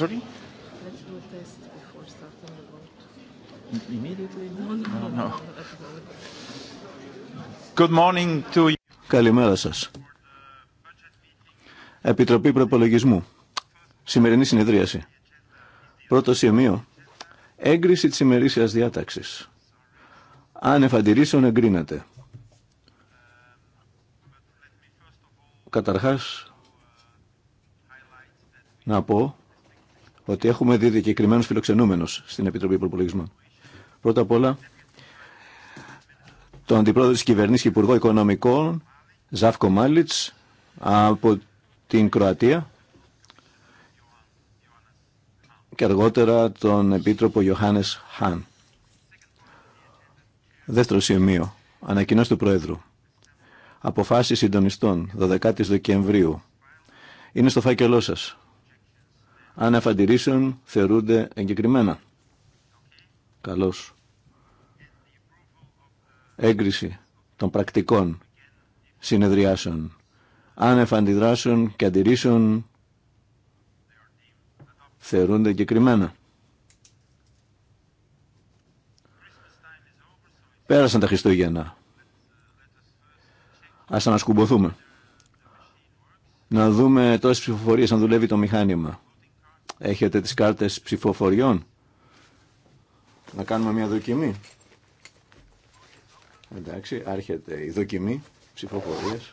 Sorry? Good morning to you. Καλημέρα σας. Επιτροπή Προπολογισμού. Σημερινή συνεδρίαση. Πρώτο σημείο. Έγκριση της ημερήσιας διάταξης. Αν εφαντηρήσεων εγκρίνεται. Καταρχάς, να πω ότι έχουμε δει δικαιωμένου φιλοξενούμενους στην Επιτροπή προπολογισμού. Πρώτα απ' όλα, τον αντιπρόεδρο τη κυβερνήση και υπουργό οικονομικών, Ζάφκο Μάλιτς, από την Κροατία και αργότερα τον Επίτροπο Ιωάννης Χάν. Δεύτερο σημείο. Ανακοινώσει του Προέδρου. Αποφάσεις συντονιστών 12 Δεκεμβρίου. Είναι στο φάκελό σας αν θεωρούνται εγκεκριμένα. Καλώς. Έγκριση των πρακτικών συνεδριάσεων. Αν αντιδράσεων και αντιρρήσεων θεωρούνται εγκεκριμένα. Πέρασαν τα Χριστούγεννα. Ας ανασκουμποθούμε. Να δούμε τόσες ψηφοφορίες αν δουλεύει το μηχάνημα. Έχετε τις κάρτες ψηφοφοριών. Να κάνουμε μια δοκιμή. Εντάξει, άρχεται η δοκιμή ψηφοφορίας.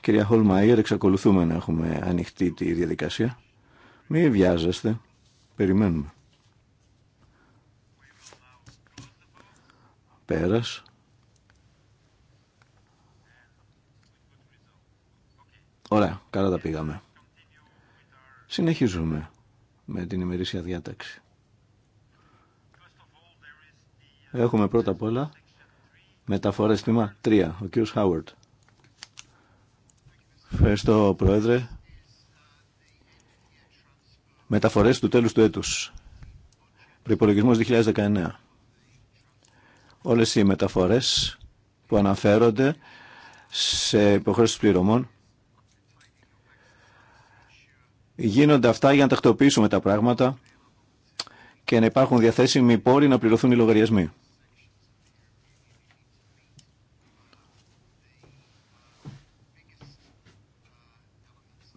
Κυρία Χολμάιερ, εξακολουθούμε να έχουμε ανοιχτή τη διαδικασία. Μην βιάζεστε. Περιμένουμε. Πέρας. Ωραία, καλά τα πήγαμε. Συνεχίζουμε με την ημερήσια διάταξη. Έχουμε πρώτα απ' όλα μεταφορές τμήμα 3, ο κ. Χάουαρτ. Ευχαριστώ, Πρόεδρε. Μεταφορές του τέλους του έτους. Προϋπολογισμός 2019. Όλες οι μεταφορές που αναφέρονται σε υποχρέωση πληρωμών Γίνονται αυτά για να τακτοποιήσουμε τα πράγματα και να υπάρχουν διαθέσιμοι πόροι να πληρωθούν οι λογαριασμοί.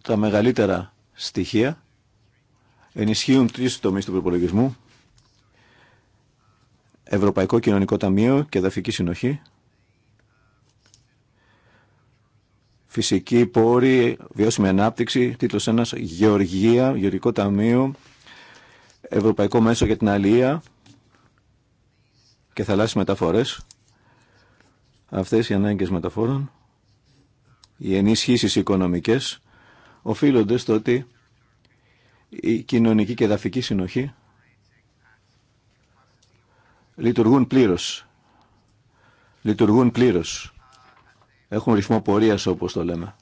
Τα μεγαλύτερα στοιχεία ενισχύουν τρεις τομείς του προπολογισμού. Ευρωπαϊκό Κοινωνικό Ταμείο και Εδαφική Συνοχή φυσική πόρη, βιώσιμη ανάπτυξη, τίτλος 1, Γεωργία, Γεωργικό Ταμείο, Ευρωπαϊκό Μέσο για την Αλία και θαλάσσιες μεταφορές. Αυτές οι ανάγκες μεταφόρων, οι ενισχύσεις οικονομικές, οφείλονται στο ότι η κοινωνική και εδαφική συνοχή λειτουργούν πλήρως. Λειτουργούν πλήρως έχουν ρυθμό πορείας όπως το λέμε.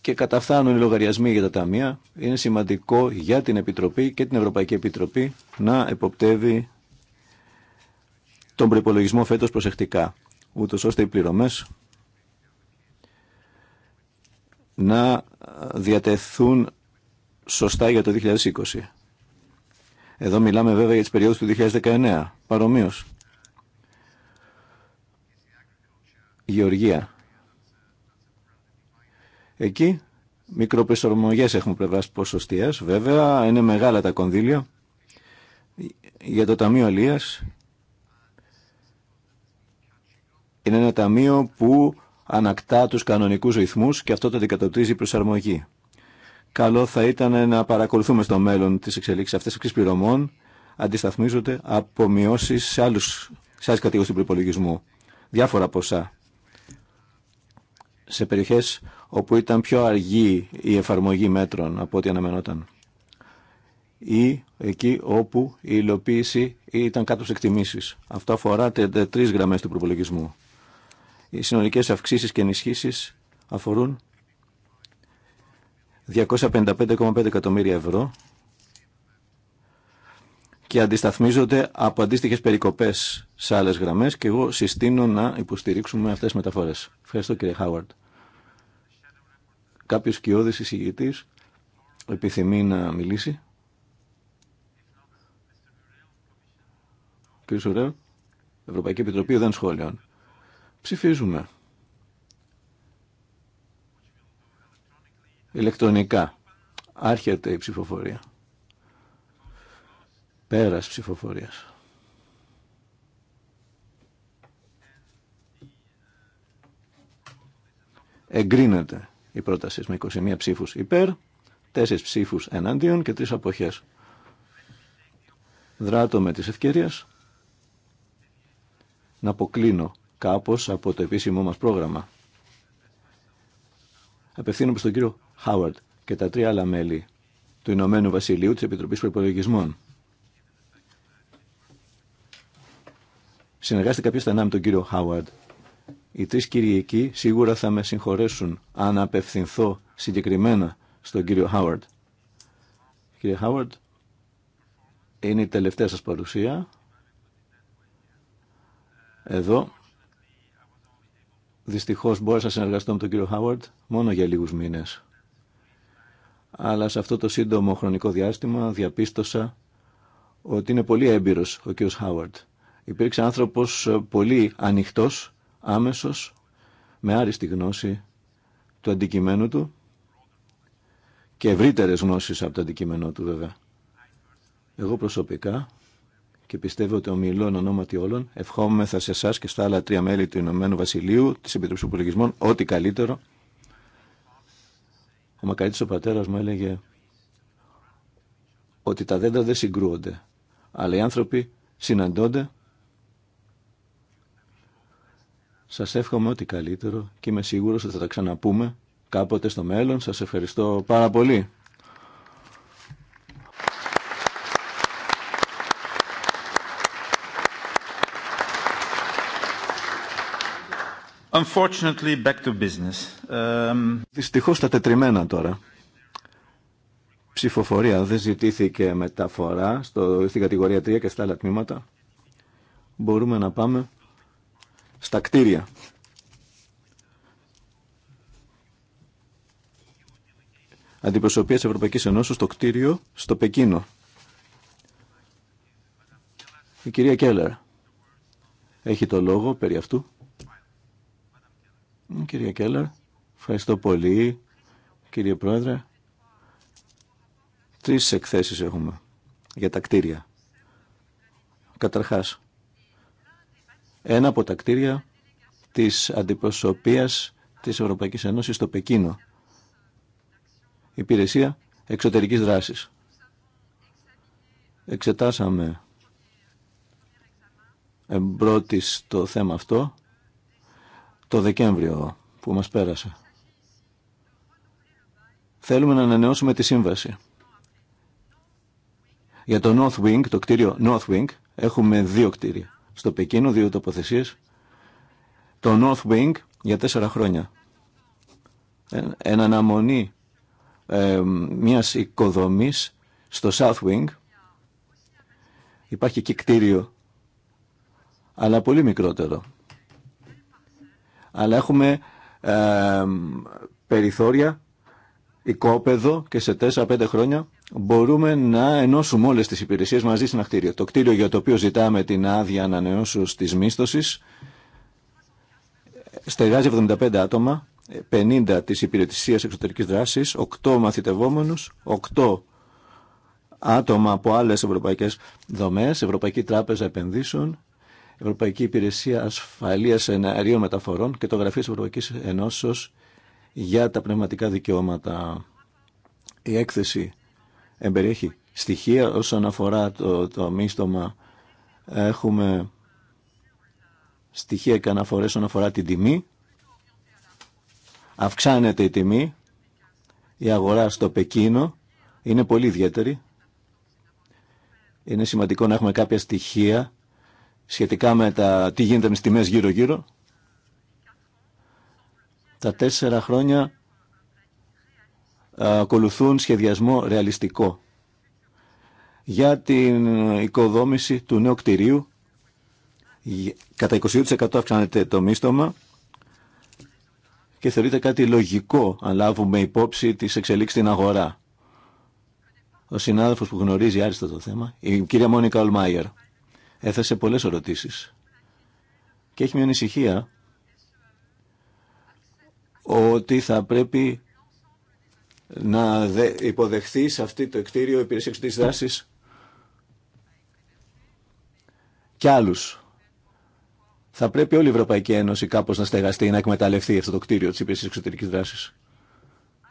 Και καταφθάνουν οι λογαριασμοί για τα ταμεία. Είναι σημαντικό για την Επιτροπή και την Ευρωπαϊκή Επιτροπή να εποπτεύει τον προπολογισμό φέτος προσεκτικά, ούτως ώστε οι πληρωμές να διατεθούν σωστά για το 2020. Εδώ μιλάμε βέβαια για τις περιόδους του 2019, παρομοίως. Γεωργία. Εκεί μικροπεσορμογές έχουμε πλευράς ποσοστίας. Βέβαια είναι μεγάλα τα κονδύλια για το Ταμείο Αλίας. Είναι ένα ταμείο που ανακτά τους κανονικούς ρυθμούς και αυτό το αντικατοπτρίζει η προσαρμογή. Καλό θα ήταν να παρακολουθούμε στο μέλλον τις εξελίξεις αυτές εξής πληρωμών αντισταθμίζονται από μειώσεις σε, άλλους, σε άλλες κατηγορίες του προπολογισμού. Διάφορα ποσά σε περιοχές όπου ήταν πιο αργή η εφαρμογή μέτρων από ό,τι αναμενόταν ή εκεί όπου η υλοποίηση ήταν κάτω σε εκτιμήσεις. Αυτό αφορά 33 γραμμές του προπολογισμού. Οι συνολικές αυξήσεις και ενισχύσει αφορούν 255,5 εκατομμύρια ευρώ και αντισταθμίζονται από αντίστοιχες περικοπές σε άλλε γραμμέ και εγώ συστήνω να υποστηρίξουμε αυτέ τι μεταφορέ. Ευχαριστώ κύριε Χάουαρντ. Κάποιο κοιόδη εισηγητή επιθυμεί να μιλήσει. Κύριε Σουρέο, Ευρωπαϊκή Επιτροπή δεν σχόλιων. Ψηφίζουμε. Ηλεκτρονικά. Άρχεται η ψηφοφορία. Πέρας ψηφοφορίας. Εγκρίνεται η πρόταση με 21 ψήφους υπέρ, 4 ψήφους εναντίον και 3 αποχές. Δράτω με τις ευκαιρίες να αποκλίνω κάπως από το επίσημό μας πρόγραμμα. Απευθύνομαι στον κύριο Χάουαρντ και τα τρία άλλα μέλη του Ηνωμένου Βασιλείου της Επιτροπής Προϋπολογισμών. Συνεργάστηκα πιο στενά με τον κύριο Χάουαρντ οι τρεις Κυριακοί σίγουρα θα με συγχωρέσουν αν απευθυνθώ συγκεκριμένα στον κύριο Χάουαρντ. Κύριε Χάουαρντ, είναι η τελευταία σας παρουσία. Εδώ, δυστυχώς μπόρεσα να συνεργαστώ με τον κύριο Χάουαρντ μόνο για λίγους μήνες. Αλλά σε αυτό το σύντομο χρονικό διάστημα διαπίστωσα ότι είναι πολύ έμπειρος ο κύριος Χάουαρντ. Υπήρξε άνθρωπος πολύ ανοιχτός άμεσος με άριστη γνώση του αντικειμένου του και ευρύτερε γνώσεις από το αντικείμενό του βέβαια. Εγώ προσωπικά και πιστεύω ότι ομιλώ εν ονόματι όλων ευχόμεθα σε εσά και στα άλλα τρία μέλη του Ηνωμένου Βασιλείου, της Επιτροπής Υπολογισμών, ό,τι καλύτερο. Ο Μακαρίτης ο πατέρας μου έλεγε ότι τα δέντρα δεν συγκρούονται, αλλά οι άνθρωποι συναντώνται Σας εύχομαι ό,τι καλύτερο και είμαι σίγουρος ότι θα τα ξαναπούμε κάποτε στο μέλλον. Σας ευχαριστώ πάρα πολύ. Unfortunately, back to business. Um, Δυστυχώς τα τετριμένα τώρα. Ψηφοφορία δεν ζητήθηκε μεταφορά στο, στην κατηγορία 3 και στα άλλα τμήματα. Μπορούμε να πάμε στα κτίρια. Αντιπροσωπεία της Ευρωπαϊκής Ενώσης στο κτίριο στο Πεκίνο. Η κυρία Κέλλερ έχει το λόγο περί αυτού. Κυρία Κέλλερ, ευχαριστώ πολύ. Κύριε Πρόεδρε, τρεις εκθέσεις έχουμε για τα κτίρια. Καταρχάς, ένα από τα κτίρια της αντιπροσωπείας της Ευρωπαϊκής Ένωσης στο Πεκίνο. Υπηρεσία εξωτερικής δράσης. Εξετάσαμε εμπρότης το θέμα αυτό το Δεκέμβριο που μας πέρασε. Θέλουμε να ανανεώσουμε τη σύμβαση. Για το North Wing, το κτίριο North Wing, έχουμε δύο κτίρια στο Πεκίνο, δύο τοποθεσίε, το North Wing για τέσσερα χρόνια. Ε, εν αναμονή ε, μιας οικοδομής στο South Wing. Υπάρχει και κτίριο, αλλά πολύ μικρότερο. Αλλά έχουμε ε, περιθώρια, οικόπεδο και σε 4-5 χρόνια μπορούμε να ενώσουμε όλες τις υπηρεσίες μαζί στην κτίριο. Το κτίριο για το οποίο ζητάμε την άδεια ανανεώσεως της μίσθωσης στεγάζει 75 άτομα, 50 της υπηρετησίας εξωτερικής δράσης, 8 μαθητευόμενους, 8 άτομα από άλλες ευρωπαϊκές δομές, Ευρωπαϊκή Τράπεζα Επενδύσεων, Ευρωπαϊκή Υπηρεσία Ασφαλείας Εναερίων Μεταφορών και το Γραφείο της Ευρωπαϊκής Ενώσεως για τα πνευματικά δικαιώματα. Η έκθεση εμπεριέχει στοιχεία όσον αφορά το, το μίστομα. Έχουμε στοιχεία και αναφορές όσον αφορά την τιμή. Αυξάνεται η τιμή. Η αγορά στο Πεκίνο είναι πολύ ιδιαίτερη. Είναι σημαντικό να έχουμε κάποια στοιχεία σχετικά με τα τι γίνεται με τις τιμές γύρω-γύρω. Τα τέσσερα χρόνια ε, ακολουθούν σχεδιασμό ρεαλιστικό. Για την οικοδόμηση του νέου κτηρίου, κατά 20% αυξάνεται το μίστομα και θεωρείται κάτι λογικό αν λάβουμε υπόψη της εξελίξεις στην αγορά. Ο συνάδελφος που γνωρίζει άριστα το θέμα, η κυρία Μόνικα Ολμάιερ, έθεσε πολλές ερωτήσεις και έχει μια ανησυχία ότι θα πρέπει να υποδεχθεί σε αυτή το εκτίριο υπηρεσία εξωτερικής δράσης και άλλου, Θα πρέπει όλη η Ευρωπαϊκή Ένωση κάπως να στεγαστεί ή να εκμεταλλευτεί αυτό το κτίριο τη υπηρεσία εξωτερική δράσης.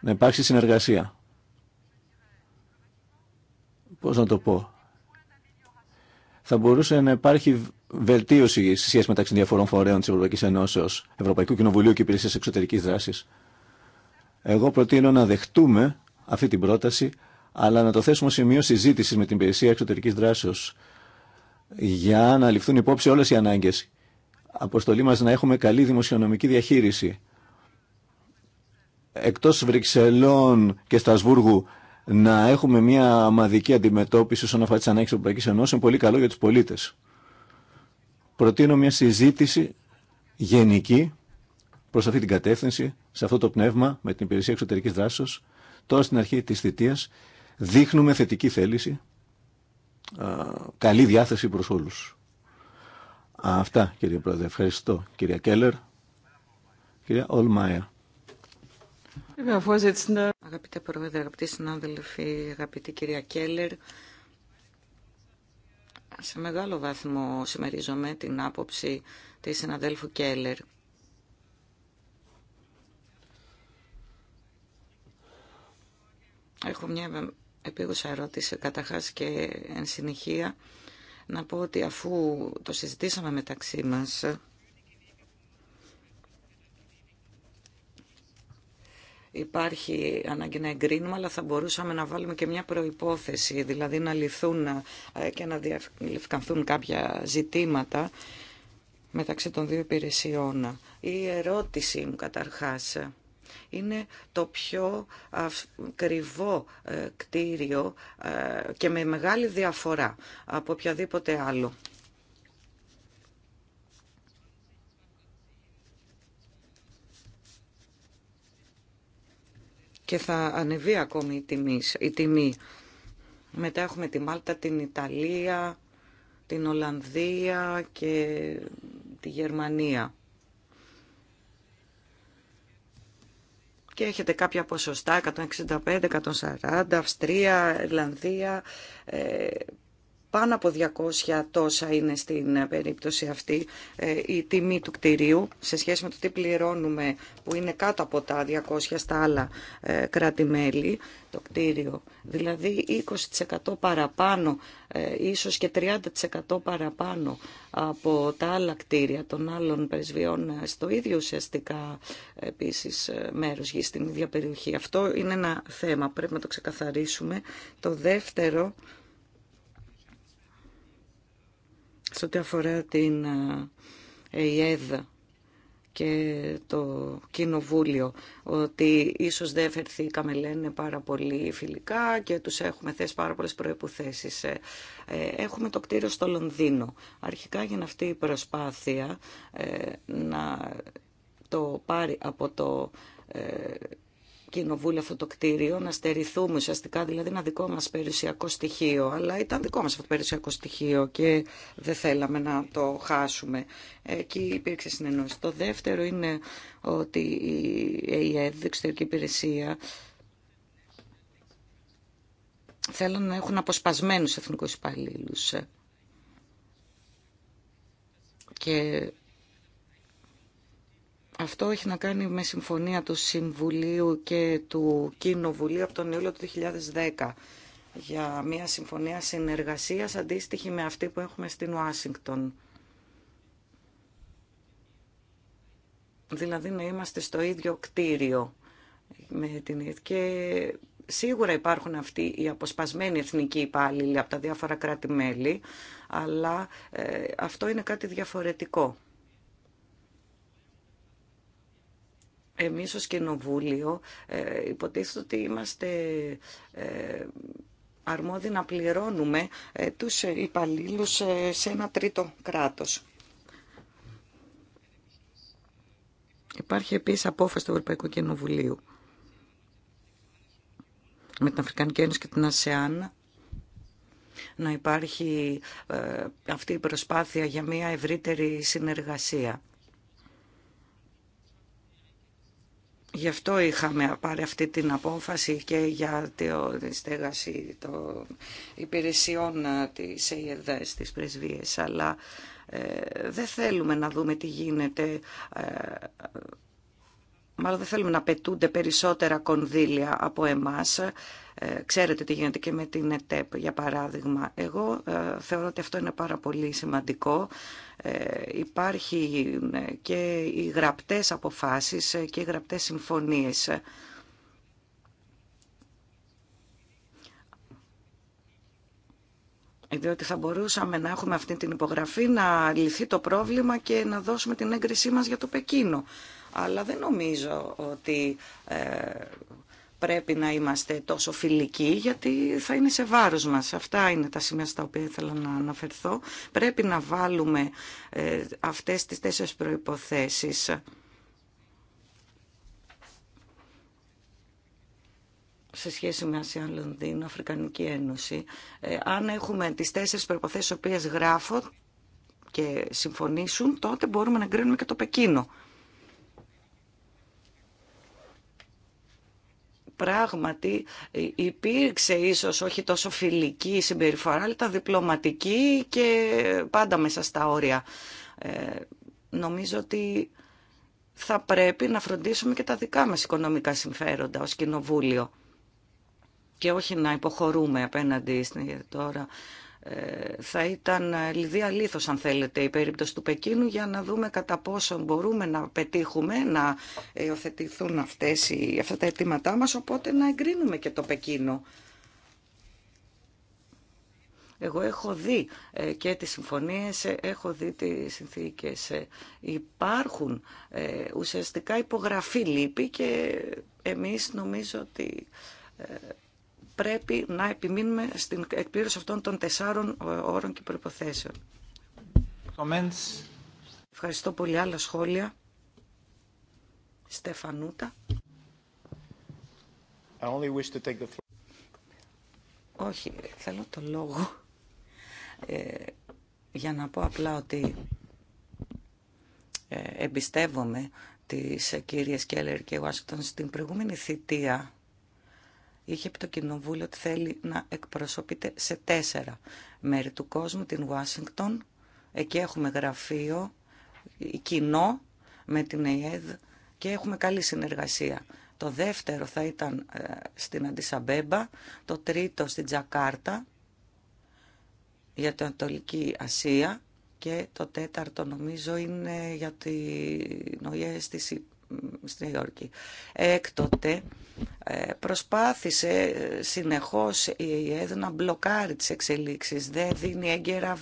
Να υπάρξει συνεργασία. Πώς να το πω. Θα μπορούσε να υπάρχει βελτίωση στη σχέση μεταξύ διαφορών φορέων της Ευρωπαϊκή Ένωση, Ευρωπαϊκού Κοινοβουλίου και υπηρεσία εξωτερική Δράσης. Εγώ προτείνω να δεχτούμε αυτή την πρόταση, αλλά να το θέσουμε σημείο συζήτηση με την υπηρεσία εξωτερική δράσεω για να ληφθούν υπόψη όλε οι ανάγκε. Αποστολή μα να έχουμε καλή δημοσιονομική διαχείριση. Εκτό Βρυξελών και Στασβούργου να έχουμε μια ομαδική αντιμετώπιση όσον αφορά τι ανάγκε τη Ευρωπαϊκή είναι πολύ καλό για του πολίτε. Προτείνω μια συζήτηση γενική προ αυτή την κατεύθυνση, σε αυτό το πνεύμα, με την υπηρεσία εξωτερική δράσεω, τώρα στην αρχή τη θητεία, δείχνουμε θετική θέληση, καλή διάθεση προ όλου. Αυτά, κύριε Πρόεδρε. Ευχαριστώ, κυρία Κέλλερ. Κυρία Ολμάια. Αγαπητέ Πρόεδρε, αγαπητοί συνάδελφοι, αγαπητή κυρία Κέλλερ, σε μεγάλο βάθμο συμμερίζομαι την άποψη της συναδέλφου Κέλλερ. Έχω μια επίγουσα ερώτηση καταρχάς και εν συνεχεία να πω ότι αφού το συζητήσαμε μεταξύ μας υπάρχει ανάγκη να εγκρίνουμε, αλλά θα μπορούσαμε να βάλουμε και μια προϋπόθεση, δηλαδή να λυθούν ε, και να διευκανθούν κάποια ζητήματα μεταξύ των δύο υπηρεσιών. Η ερώτησή μου καταρχάς είναι το πιο ακριβό ε, κτίριο ε, και με μεγάλη διαφορά από οποιαδήποτε άλλο. και θα ανεβεί ακόμη η τιμή, η τιμή. Μετά έχουμε τη Μάλτα, την Ιταλία, την Ολλανδία και τη Γερμανία. και έχετε κάποια ποσοστά, 165, 140, Αυστρία, Ιρλανδία, ε, πάνω από 200 τόσα είναι στην ε, περίπτωση αυτή ε, η τιμή του κτηρίου σε σχέση με το τι πληρώνουμε που είναι κάτω από τα 200 στα άλλα ε, κράτη-μέλη το κτίριο. Δηλαδή 20% παραπάνω, ίσως και 30% παραπάνω από τα άλλα κτίρια των άλλων πρεσβειών στο ίδιο ουσιαστικά επίσης μέρος γη στην ίδια περιοχή. Αυτό είναι ένα θέμα, πρέπει να το ξεκαθαρίσουμε. Το δεύτερο σε ό,τι αφορά την ε, ΕΙΕΔ και το Κοινοβούλιο ότι ίσως δεν έφερθήκαμε, λένε πάρα πολύ φιλικά και τους έχουμε θέσει πάρα πολλές προϋποθέσεις. Ε, ε, έχουμε το κτίριο στο Λονδίνο. Αρχικά για αυτή η προσπάθεια να το πάρει από το κοινοβούλιο αυτό το κτίριο, να στερηθούμε ουσιαστικά δηλαδή ένα δικό μας περιουσιακό στοιχείο, αλλά ήταν δικό μας αυτό το περιουσιακό στοιχείο και δεν θέλαμε να το χάσουμε. Εκεί υπήρξε συνεννόηση. Το δεύτερο είναι ότι η ΕΕΔ, η εξωτερική υπηρεσία, θέλουν να έχουν αποσπασμένους εθνικούς υπαλλήλους. Και αυτό έχει να κάνει με συμφωνία του Συμβουλίου και του Κοινοβουλίου από τον Ιούλιο του 2010 για μια συμφωνία συνεργασίας αντίστοιχη με αυτή που έχουμε στην Ουάσιγκτον. Δηλαδή να είμαστε στο ίδιο κτίριο με την και σίγουρα υπάρχουν αυτοί οι αποσπασμένοι εθνικοί υπάλληλοι από τα διάφορα κράτη-μέλη, αλλά ε, αυτό είναι κάτι διαφορετικό. εμείς ως Κοινοβούλιο ε, υποτίθεται ότι είμαστε ε, αρμόδιοι να πληρώνουμε ε, τους υπαλλήλους ε, σε ένα τρίτο κράτος. Υπάρχει επίσης απόφαση του Ευρωπαϊκού Κοινοβουλίου με την Αφρικανική Ένωση και την ΑΣΕΑΝ να υπάρχει ε, αυτή η προσπάθεια για μια ευρύτερη συνεργασία Γι' αυτό είχαμε πάρει αυτή την απόφαση και για τη στέγαση των υπηρεσιών ε, της ΕΕΔ στις πρεσβείες. Αλλά ε, δεν θέλουμε να δούμε τι γίνεται... Ε, μάλλον δεν θέλουμε να πετούνται περισσότερα κονδύλια από εμάς ε, ξέρετε τι γίνεται και με την ΕΤΕΠ, για παράδειγμα. Εγώ ε, θεωρώ ότι αυτό είναι πάρα πολύ σημαντικό. Ε, υπάρχει ναι, και οι γραπτές αποφάσεις και οι γραπτές συμφωνίες. διότι θα μπορούσαμε να έχουμε αυτή την υπογραφή, να λυθεί το πρόβλημα και να δώσουμε την έγκρισή μας για το Πεκίνο. Αλλά δεν νομίζω ότι πρέπει να είμαστε τόσο φιλικοί γιατί θα είναι σε βάρος μας. Αυτά είναι τα σημεία στα οποία ήθελα να αναφερθώ. Πρέπει να βάλουμε ε, αυτές τις τέσσερις προϋποθέσεις. σε σχέση με Ασιαν Λονδίνο, Αφρικανική Ένωση. Ε, αν έχουμε τις τέσσερις προϋποθέσεις οποίες γράφω και συμφωνήσουν, τότε μπορούμε να εγκρίνουμε και το Πεκίνο. πράγματι υπήρξε ίσως όχι τόσο φιλική συμπεριφορά, αλλά τα διπλωματική και πάντα μέσα στα όρια. Ε, νομίζω ότι θα πρέπει να φροντίσουμε και τα δικά μας οικονομικά συμφέροντα ως κοινοβούλιο και όχι να υποχωρούμε απέναντι στην τώρα θα ήταν λιδία λίθος αν θέλετε η περίπτωση του Πεκίνου για να δούμε κατά πόσο μπορούμε να πετύχουμε να υιοθετηθούν αυτές, αυτά τα αιτήματά μας οπότε να εγκρίνουμε και το Πεκίνο. Εγώ έχω δει ε, και τις συμφωνίες, ε, έχω δει τις συνθήκες. Ε, υπάρχουν ουσιαστικά υπογραφή λύπη και εμείς νομίζω ότι πρέπει να επιμείνουμε στην εκπλήρωση αυτών των τεσσάρων ε, όρων και προϋποθέσεων. Ευχαριστώ πολύ. Άλλα σχόλια. Στεφανούτα. I only wish to take the floor. Όχι, θέλω το λόγο ε, για να πω απλά ότι ε, εμπιστεύομαι τις ε, κυρίες Κέλλερ και Ουάσιγκτον στην προηγούμενη θητεία είχε πει το Κοινοβούλιο ότι θέλει να εκπροσωπείται σε τέσσερα μέρη του κόσμου, την Ουάσιγκτον, εκεί έχουμε γραφείο, κοινό με την ΕΕΔ και έχουμε καλή συνεργασία. Το δεύτερο θα ήταν ε, στην Αντισαμπέμπα, το τρίτο στην Τζακάρτα για την Ανατολική Ασία και το τέταρτο νομίζω είναι για την ΟΙΕ στη Νέα Υόρκη. Έκτοτε προσπάθησε ε, συνεχώς η ΕΕ να μπλοκάρει τις εξελίξεις, δεν δίνει έγκαιρα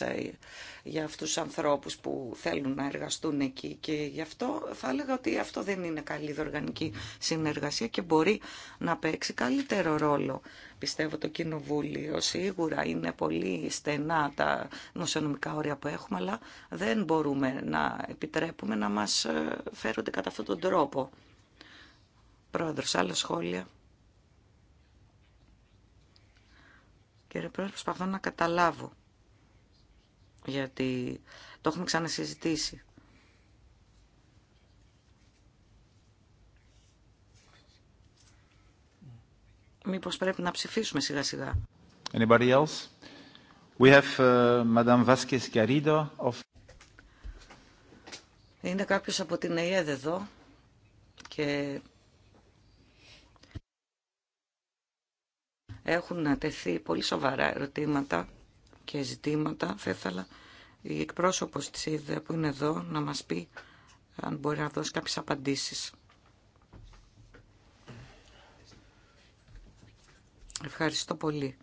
ε, για αυτούς τους ανθρώπους που θέλουν να εργαστούν εκεί και γι' αυτό θα έλεγα ότι αυτό δεν είναι καλή διοργανική συνεργασία και μπορεί να παίξει καλύτερο ρόλο. Πιστεύω το Κοινοβούλιο σίγουρα είναι πολύ στενά τα νοσονομικά όρια που έχουμε, αλλά δεν μπορούμε να επιτρέπουμε να μας ε, φέρονται κατά αυτόν τον τρόπο. Πρόεδρος, άλλα σχόλια. Κύριε Πρόεδρε, προσπαθώ να καταλάβω, γιατί το έχουμε ξανασυζητήσει. Μήπως πρέπει να ψηφίσουμε σιγά σιγά. Anybody else? We have uh, Madame Vasquez Garrido of... Είναι κάποιος από την ΕΕΔ εδώ και Έχουν τεθεί πολύ σοβαρά ερωτήματα και ζητήματα. Θα ήθελα η εκπρόσωπος της ΕΙΔΕ που είναι εδώ να μας πει αν μπορεί να δώσει κάποιες απαντήσεις. Ευχαριστώ πολύ.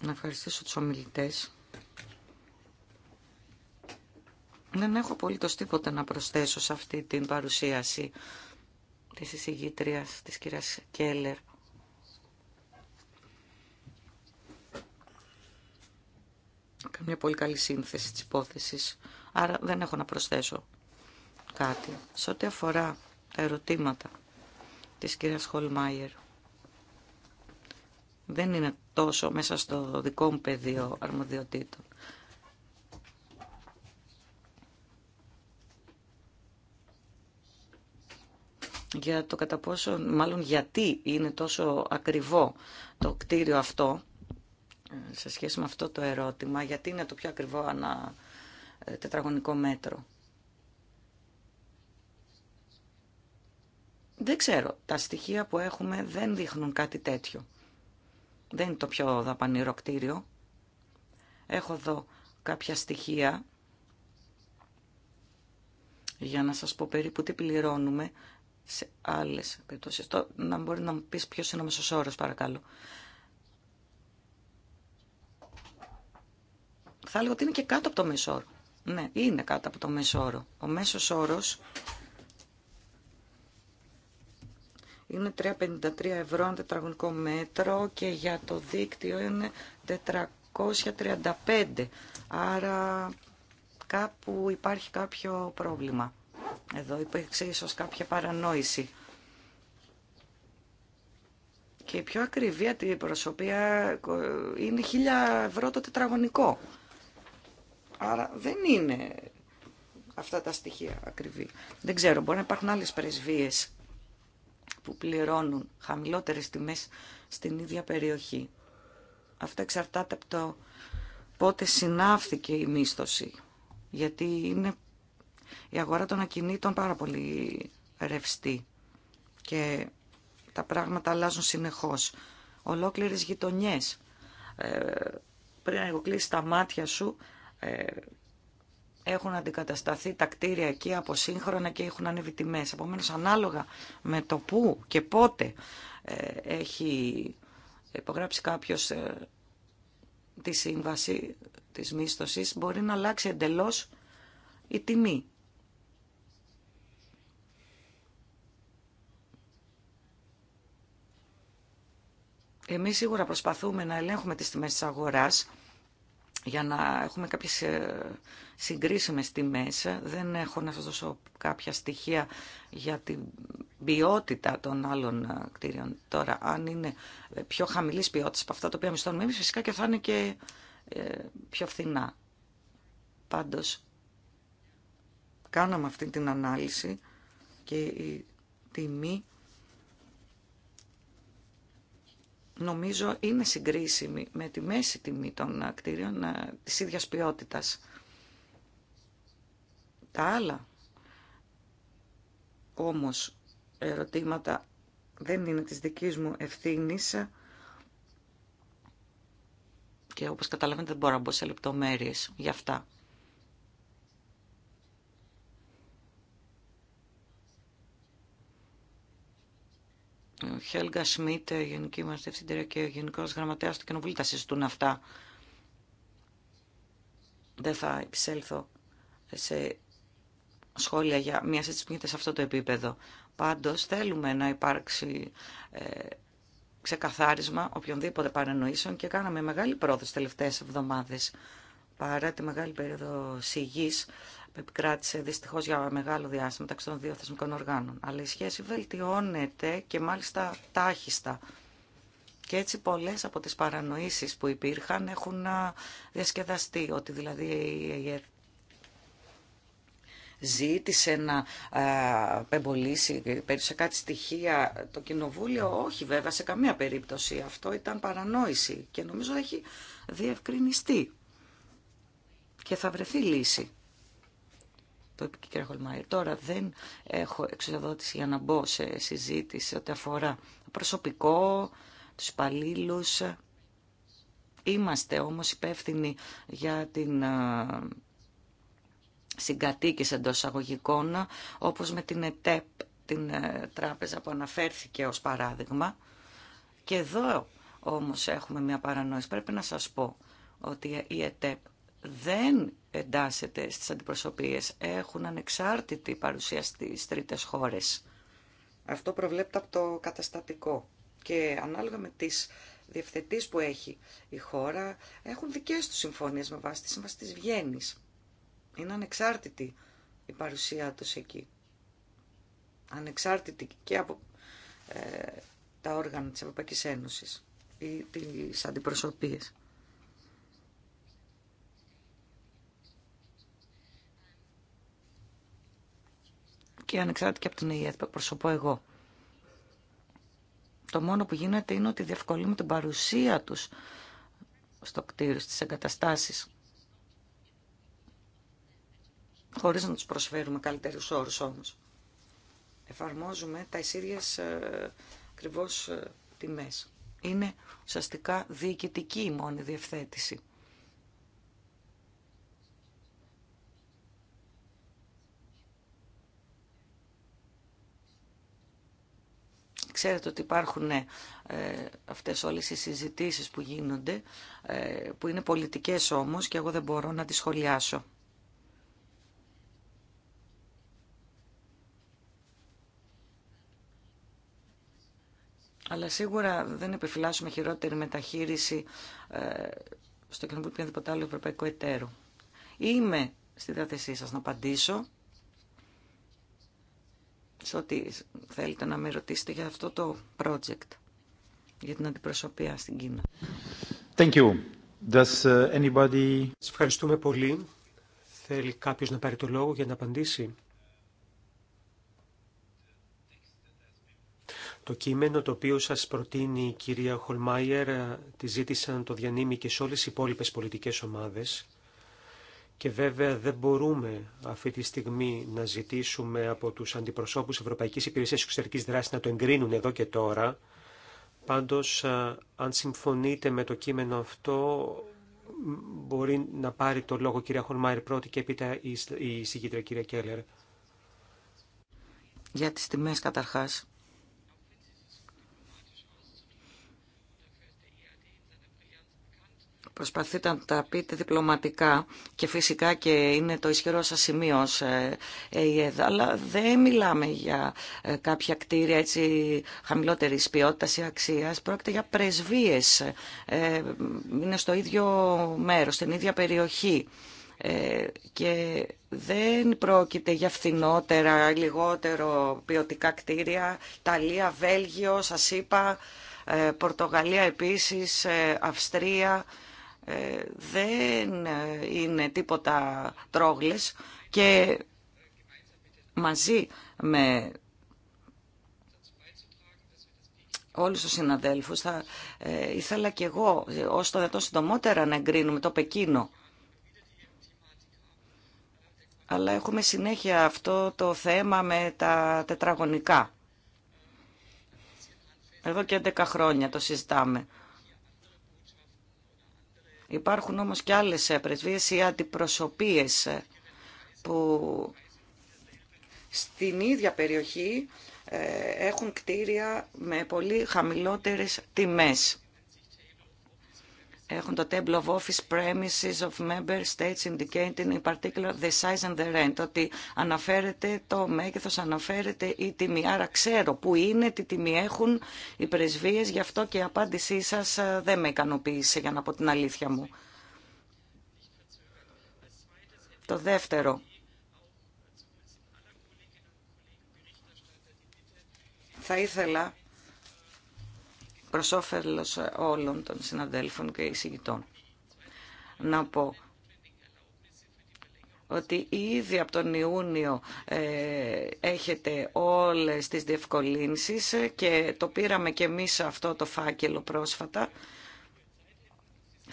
Να ευχαριστήσω τους ομιλητές. Δεν έχω πολύ το τίποτα να προσθέσω σε αυτή την παρουσίαση της εισηγήτριας, της κυρίας Κέλλερ. Κάμια πολύ καλή σύνθεση της υπόθεσης, άρα δεν έχω να προσθέσω κάτι. Σε ό,τι αφορά τα ερωτήματα της κυρίας Χολμάιερ, δεν είναι τόσο μέσα στο δικό μου πεδίο αρμοδιοτήτων. για το κατά πόσο, μάλλον γιατί είναι τόσο ακριβό το κτίριο αυτό, σε σχέση με αυτό το ερώτημα, γιατί είναι το πιο ακριβό ανά ε, τετραγωνικό μέτρο. Δεν ξέρω. Τα στοιχεία που έχουμε δεν δείχνουν κάτι τέτοιο. Δεν είναι το πιο δαπανηρό κτίριο. Έχω εδώ κάποια στοιχεία για να σας πω περίπου τι πληρώνουμε σε άλλε περιπτώσει. να μπορεί να μου πει ποιο είναι ο μεσοσόρο. παρακαλώ. Θα έλεγα ότι είναι και κάτω από το μέσο όρο. Ναι, είναι κάτω από το μέσο όρο. Ο μέσο όρο. είναι 3,53 ευρώ ένα τετραγωνικό μέτρο και για το δίκτυο είναι 435. Άρα κάπου υπάρχει κάποιο πρόβλημα. Εδώ υπήρξε ίσως κάποια παρανόηση. Και η πιο ακριβή αντιπροσωπεία είναι 1000 ευρώ το τετραγωνικό. Άρα δεν είναι αυτά τα στοιχεία ακριβή. Δεν ξέρω, μπορεί να υπάρχουν άλλες πρεσβείες που πληρώνουν χαμηλότερες τιμές στην ίδια περιοχή. Αυτό εξαρτάται από το πότε συνάφθηκε η μίσθωση. Γιατί είναι η αγορά των ακινήτων πάρα πολύ ρευστή και τα πράγματα αλλάζουν συνεχώς. Ολόκληρες γειτονιές. Ε, πριν να κλείσει τα μάτια σου, ε, έχουν αντικατασταθεί τα κτίρια εκεί από σύγχρονα και έχουν ανέβει τιμές. Επομένως, ανάλογα με το πού και πότε ε, έχει υπογράψει κάποιος ε, τη σύμβαση της μίσθωσης, μπορεί να αλλάξει εντελώς η τιμή. Εμείς σίγουρα προσπαθούμε να ελέγχουμε τις τιμές τη αγοράς για να έχουμε κάποιε συγκρίσιμε τιμέ. Δεν έχω να σας δώσω κάποια στοιχεία για την ποιότητα των άλλων ε, κτίριων. Τώρα, αν είναι πιο χαμηλής ποιότητα από αυτά τα οποία μισθώνουμε εμείς, φυσικά και θα είναι και ε, πιο φθηνά. Πάντως, κάναμε αυτή την ανάλυση και η τιμή νομίζω είναι συγκρίσιμη με τη μέση τιμή των κτίριων ε, της ίδιας ποιότητας. Τα άλλα όμως ερωτήματα δεν είναι της δικής μου ευθύνης και όπως καταλαβαίνετε δεν μπορώ να μπω σε λεπτομέρειες για αυτά. Ο Χέλγα Σμιτ, Γενική μας Διευθυντήρια και Γενικός Γραμματέας του Κοινοβουλίου, τα συζητούν αυτά. Δεν θα επισέλθω σε σχόλια για μια συζήτηση που γίνεται σε αυτό το επίπεδο. Πάντως θέλουμε να υπάρξει ε, ξεκαθάρισμα οποιονδήποτε παρανοήσεων και κάναμε μεγάλη πρόοδο τις τελευταίες εβδομάδες. Παρά τη μεγάλη περίοδο σιγής επικράτησε δυστυχώς για μεγάλο διάστημα μεταξύ των δύο θεσμικών οργάνων. Αλλά η σχέση βελτιώνεται και μάλιστα τάχιστα. Και έτσι πολλές από τις παρανοήσεις που υπήρχαν έχουν διασκεδαστεί, ότι δηλαδή η ΕΕ ζήτησε να πεμπολίσει σε κάτι στοιχεία το Κοινοβούλιο. Όχι βέβαια σε καμία περίπτωση. Αυτό ήταν παρανόηση και νομίζω έχει διευκρινιστεί και θα βρεθεί λύση το είπε και η Τώρα δεν έχω εξοδότηση για να μπω σε συζήτηση ό,τι αφορά προσωπικό, τους υπαλλήλου. Είμαστε όμως υπεύθυνοι για την ε, συγκατοίκηση εντό αγωγικών, όπως με την ΕΤΕΠ, την ε, τράπεζα που αναφέρθηκε ως παράδειγμα. Και εδώ όμως έχουμε μια παρανόηση. Πρέπει να σας πω ότι η ΕΤΕΠ δεν εντάσσεται στις αντιπροσωπείες έχουν ανεξάρτητη παρουσία στις τρίτες χώρες. Αυτό προβλέπεται από το καταστατικό και ανάλογα με τις διευθετήσεις που έχει η χώρα έχουν δικές τους συμφωνίες με βάση τη σύμβαση της Βιέννης. Είναι ανεξάρτητη η παρουσία τους εκεί. Ανεξάρτητη και από ε, τα όργανα της Ευρωπαϊκής Ένωσης ή τις αντιπροσωπείες. και από την ΕΕ που εγώ. Το μόνο που γίνεται είναι ότι διευκολύνουμε την παρουσία τους στο κτίριο, στις εγκαταστάσεις, χωρίς να τους προσφέρουμε καλύτερους όρους όμως. Εφαρμόζουμε τα εισήριας ε, ακριβώ ε, τιμές. Είναι ουσιαστικά διοικητική η μόνη διευθέτηση. Ξέρετε ότι υπάρχουν ε, αυτές όλες οι συζητήσεις που γίνονται, ε, που είναι πολιτικές όμως και εγώ δεν μπορώ να τις σχολιάσω. Αλλά σίγουρα δεν επιφυλάσσουμε χειρότερη μεταχείριση ε, στο κοινοβούλιο οποιοδήποτε άλλο ευρωπαϊκό εταίρο. Είμαι στη διάθεσή σας να απαντήσω ότι θέλετε να με ρωτήσετε για αυτό το project, για την αντιπροσωπεία στην Κίνα. Thank you. Does uh, anybody... Σας ευχαριστούμε πολύ. Θέλει κάποιος να πάρει το λόγο για να απαντήσει. Το κείμενο το οποίο σας προτείνει η κυρία Χολμάιερ ε, τη ζήτησαν το διανύμι και σε όλες οι υπόλοιπες πολιτικές ομάδες. Και βέβαια δεν μπορούμε αυτή τη στιγμή να ζητήσουμε από τους αντιπροσώπους Ευρωπαϊκής Υπηρεσίας Εξωτερικής Δράσης να το εγκρίνουν εδώ και τώρα. Πάντως, αν συμφωνείτε με το κείμενο αυτό, μπορεί να πάρει το λόγο κυρία Χολμάιρ πρώτη και έπειτα η συγκίτρια κυρία Κέλλερ. Για τις τιμές καταρχάς. Προσπαθείτε να τα πείτε διπλωματικά και φυσικά και είναι το ισχυρό σας σημείο ως ε, αλλά δεν μιλάμε για ε, κάποια κτίρια έτσι χαμηλότερης ποιότητας ή αξίας. Πρόκειται για πρεσβείες. Ε, είναι στο ίδιο μέρος, στην ίδια περιοχή και δεν πρόκειται για φθηνότερα, λιγότερο ποιοτικά κτίρια. Ταλία, Βέλγιο, σας είπα, Πορτογαλία επίσης, Αυστρία ε, δεν ε, είναι τίποτα τρόγλες και μαζί με όλους τους συναδέλφους θα ε, ήθελα και εγώ ως το συντομότερα να εγκρίνουμε το Πεκίνο. Αλλά έχουμε συνέχεια αυτό το θέμα με τα τετραγωνικά. Εδώ και 11 χρόνια το συζητάμε. Υπάρχουν όμως και άλλες πρεσβείες ή αντιπροσωπείες ε, που στην ίδια περιοχή ε, έχουν κτίρια με πολύ χαμηλότερες τιμές έχουν το table of office premises of member states indicating in particular the size and the rent. Ότι αναφέρεται το μέγεθος, αναφέρεται η τιμή. Άρα ξέρω που είναι, τι τιμή έχουν οι πρεσβείες, γι' αυτό και η απάντησή σας ε, δεν με ικανοποίησε για να πω την αλήθεια μου. Το δεύτερο. Θα ήθελα προς όφελος όλων των συναδέλφων και εισηγητών. Να πω ότι ήδη από τον Ιούνιο ε, έχετε όλες τις διευκολύνσεις και το πήραμε και εμείς αυτό το φάκελο πρόσφατα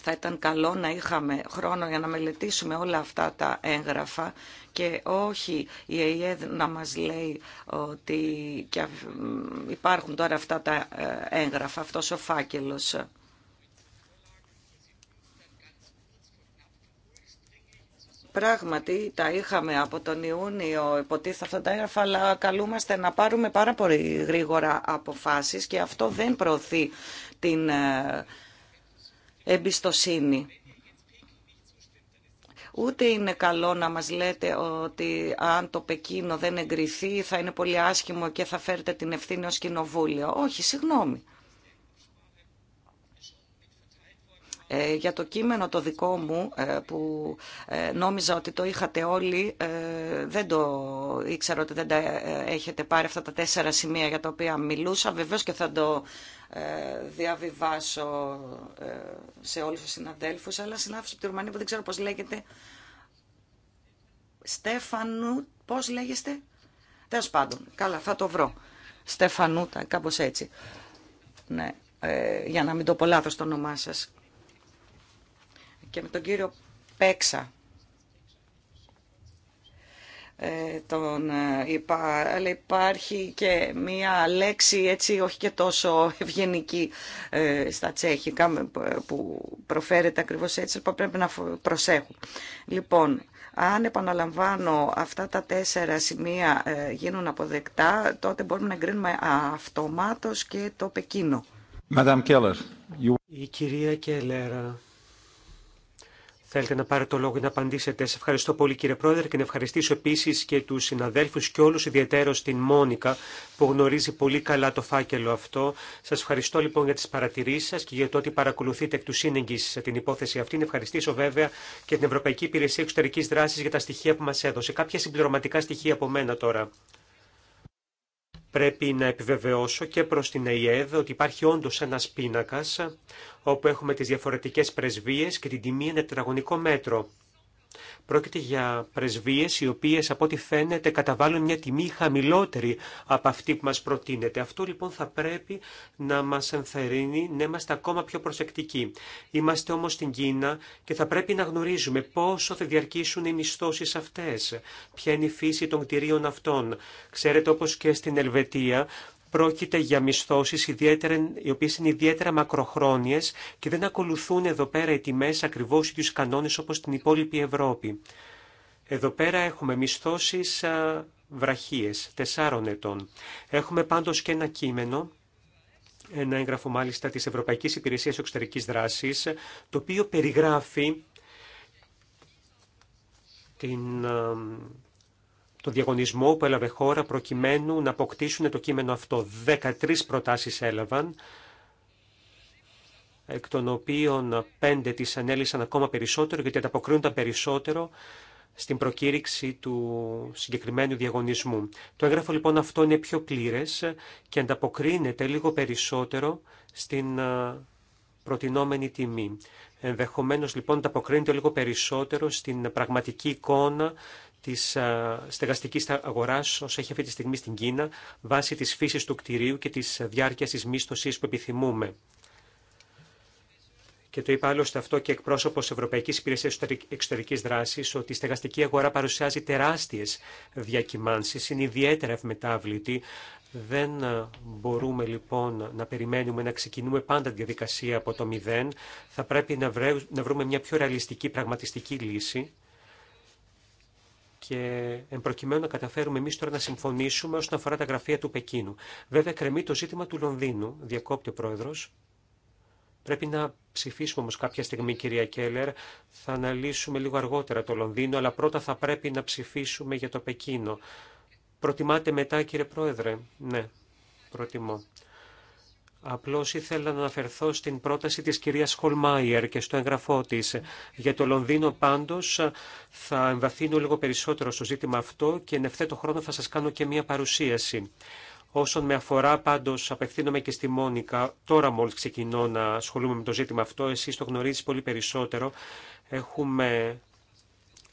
θα ήταν καλό να είχαμε χρόνο για να μελετήσουμε όλα αυτά τα έγγραφα και όχι η ΕΕΔ να μας λέει ότι υπάρχουν τώρα αυτά τα ε, έγγραφα, αυτός ο φάκελος. Πράγματι, τα είχαμε από τον Ιούνιο, υποτίθεται αυτά τα έγγραφα, αλλά καλούμαστε να πάρουμε πάρα πολύ γρήγορα αποφάσεις και αυτό δεν προωθεί την ε, εμπιστοσύνη. Ούτε είναι καλό να μας λέτε ότι αν το Πεκίνο δεν εγκριθεί θα είναι πολύ άσχημο και θα φέρετε την ευθύνη ως κοινοβούλιο. Όχι, συγγνώμη. Ε, για το κείμενο το δικό μου ε, που ε, νόμιζα ότι το είχατε όλοι, ε, δεν το ήξερα ότι δεν τα έχετε πάρει αυτά τα τέσσερα σημεία για τα οποία μιλούσα. Βεβαίως και θα το ε, διαβιβάσω ε, σε όλους τους συναδέλφους, αλλά συνάδελφος από τη Ρουμανία που δεν ξέρω πώς λέγεται. Στέφανου, πώς λέγεστε. Τέλος πάντων, καλά, θα το βρω. Στεφανούτα, κάπως έτσι. Ναι, ε, για να μην το πω λάθος το όνομά σας. Και με τον κύριο Πέξα ε, τον ε, αλλά υπάρχει και μία λέξη έτσι όχι και τόσο ευγενική ε, στα τσέχικα που προφέρεται ακριβώς έτσι, λοιπόν πρέπει να προσέχουμε. Λοιπόν, αν επαναλαμβάνω αυτά τα τέσσερα σημεία γίνουν αποδεκτά, τότε μπορούμε να εγκρίνουμε αυτομάτως και το Πεκίνο. Η κυρία Κελέρα. Θέλετε να πάρετε το λόγο για να απαντήσετε. Σε ευχαριστώ πολύ κύριε Πρόεδρε και να ευχαριστήσω επίση και του συναδέλφου και όλου ιδιαίτερω την Μόνικα που γνωρίζει πολύ καλά το φάκελο αυτό. Σα ευχαριστώ λοιπόν για τι παρατηρήσει σα και για το ότι παρακολουθείτε εκ του σύνεγγυ την υπόθεση αυτή. Να ευχαριστήσω βέβαια και την Ευρωπαϊκή Υπηρεσία Εξωτερική Δράση για τα στοιχεία που μα έδωσε. Κάποια συμπληρωματικά στοιχεία από μένα τώρα πρέπει να επιβεβαιώσω και προς την ΕΙΕΔ ότι υπάρχει όντως ένας πίνακας όπου έχουμε τις διαφορετικές πρεσβείες και την τιμή είναι τετραγωνικό μέτρο. Πρόκειται για πρεσβείες οι οποίες από ό,τι φαίνεται καταβάλουν μια τιμή χαμηλότερη από αυτή που μας προτείνεται. Αυτό λοιπόν θα πρέπει να μας ενθαρρύνει να είμαστε ακόμα πιο προσεκτικοί. Είμαστε όμως στην Κίνα και θα πρέπει να γνωρίζουμε πόσο θα διαρκήσουν οι μισθώσεις αυτές, ποια είναι η φύση των κτηρίων αυτών. Ξέρετε όπω και στην Ελβετία Πρόκειται για μισθώσεις οι οποίες είναι ιδιαίτερα μακροχρόνιες και δεν ακολουθούν εδώ πέρα οι τιμές ακριβώς τους κανόνες όπως στην υπόλοιπη Ευρώπη. Εδώ πέρα έχουμε μισθώσεις βραχίε, βραχίες, τεσσάρων ετών. Έχουμε πάντως και ένα κείμενο, ένα έγγραφο μάλιστα της Ευρωπαϊκής Υπηρεσίας Εξωτερικής Δράσης, το οποίο περιγράφει την το διαγωνισμό που έλαβε χώρα προκειμένου να αποκτήσουν το κείμενο αυτό. 13 προτάσεις έλαβαν, εκ των οποίων 5 τις ανέλησαν ακόμα περισσότερο γιατί ανταποκρίνονταν περισσότερο στην προκήρυξη του συγκεκριμένου διαγωνισμού. Το έγγραφο λοιπόν αυτό είναι πιο πλήρες και ανταποκρίνεται λίγο περισσότερο στην προτινόμενη τιμή. Ενδεχομένως λοιπόν ανταποκρίνεται λίγο περισσότερο στην πραγματική εικόνα τη ε, στεγαστική αγορά όσο έχει αυτή τη στιγμή στην Κίνα, βάσει τη φύση του κτηρίου και τη διάρκεια τη μίσθωση που επιθυμούμε. Και το είπα άλλωστε αυτό και εκπρόσωπο Ευρωπαϊκή Υπηρεσία Εξωτερική Δράση, ότι η στεγαστική αγορά παρουσιάζει τεράστιε διακυμάνσει, είναι ιδιαίτερα ευμετάβλητη. Δεν ε, μπορούμε λοιπόν να περιμένουμε να ξεκινούμε πάντα τη διαδικασία από το μηδέν. Θα πρέπει να βρούμε μια πιο ρεαλιστική, πραγματιστική λύση και εν να καταφέρουμε εμεί τώρα να συμφωνήσουμε όσον αφορά τα γραφεία του Πεκίνου. Βέβαια, κρεμεί το ζήτημα του Λονδίνου, διακόπτει ο πρόεδρο. Πρέπει να ψηφίσουμε όμω κάποια στιγμή, κυρία Κέλλερ. Θα αναλύσουμε λίγο αργότερα το Λονδίνο, αλλά πρώτα θα πρέπει να ψηφίσουμε για το Πεκίνο. Προτιμάτε μετά, κύριε Πρόεδρε. Ναι, προτιμώ. Απλώς ήθελα να αναφερθώ στην πρόταση της κυρίας Χολμάιερ και στο εγγραφό της. Για το Λονδίνο πάντως θα εμβαθύνω λίγο περισσότερο στο ζήτημα αυτό και εν ευθέτω χρόνο θα σας κάνω και μία παρουσίαση. Όσον με αφορά πάντως απευθύνομαι και στη Μόνικα, τώρα μόλις ξεκινώ να ασχολούμαι με το ζήτημα αυτό, εσείς το γνωρίζετε πολύ περισσότερο. Έχουμε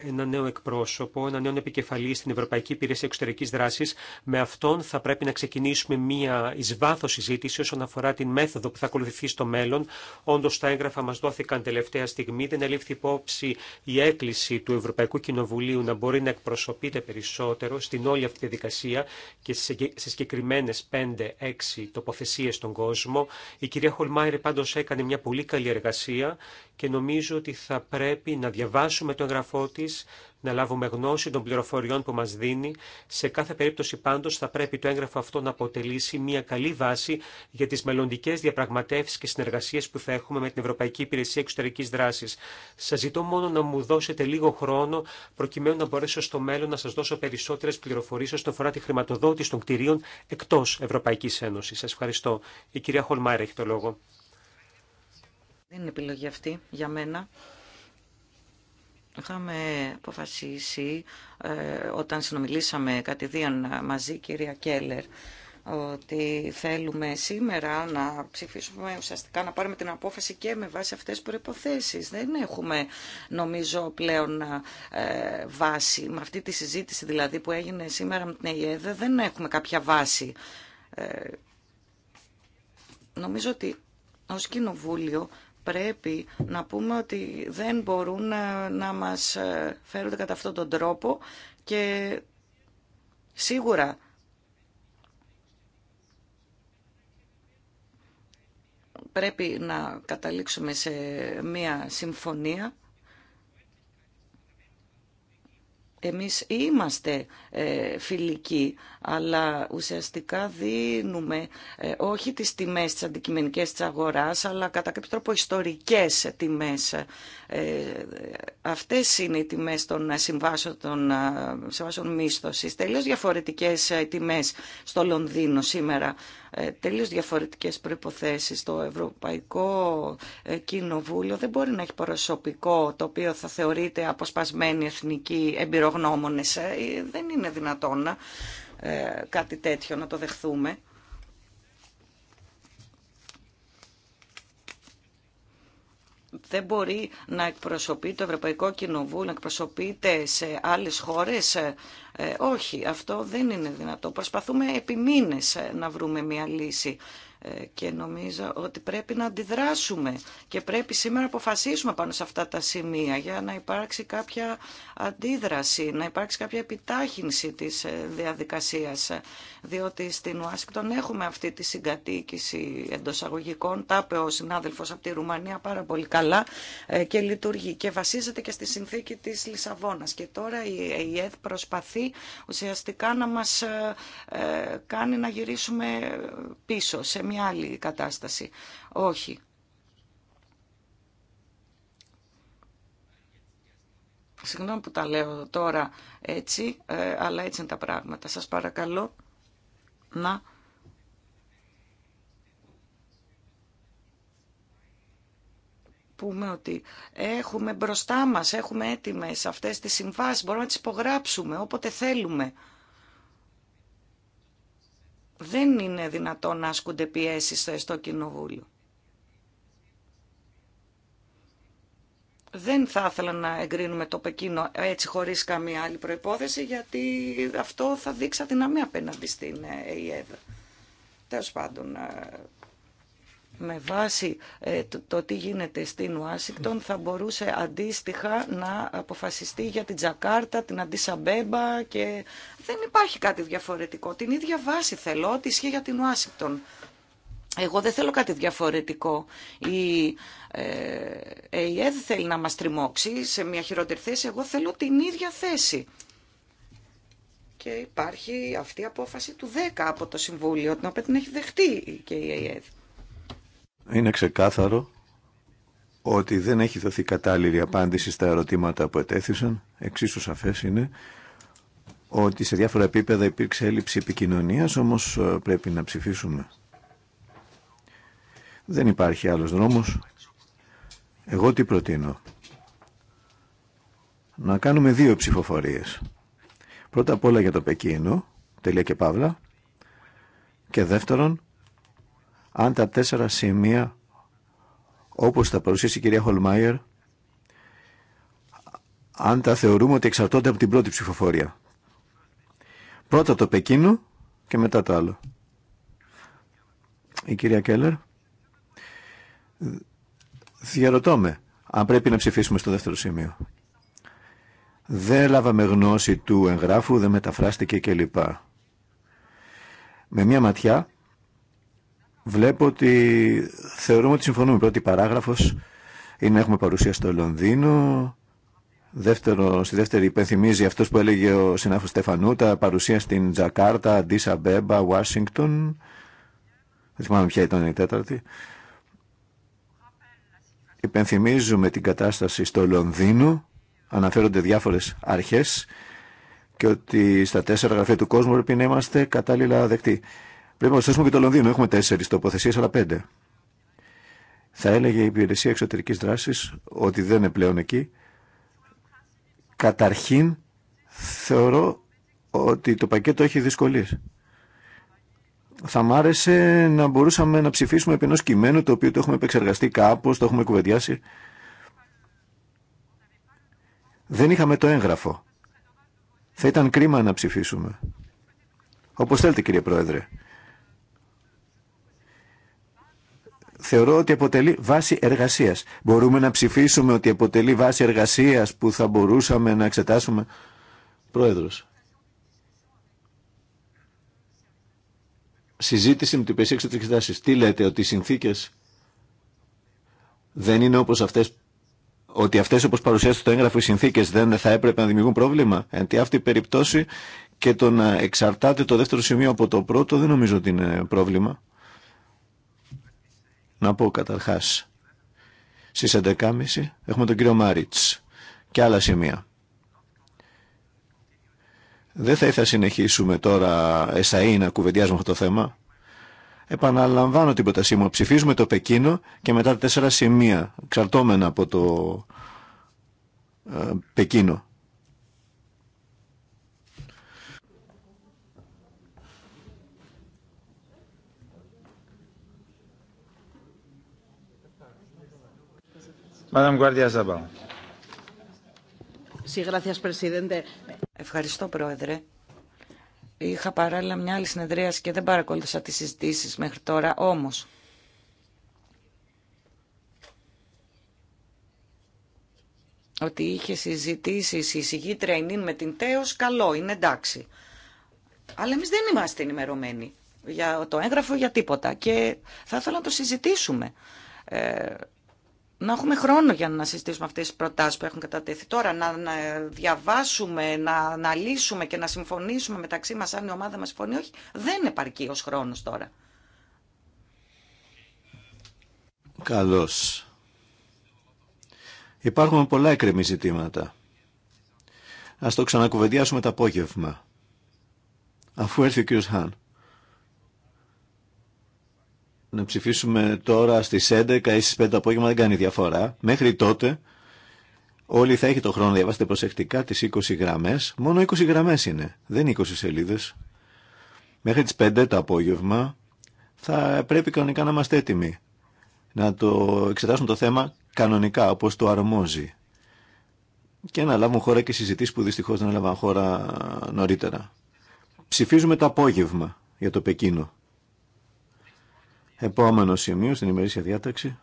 ένα νέο εκπρόσωπο, ένα νέο επικεφαλή στην Ευρωπαϊκή Υπηρεσία Εξωτερική Δράση. Με αυτόν θα πρέπει να ξεκινήσουμε μία ει βάθο συζήτηση όσον αφορά την μέθοδο που θα ακολουθηθεί στο μέλλον. Όντω, τα έγγραφα μα δόθηκαν τελευταία στιγμή. Δεν ελήφθη υπόψη η έκκληση του Ευρωπαϊκού Κοινοβουλίου να μπορεί να εκπροσωπείται περισσότερο στην όλη αυτή τη διαδικασία και σε συγκεκριμένε 5-6 τοποθεσίε στον κόσμο. Η κυρία Χολμάιρε πάντω έκανε μια πολύ καλή εργασία και νομίζω ότι θα πρέπει να διαβάσουμε το εγγραφό της, να λάβουμε γνώση των πληροφοριών που μας δίνει. Σε κάθε περίπτωση πάντως θα πρέπει το έγγραφο αυτό να αποτελήσει μια καλή βάση για τις μελλοντικέ διαπραγματεύσεις και συνεργασίες που θα έχουμε με την Ευρωπαϊκή Υπηρεσία Εξωτερικής Δράσης. Σας ζητώ μόνο να μου δώσετε λίγο χρόνο προκειμένου να μπορέσω στο μέλλον να σας δώσω περισσότερες πληροφορίες όσον αφορά τη χρηματοδότηση των κτηρίων εκτό Ευρωπαϊκή Ένωση. Σα ευχαριστώ. Η κυρία Χολμάρα έχει το λόγο. Δεν είναι επιλογή αυτή για μένα. Είχαμε αποφασίσει ε, όταν συνομιλήσαμε κατηδίαν μαζί, κυρία Κέλλερ, ότι θέλουμε σήμερα να ψηφίσουμε ουσιαστικά να πάρουμε την απόφαση και με βάση αυτές τις προϋποθέσεις. Δεν έχουμε νομίζω πλέον ε, βάση. Με αυτή τη συζήτηση δηλαδή που έγινε σήμερα με την ΕΙΕΔΕ δεν έχουμε κάποια βάση. Ε, νομίζω ότι ως κοινοβούλιο πρέπει να πούμε ότι δεν μπορούν ε, να μας ε, φέρονται κατά αυτόν τον τρόπο και σίγουρα πρέπει να καταλήξουμε σε μία συμφωνία Εμείς είμαστε ε, φιλικοί, αλλά ουσιαστικά δίνουμε ε, όχι τις τιμές της αντικειμενικές της αγοράς, αλλά κατά κάποιο τρόπο ιστορικές τιμές. Ε, αυτές είναι οι τιμές των συμβάσεων, συμβάσεων μίσθωσης, τελείως διαφορετικές τιμές στο Λονδίνο σήμερα ε, τελείως διαφορετικές προϋποθέσεις. Το Ευρωπαϊκό ε, Κοινοβούλιο δεν μπορεί να έχει προσωπικό το οποίο θα θεωρείται αποσπασμένοι εθνικοί εμπειρογνώμονες. Ε, δεν είναι δυνατόν κάτι τέτοιο να το δεχθούμε. δεν μπορεί να εκπροσωπεί το Ευρωπαϊκό Κοινοβούλιο, να εκπροσωπείται σε άλλες χώρες. Ε, όχι, αυτό δεν είναι δυνατό. Προσπαθούμε επί μήνες ε, να βρούμε μια λύση ε, και νομίζω ότι πρέπει να αντιδράσουμε και πρέπει σήμερα να αποφασίσουμε πάνω σε αυτά τα σημεία για να υπάρξει κάποια αντίδραση, να υπάρξει κάποια επιτάχυνση της διαδικασίας διότι στην Ουάσιγκτον έχουμε αυτή τη συγκατοίκηση εντό αγωγικών. Τα είπε ο συνάδελφο από τη Ρουμανία πάρα πολύ καλά ε, και λειτουργεί και βασίζεται και στη συνθήκη τη Λισαβόνα. Και τώρα η ΕΕΔ προσπαθεί ουσιαστικά να μα ε, ε, κάνει να γυρίσουμε πίσω σε μια άλλη κατάσταση. Όχι. Συγγνώμη που τα λέω τώρα έτσι, αλλά έτσι είναι τα πράγματα. Σας παρακαλώ να πούμε ότι έχουμε μπροστά μας, έχουμε έτοιμες αυτές τις συμβάσεις, μπορούμε να τις υπογράψουμε όποτε θέλουμε. Δεν είναι δυνατόν να ασκούνται πιέσεις στο Κοινοβούλιο. δεν θα ήθελα να εγκρίνουμε το Πεκίνο έτσι χωρίς καμία άλλη προϋπόθεση γιατί αυτό θα δείξει αδυναμία απέναντι στην ΕΕΔ. Τέλο πάντων, ε, με βάση ε, το, τι γίνεται στην Ουάσιγκτον θα μπορούσε αντίστοιχα να αποφασιστεί για την Τζακάρτα, την Αντισαμπέμπα και δεν υπάρχει κάτι διαφορετικό. Την ίδια βάση θέλω ότι ισχύει για την Ουάσιγκτον. Εγώ δεν θέλω κάτι διαφορετικό. Ε, η δεν θέλει να μας τριμώξει σε μια χειρότερη θέση. Εγώ θέλω την ίδια θέση. Και υπάρχει αυτή η απόφαση του 10 από το Συμβούλιο, την οποία την έχει δεχτεί και η ΕΔ. Είναι ξεκάθαρο ότι δεν έχει δοθεί κατάλληλη απάντηση στα ερωτήματα που ετέθησαν. Εξίσου σαφές είναι ότι σε διάφορα επίπεδα υπήρξε έλλειψη επικοινωνίας, όμως ε, πρέπει να ψηφίσουμε. Δεν υπάρχει άλλος δρόμος εγώ τι προτείνω. Να κάνουμε δύο ψηφοφορίες. Πρώτα απ' όλα για το Πεκίνο, τελεία και παύλα. Και δεύτερον, αν τα τέσσερα σημεία, όπως τα παρουσίασε η κυρία Χολμάιερ, αν τα θεωρούμε ότι εξαρτώνται από την πρώτη ψηφοφορία. Πρώτα το Πεκίνο και μετά το άλλο. Η κυρία Κέλλερ. Διαρωτώ με αν πρέπει να ψηφίσουμε στο δεύτερο σημείο. Δεν λάβαμε γνώση του εγγράφου, δεν μεταφράστηκε κλπ. Με μια ματιά βλέπω ότι θεωρούμε ότι συμφωνούμε. Πρώτη παράγραφος είναι έχουμε παρουσία στο Λονδίνο. Δεύτερο, στη δεύτερη υπενθυμίζει αυτός που έλεγε ο συνάδελφος Στεφανούτα, παρουσία στην Τζακάρτα, Αντίσα Μπέμπα, Ουάσιγκτον. Δεν θυμάμαι ποια ήταν η τέταρτη υπενθυμίζουμε την κατάσταση στο Λονδίνο, αναφέρονται διάφορες αρχές και ότι στα τέσσερα γραφεία του κόσμου πρέπει να είμαστε κατάλληλα δεκτοί. Πρέπει να προσθέσουμε και το Λονδίνο. Έχουμε τέσσερι τοποθεσίε, αλλά πέντε. Θα έλεγε η υπηρεσία εξωτερικής δράσης ότι δεν είναι πλέον εκεί. Καταρχήν, θεωρώ ότι το πακέτο έχει δυσκολίες θα μ' άρεσε να μπορούσαμε να ψηφίσουμε επί ενός κειμένου το οποίο το έχουμε επεξεργαστεί κάπως, το έχουμε κουβεντιάσει. Δεν είχαμε το έγγραφο. Θα ήταν κρίμα να ψηφίσουμε. Όπως θέλετε κύριε Πρόεδρε. Θεωρώ ότι αποτελεί βάση εργασίας. Μπορούμε να ψηφίσουμε ότι αποτελεί βάση εργασίας που θα μπορούσαμε να εξετάσουμε. Πρόεδρος. συζήτηση με την υπηρεσία εξωτερική δράση. Τι λέτε, ότι οι συνθήκε δεν είναι όπω αυτέ. Ότι αυτέ όπω παρουσιάζεται το έγγραφο οι συνθήκε δεν θα έπρεπε να δημιουργούν πρόβλημα. Αντί αυτή η περίπτωση και το να εξαρτάται το δεύτερο σημείο από το πρώτο δεν νομίζω ότι είναι πρόβλημα. Να πω καταρχά. Στι 11.30 έχουμε τον κύριο Μάριτ και άλλα σημεία. Δεν θα ήθελα να συνεχίσουμε τώρα εσαΐ να κουβεντιάζουμε αυτό το θέμα. Επαναλαμβάνω την πρότασή Ψηφίζουμε το Πεκίνο και μετά τέσσερα σημεία, εξαρτώμενα από το ε, Πεκίνο. Madame Guardia Zabal. Sí, gracias, presidente. Ευχαριστώ, Πρόεδρε. Είχα παράλληλα μια άλλη συνεδρίαση και δεν παρακολούθησα τις συζητήσεις μέχρι τώρα, όμως... Ότι είχε συζητήσει η συγγήτρια με την ΤΕΟΣ, καλό, είναι εντάξει. Αλλά εμείς δεν είμαστε ενημερωμένοι για το έγγραφο, για τίποτα. Και θα ήθελα να το συζητήσουμε. Ε, να έχουμε χρόνο για να συζητήσουμε αυτές τις προτάσεις που έχουν κατατεθεί τώρα, να, διαβάσουμε, να αναλύσουμε και να συμφωνήσουμε μεταξύ μας αν η ομάδα μας συμφωνεί όχι, δεν επαρκεί ως χρόνος τώρα. Καλώς. Υπάρχουν πολλά εκκρεμή ζητήματα. Ας το ξανακουβεντιάσουμε το απόγευμα, αφού έρθει ο κ. Χάν να ψηφίσουμε τώρα στις 11 ή στις 5 το απόγευμα δεν κάνει διαφορά. Μέχρι τότε όλοι θα έχετε το χρόνο να διαβάσετε προσεκτικά τις 20 γραμμές. Μόνο 20 γραμμές είναι, δεν 20 σελίδες. Μέχρι τις 5 το απόγευμα θα πρέπει κανονικά να είμαστε έτοιμοι να το εξετάσουμε το θέμα κανονικά όπως το αρμόζει και να λάβουν χώρα και συζητήσεις που δυστυχώς δεν έλαβαν χώρα νωρίτερα. Ψηφίζουμε το απόγευμα για το Πεκίνο. Επόμενο σημείο στην ημερήσια διάταξη.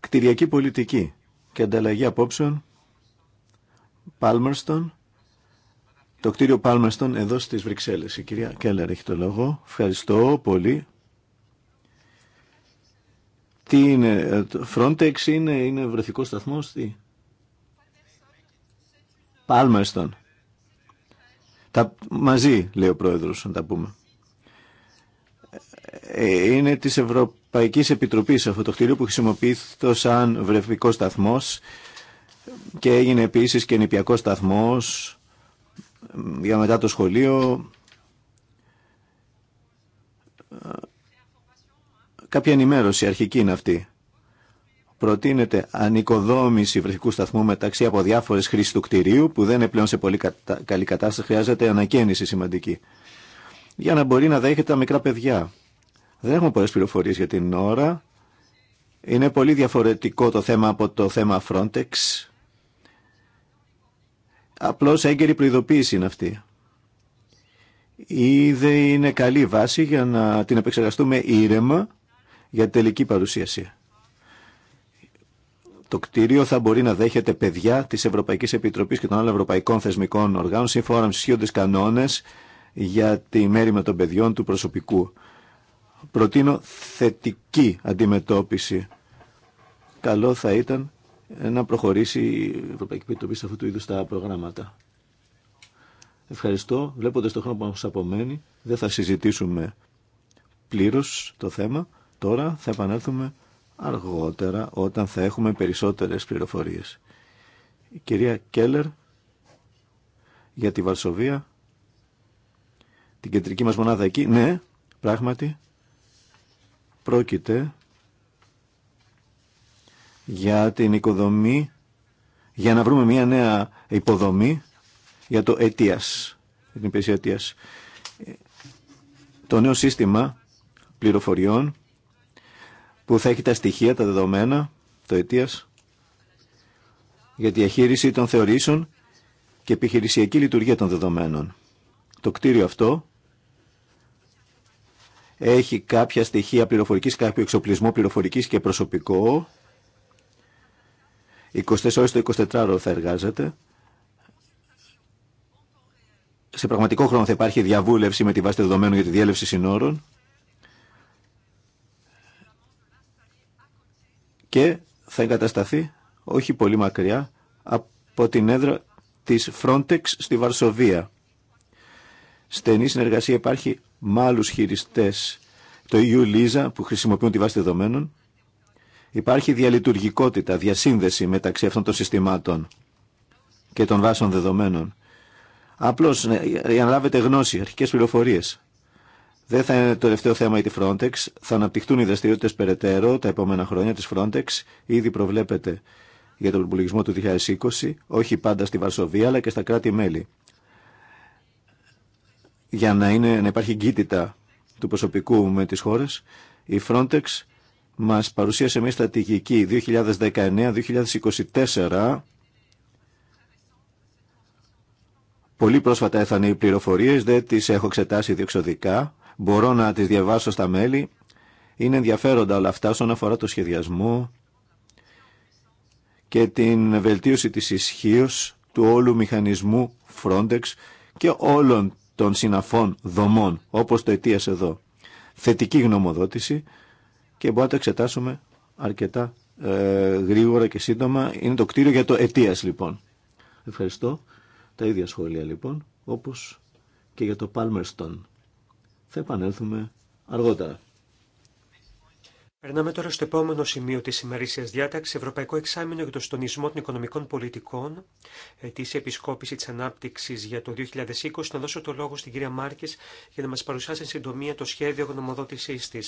Κτηριακή πολιτική και ανταλλαγή απόψεων. Πάλμερστον. Το κτίριο Πάλμερστον εδώ στις Βρυξέλλες. Η κυρία Κέλλερ έχει το λόγο. Ευχαριστώ πολύ. Τι είναι, ε, το Frontex είναι, είναι βρεθικό σταθμός, τι. Πάλμερστον. Τα, μαζί, λέει ο πρόεδρος, να τα πούμε είναι της Ευρωπαϊκής Επιτροπής αυτό το κτίριο που χρησιμοποιήθηκε σαν βρεφικός σταθμός και έγινε επίσης και νηπιακό σταθμός για μετά το σχολείο. Κάποια ενημέρωση αρχική είναι αυτή. Προτείνεται ανοικοδόμηση βρεφικού σταθμού μεταξύ από διάφορε χρήσει του κτηρίου που δεν είναι πλέον σε πολύ καλή κατάσταση, χρειάζεται ανακαίνιση σημαντική. Για να μπορεί να δέχεται τα μικρά παιδιά δεν έχουμε πολλές πληροφορίες για την ώρα. Είναι πολύ διαφορετικό το θέμα από το θέμα Frontex. Απλώς έγκαιρη προειδοποίηση είναι αυτή. Ήδη είναι καλή βάση για να την επεξεργαστούμε ήρεμα για τελική παρουσίαση. Το κτίριο θα μπορεί να δέχεται παιδιά της Ευρωπαϊκής Επιτροπής και των άλλων ευρωπαϊκών θεσμικών οργάνων σύμφωνα με τους κανόνες για τη μέρη με των παιδιών του προσωπικού προτείνω θετική αντιμετώπιση. Καλό θα ήταν να προχωρήσει η Ευρωπαϊκή Επιτροπή σε αυτού του είδου τα προγράμματα. Ευχαριστώ. Βλέποντα το χρόνο που μας απομένει, δεν θα συζητήσουμε πλήρως το θέμα. Τώρα θα επανέλθουμε αργότερα όταν θα έχουμε περισσότερες πληροφορίες. κυρία Κέλλερ για τη Βαρσοβία, την κεντρική μας μονάδα εκεί. Ναι, πράγματι, Πρόκειται για την οικοδομή, για να βρούμε μια νέα υποδομή για το αιτίας, την υπηρεσία Το νέο σύστημα πληροφοριών που θα έχει τα στοιχεία, τα δεδομένα, το αιτίας, για τη διαχείριση των θεωρήσεων και επιχειρησιακή λειτουργία των δεδομένων. Το κτίριο αυτό έχει κάποια στοιχεία πληροφορικής, κάποιο εξοπλισμό πληροφορικής και προσωπικό. 24 ώρες το 24ωρο θα εργάζεται. Σε πραγματικό χρόνο θα υπάρχει διαβούλευση με τη βάση δεδομένων για τη διέλευση συνόρων. Και θα εγκατασταθεί όχι πολύ μακριά από την έδρα της Frontex στη Βαρσοβία στενή συνεργασία υπάρχει με άλλου χειριστέ. Το EU LISA που χρησιμοποιούν τη βάση δεδομένων. Υπάρχει διαλειτουργικότητα, διασύνδεση μεταξύ αυτών των συστημάτων και των βάσεων δεδομένων. Απλώ ναι, για λάβετε γνώση, αρχικέ πληροφορίε. Δεν θα είναι το τελευταίο θέμα η τη Frontex. Θα αναπτυχθούν οι δραστηριότητε περαιτέρω τα επόμενα χρόνια τη Frontex. Ήδη προβλέπεται για τον προπολογισμό του 2020, όχι πάντα στη Βαρσοβία αλλά και στα κράτη-μέλη για να, είναι, να υπάρχει εγκύτητα του προσωπικού με τις χώρες, η Frontex μας παρουσίασε μια στρατηγική 2019-2024 Πολύ πρόσφατα έθανε οι πληροφορίες, δεν τις έχω εξετάσει διεξοδικά. Μπορώ να τις διαβάσω στα μέλη. Είναι ενδιαφέροντα όλα αυτά όσον αφορά το σχεδιασμό και την βελτίωση της ισχύω του όλου μηχανισμού Frontex και όλων των συναφών δομών, όπως το αιτίας εδώ. Θετική γνωμοδότηση και μπορούμε να το εξετάσουμε αρκετά ε, γρήγορα και σύντομα. Είναι το κτίριο για το αιτίας λοιπόν. Ευχαριστώ. Τα ίδια σχόλια λοιπόν, όπως και για το Palmerston. Θα επανέλθουμε αργότερα. Περνάμε τώρα στο επόμενο σημείο τη ημερήσια διάταξη. Ευρωπαϊκό Εξάμεινο για το Στονισμό των Οικονομικών Πολιτικών, ε, τη επισκόπηση τη ανάπτυξη για το 2020. Να δώσω το λόγο στην κυρία Μάρκη για να μα παρουσιάσει εν συντομία το σχέδιο γνωμοδότησή τη.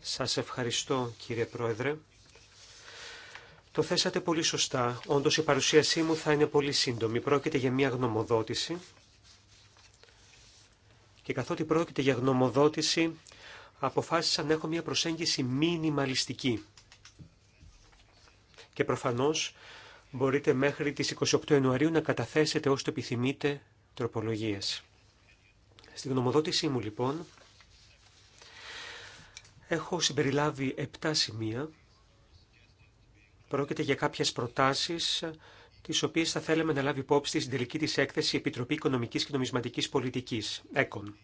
Σα ευχαριστώ κύριε Πρόεδρε. Το θέσατε πολύ σωστά. όντω η παρουσίασή μου θα είναι πολύ σύντομη. Πρόκειται για μια γνωμοδότηση και καθότι πρόκειται για γνωμοδότηση αποφάσισα να έχω μια προσέγγιση μινιμαλιστική. Και προφανώς μπορείτε μέχρι τις 28 Ιανουαρίου να καταθέσετε όσο το επιθυμείτε τροπολογίες. Στη γνωμοδότησή μου λοιπόν έχω συμπεριλάβει 7 σημεία. Πρόκειται για κάποιες προτάσεις τι οποίε θα θέλαμε να λάβει υπόψη στην τελική τη έκθεση η Επιτροπή οικονομική και Νομισματικής πολιτική ΕΚΟΝ.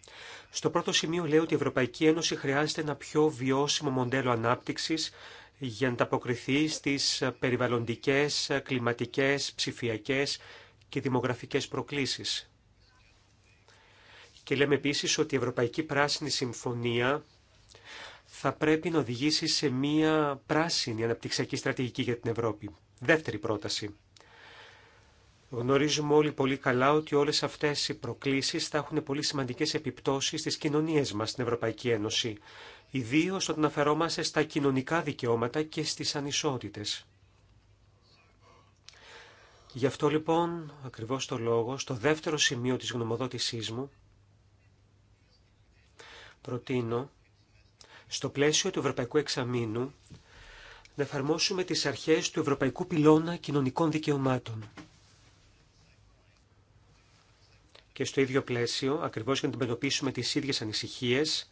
Στο πρώτο σημείο λέει ότι η Ευρωπαϊκή Ένωση χρειάζεται ένα πιο βιώσιμο μοντέλο ανάπτυξη για να ανταποκριθεί στις περιβαλλοντικέ κλιματικέ, ψηφιακέ και δημογραφικέ προκλήσει. Και λέμε επίση ότι η Ευρωπαϊκή Πράσινη Συμφωνία θα πρέπει να οδηγήσει σε μία πράσινη αναπτυξιακή στρατηγική για την Ευρώπη. Δεύτερη πρόταση. Γνωρίζουμε όλοι πολύ καλά ότι όλες αυτές οι προκλήσεις θα έχουν πολύ σημαντικές επιπτώσεις στις κοινωνίες μας στην Ευρωπαϊκή Ένωση, ιδίως όταν αφαιρόμαστε στα κοινωνικά δικαιώματα και στις ανισότητες. Γι' αυτό λοιπόν, ακριβώς το λόγο, στο δεύτερο σημείο της γνωμοδότησής μου, προτείνω, στο πλαίσιο του Ευρωπαϊκού Εξαμήνου, να εφαρμόσουμε τις αρχές του Ευρωπαϊκού Πυλώνα Κοινωνικών Δικαιωμάτων. και στο ίδιο πλαίσιο, ακριβώς για να αντιμετωπίσουμε τις ίδιες ανησυχίες,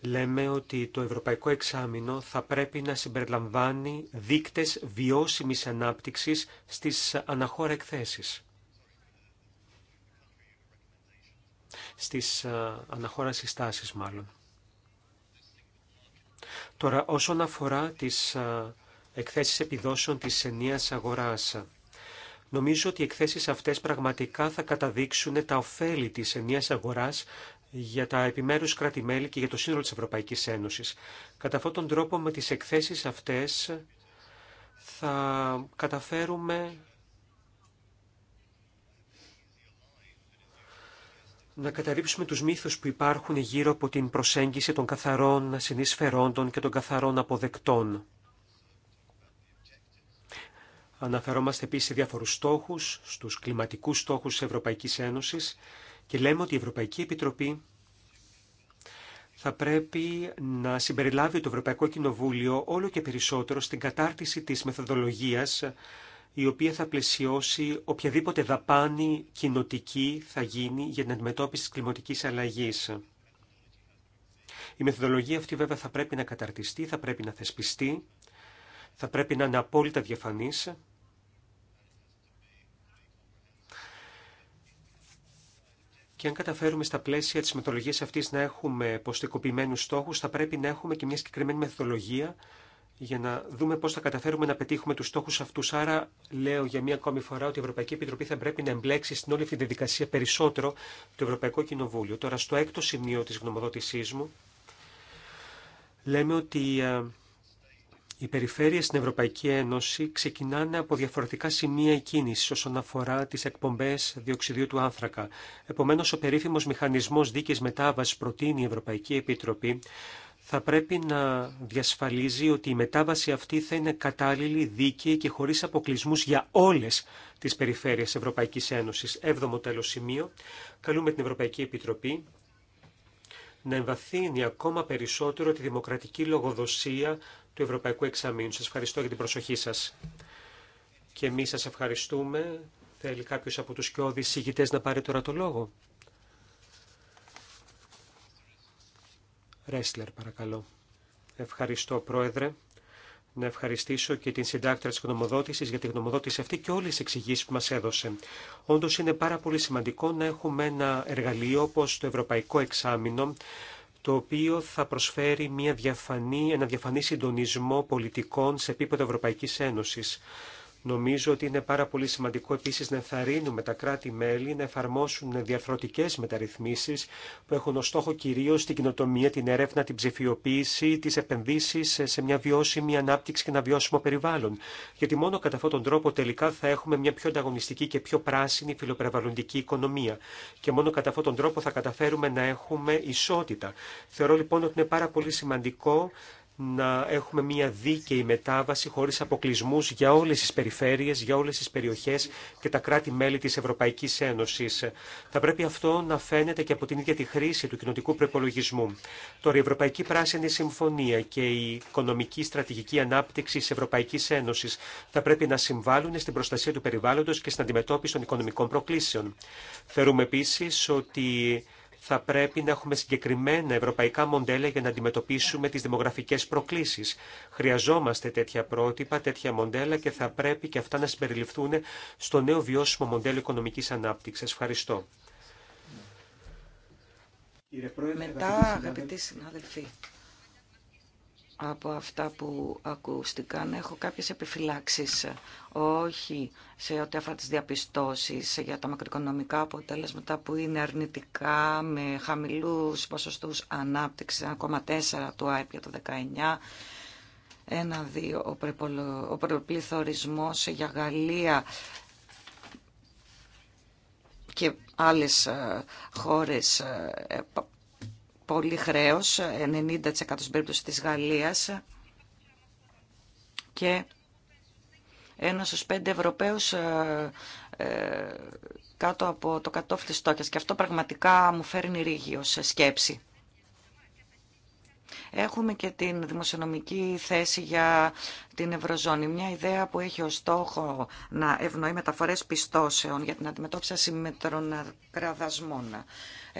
λέμε ότι το Ευρωπαϊκό Εξάμεινο θα πρέπει να συμπεριλαμβάνει δείκτες βιώσιμης ανάπτυξης στις αναχώρα εκθέσεις. Στις αναχώρα συστάσεις μάλλον. Τώρα, όσον αφορά τις εκθέσεις επιδόσεων της ενίας αγοράς, Νομίζω ότι οι εκθέσεις αυτές πραγματικά θα καταδείξουν τα ωφέλη της ενίας αγοράς για τα επιμέρους κράτη-μέλη και για το σύνολο της Ευρωπαϊκής Ένωσης. Κατά αυτόν τον τρόπο με τις εκθέσεις αυτές θα καταφέρουμε να καταρρύψουμε τους μύθους που υπάρχουν γύρω από την προσέγγιση των καθαρών συνεισφερόντων και των καθαρών αποδεκτών. Αναφερόμαστε επίση σε διάφορους στόχους, στους κλιματικούς στόχους της Ευρωπαϊκής Ένωσης και λέμε ότι η Ευρωπαϊκή Επιτροπή θα πρέπει να συμπεριλάβει το Ευρωπαϊκό Κοινοβούλιο όλο και περισσότερο στην κατάρτιση της μεθοδολογίας η οποία θα πλαισιώσει οποιαδήποτε δαπάνη κοινοτική θα γίνει για την αντιμετώπιση της κλιματικής αλλαγής. Η μεθοδολογία αυτή βέβαια θα πρέπει να καταρτιστεί, θα πρέπει να θεσπιστεί, θα πρέπει να είναι απόλυτα διαφανής Και αν καταφέρουμε στα πλαίσια τη μεθολογία αυτή να έχουμε ποστικοποιημένου στόχου, θα πρέπει να έχουμε και μια συγκεκριμένη μεθολογία για να δούμε πώς θα καταφέρουμε να πετύχουμε τους στόχου αυτούς. Άρα λέω για μία ακόμη φορά ότι η Ευρωπαϊκή Επιτροπή θα πρέπει να εμπλέξει στην όλη αυτή τη διαδικασία περισσότερο το Ευρωπαϊκό Κοινοβούλιο. Τώρα στο έκτο σημείο τη γνωμοδότησή μου λέμε ότι ε, οι περιφέρειες στην Ευρωπαϊκή Ένωση ξεκινάνε από διαφορετικά σημεία κίνηση όσον αφορά τι εκπομπές διοξιδίου του άνθρακα. Επομένω, ο περίφημο μηχανισμός δίκης μετάβαση προτείνει η Ευρωπαϊκή Επιτροπή θα πρέπει να διασφαλίζει ότι η μετάβαση αυτή θα είναι κατάλληλη, δίκαιη και χωρίς αποκλεισμού για όλες τις περιφέρειες Ευρωπαϊκής Ένωσης. Έβδομο τέλο σημείο. Καλούμε την Ευρωπαϊκή Επιτροπή να εμβαθύνει ακόμα περισσότερο τη δημοκρατική λογοδοσία του Ευρωπαϊκού Εξαμήνου. Σας ευχαριστώ για την προσοχή σας. Και εμείς σας ευχαριστούμε. Θέλει κάποιος από τους κοιόδης ηγητές να πάρει τώρα το λόγο. Ρέσλερ, παρακαλώ. Ευχαριστώ, Πρόεδρε να ευχαριστήσω και την συντάκτρα της γνωμοδότησης για τη γνωμοδότηση αυτή και όλες τις εξηγήσεις που μας έδωσε. Όντως είναι πάρα πολύ σημαντικό να έχουμε ένα εργαλείο όπως το Ευρωπαϊκό Εξάμεινο, το οποίο θα προσφέρει μια διαφανή, ένα διαφανή συντονισμό πολιτικών σε επίπεδο Ευρωπαϊκής Ένωσης. Νομίζω ότι είναι πάρα πολύ σημαντικό επίση να ενθαρρύνουμε τα κράτη-μέλη να εφαρμόσουν διαφορετικές μεταρρυθμίσει που έχουν ως στόχο κυρίως την κοινοτομία, την έρευνα, την ψηφιοποίηση, τι επενδύσει σε μια βιώσιμη ανάπτυξη και ένα βιώσιμο περιβάλλον. Γιατί μόνο κατά αυτόν τον τρόπο τελικά θα έχουμε μια πιο ανταγωνιστική και πιο πράσινη φιλοπεριβαλλοντική οικονομία. Και μόνο κατά αυτόν τον τρόπο θα καταφέρουμε να έχουμε ισότητα. Θεωρώ λοιπόν ότι είναι πάρα πολύ σημαντικό να έχουμε μια δίκαιη μετάβαση χωρίς αποκλεισμού για όλες τις περιφέρειες, για όλες τις περιοχές και τα κράτη-μέλη της Ευρωπαϊκής Ένωσης. Θα πρέπει αυτό να φαίνεται και από την ίδια τη χρήση του κοινοτικού προπολογισμού. Τώρα η Ευρωπαϊκή Πράσινη Συμφωνία και η οικονομική στρατηγική ανάπτυξη της Ευρωπαϊκής Ένωσης θα πρέπει να συμβάλλουν στην προστασία του περιβάλλοντος και στην αντιμετώπιση των οικονομικών προκλήσεων. Θεωρούμε επίση ότι θα πρέπει να έχουμε συγκεκριμένα ευρωπαϊκά μοντέλα για να αντιμετωπίσουμε τις δημογραφικές προκλήσεις. Χρειαζόμαστε τέτοια πρότυπα, τέτοια μοντέλα και θα πρέπει και αυτά να συμπεριληφθούν στο νέο βιώσιμο μοντέλο οικονομικής ανάπτυξης. Ευχαριστώ. Μετά, αγαπητοί συνάδελφοι, από αυτά που ακούστηκαν. Έχω κάποιες επιφυλάξεις, όχι σε ό,τι αφορά τις διαπιστώσεις για τα μακροοικονομικά αποτέλεσματα που είναι αρνητικά με χαμηλούς ποσοστούς ανάπτυξης, 1,4 του ΑΕΠ για το 19, ένα-δύο ο προπληθωρισμός για Γαλλία και άλλες ε, χώρες ε, πολύ χρέος, 90% στην περίπτωση της Γαλλίας και ένα στους πέντε Ευρωπαίους ε, ε, κάτω από το κατόφλι της Και αυτό πραγματικά μου φέρνει ρίγιο σε σκέψη. Έχουμε και την δημοσιονομική θέση για την Ευρωζώνη. Μια ιδέα που έχει ως στόχο να ευνοεί μεταφορές πιστώσεων για την αντιμετώπιση ασυμμετρών κραδασμών.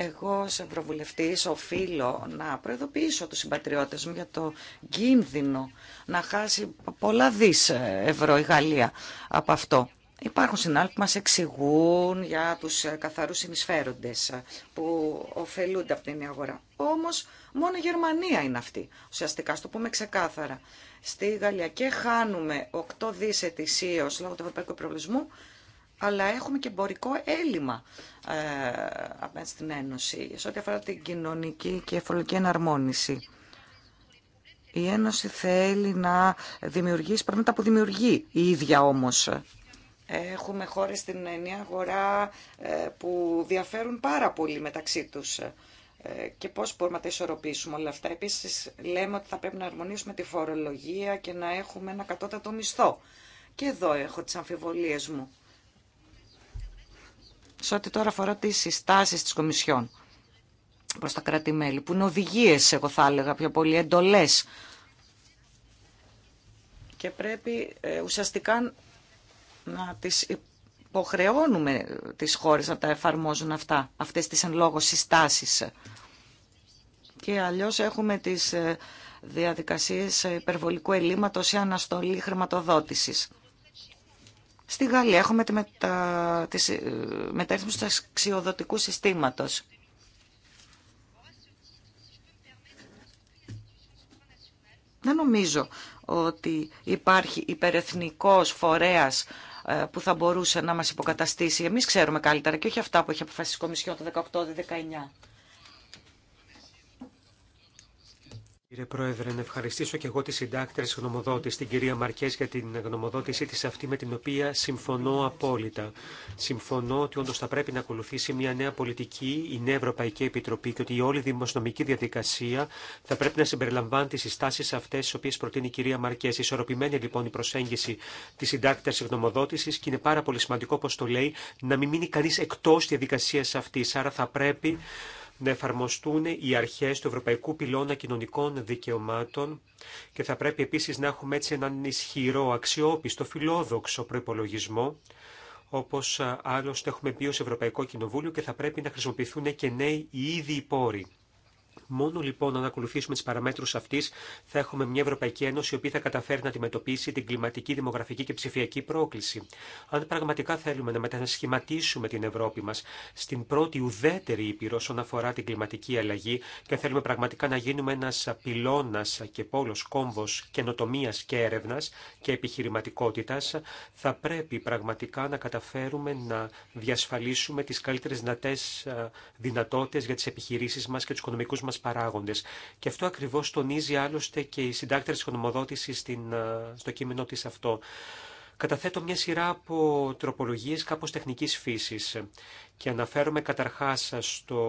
Εγώ ως Ευρωβουλευτής οφείλω να προειδοποιήσω τους συμπατριώτες μου για το κίνδυνο να χάσει πολλά δις ευρώ η Γαλλία από αυτό. Υπάρχουν συνάλληλοι που μας εξηγούν για τους καθαρούς συνεισφέροντες που ωφελούνται από την αγορά. Όμως μόνο η Γερμανία είναι αυτή. Ουσιαστικά, στο πούμε ξεκάθαρα, στη Γαλλία και χάνουμε 8 δις ετησίως λόγω του ευρωπαϊκού προβλησμού, αλλά έχουμε και εμπορικό έλλειμμα ε, απέναντι στην Ένωση. Σε ό,τι αφορά την κοινωνική και εφορική εναρμόνιση. Η Ένωση θέλει να δημιουργήσει πράγματα που δημιουργεί η ίδια όμως. Έχουμε χώρες στην Ενία αγορά ε, που διαφέρουν πάρα πολύ μεταξύ τους ε, και πώς μπορούμε να τα ισορροπήσουμε όλα αυτά. Επίσης λέμε ότι θα πρέπει να αρμονίσουμε τη φορολογία και να έχουμε ένα κατώτατο μισθό. Και εδώ έχω τις αμφιβολίες μου σε ό,τι τώρα αφορά τι συστάσει της Κομισιόν προ τα κράτη-μέλη, που είναι οδηγίε, εγώ θα έλεγα, πιο πολύ εντολές. Και πρέπει ε, ουσιαστικά να τις υποχρεώνουμε τις χώρες να τα εφαρμόζουν αυτά, αυτές τις εν λόγω συστάσεις. Και αλλιώς έχουμε τις ε, διαδικασίες ε, υπερβολικού ελλείμματος ή αναστολή χρηματοδότησης. Στη Γαλλία έχουμε τη μετα... μεταρρύθμιση του αξιοδοτικού συστήματος. Δεν νομίζω ότι υπάρχει υπερεθνικός φορέας ε, που θα μπορούσε να μας υποκαταστήσει. Εμείς ξέρουμε καλύτερα και όχι αυτά που έχει αποφασίσει η Κομισιόν το 18-19. Κύριε Πρόεδρε, να ευχαριστήσω και εγώ τη συντάκτρια γνωμοδότη, την κυρία Μαρκέ, για την γνωμοδότησή τη αυτή με την οποία συμφωνώ απόλυτα. Συμφωνώ ότι όντω θα πρέπει να ακολουθήσει μια νέα πολιτική, η Νέα Ευρωπαϊκή Επιτροπή και ότι η όλη δημοσιονομική διαδικασία θα πρέπει να συμπεριλαμβάνει τι συστάσει αυτέ τι οποίε προτείνει η κυρία Μαρκέ. Ισορροπημένη λοιπόν η προσέγγιση τη συντάκτρια γνωμοδότηση και είναι πάρα πολύ σημαντικό, όπω το λέει, να μην μείνει κανεί εκτό διαδικασία αυτή. Άρα θα πρέπει να εφαρμοστούν οι αρχές του Ευρωπαϊκού Πυλώνα Κοινωνικών Δικαιωμάτων και θα πρέπει επίσης να έχουμε έτσι έναν ισχυρό, αξιόπιστο, φιλόδοξο προϋπολογισμό, όπως άλλωστε έχουμε πει ως Ευρωπαϊκό Κοινοβούλιο και θα πρέπει να χρησιμοποιηθούν και νέοι οι ίδιοι πόροι. Μόνο λοιπόν να ακολουθήσουμε τι παραμέτρου αυτή, θα έχουμε μια Ευρωπαϊκή Ένωση η οποία θα καταφέρει να αντιμετωπίσει την κλιματική, δημογραφική και ψηφιακή πρόκληση. Αν πραγματικά θέλουμε να μετασχηματίσουμε την Ευρώπη μα στην πρώτη ουδέτερη ήπειρο όσον αφορά την κλιματική αλλαγή και θέλουμε πραγματικά να γίνουμε ένα πυλώνα και πόλο κόμβο καινοτομία και έρευνα και επιχειρηματικότητα, θα πρέπει πραγματικά να καταφέρουμε να διασφαλίσουμε τι καλύτερε δυνατέ ε, δυνατότητε για τι επιχειρήσει μα και του οικονομικού μα παράγοντε. Και αυτό ακριβώ τονίζει άλλωστε και η συντάκτρια τη στο κείμενο τη αυτό. Καταθέτω μια σειρά από τροπολογίες κάπως τεχνικής φύσης και αναφέρομαι καταρχάς στο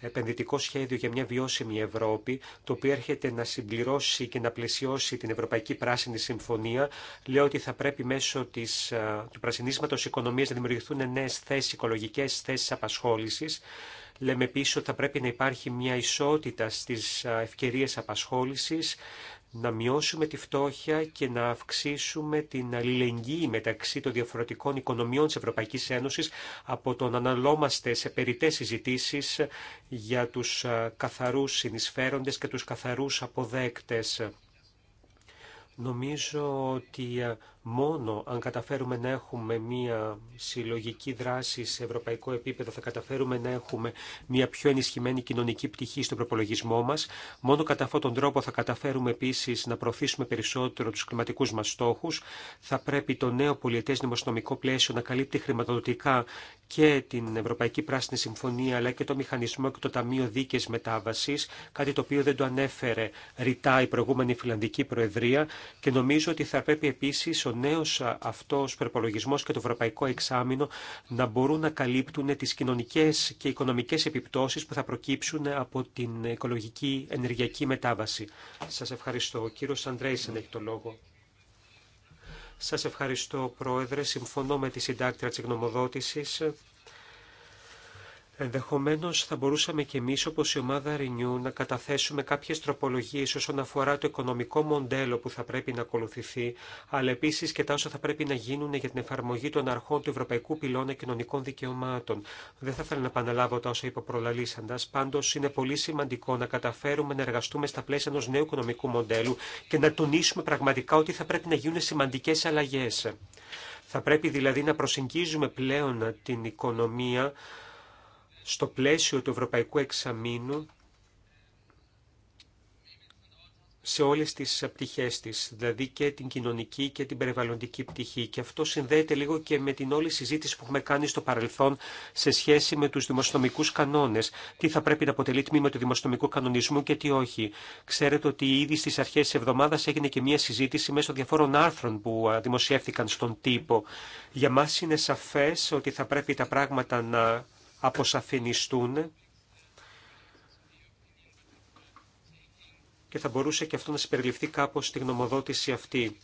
επενδυτικό σχέδιο για μια βιώσιμη Ευρώπη, το οποίο έρχεται να συμπληρώσει και να πλαισιώσει την Ευρωπαϊκή Πράσινη Συμφωνία. Λέω ότι θα πρέπει μέσω της, ε, του πρασινίσματος οικονομίας να δημιουργηθούν νέες θέσεις, οικολογικές θέσεις απασχόλησης Λέμε επίση ότι θα πρέπει να υπάρχει μια ισότητα στις ευκαιρίες απασχόλησης, να μειώσουμε τη φτώχεια και να αυξήσουμε την αλληλεγγύη μεταξύ των διαφορετικών οικονομιών της Ευρωπαϊκής Ένωσης από τον αναλόμαστε σε περιττές συζητήσει για τους καθαρούς συνεισφέροντες και τους καθαρούς αποδέκτες. Νομίζω ότι Μόνο αν καταφέρουμε να έχουμε μία συλλογική δράση σε ευρωπαϊκό επίπεδο, θα καταφέρουμε να έχουμε μία πιο ενισχυμένη κοινωνική πτυχή στον προπολογισμό μα. Μόνο κατά αυτόν τον τρόπο θα καταφέρουμε επίση να προωθήσουμε περισσότερο του κλιματικού μα στόχου. Θα πρέπει το νέο πολιτεύσιο νομοσυνομικό πλαίσιο να καλύπτει χρηματοδοτικά και την Ευρωπαϊκή Πράσινη Συμφωνία, αλλά και το μηχανισμό και το Ταμείο Δίκαιη μετάβαση, κάτι το οποίο δεν το ανέφερε ρητά η προηγούμενη Φιλανδική Προεδρία και νομίζω ότι θα πρέπει ο νέος αυτός προπολογισμός και το ευρωπαϊκό εξάμεινο να μπορούν να καλύπτουν τις κοινωνικές και οικονομικές επιπτώσεις που θα προκύψουν από την οικολογική ενεργειακή μετάβαση. Σας ευχαριστώ. Ο κύριος Αντρέισεν έχει το λόγο. Σας ευχαριστώ, Πρόεδρε. Συμφωνώ με τη συντάκτρια της γνωμοδότηση. Ενδεχομένως θα μπορούσαμε και εμείς όπως η ομάδα Renew να καταθέσουμε κάποιες τροπολογίες όσον αφορά το οικονομικό μοντέλο που θα πρέπει να ακολουθηθεί, αλλά επίσης και τα όσα θα πρέπει να γίνουν για την εφαρμογή των αρχών του Ευρωπαϊκού Πυλώνα Κοινωνικών Δικαιωμάτων. Δεν θα ήθελα να επαναλάβω τα όσα είπα προλαλήσαντας, είναι πολύ σημαντικό να καταφέρουμε να εργαστούμε στα πλαίσια ενός νέου οικονομικού μοντέλου και να τονίσουμε πραγματικά ότι θα πρέπει να γίνουν σημαντικέ αλλαγέ. Θα πρέπει δηλαδή να προσεγγίζουμε πλέον την οικονομία στο πλαίσιο του Ευρωπαϊκού Εξαμήνου σε όλες τις πτυχές της, δηλαδή και την κοινωνική και την περιβαλλοντική πτυχή. Και αυτό συνδέεται λίγο και με την όλη συζήτηση που έχουμε κάνει στο παρελθόν σε σχέση με τους δημοσιονομικούς κανόνες. Τι θα πρέπει να αποτελεί τμήμα του δημοσιονομικού κανονισμού και τι όχι. Ξέρετε ότι ήδη στις αρχές της εβδομάδας έγινε και μια συζήτηση μέσω διαφόρων άρθρων που δημοσιεύθηκαν στον τύπο. Για μας είναι σαφές ότι θα πρέπει τα πράγματα να αποσαφινιστούν και θα μπορούσε και αυτό να συμπεριληφθεί κάπως στη γνωμοδότηση αυτή.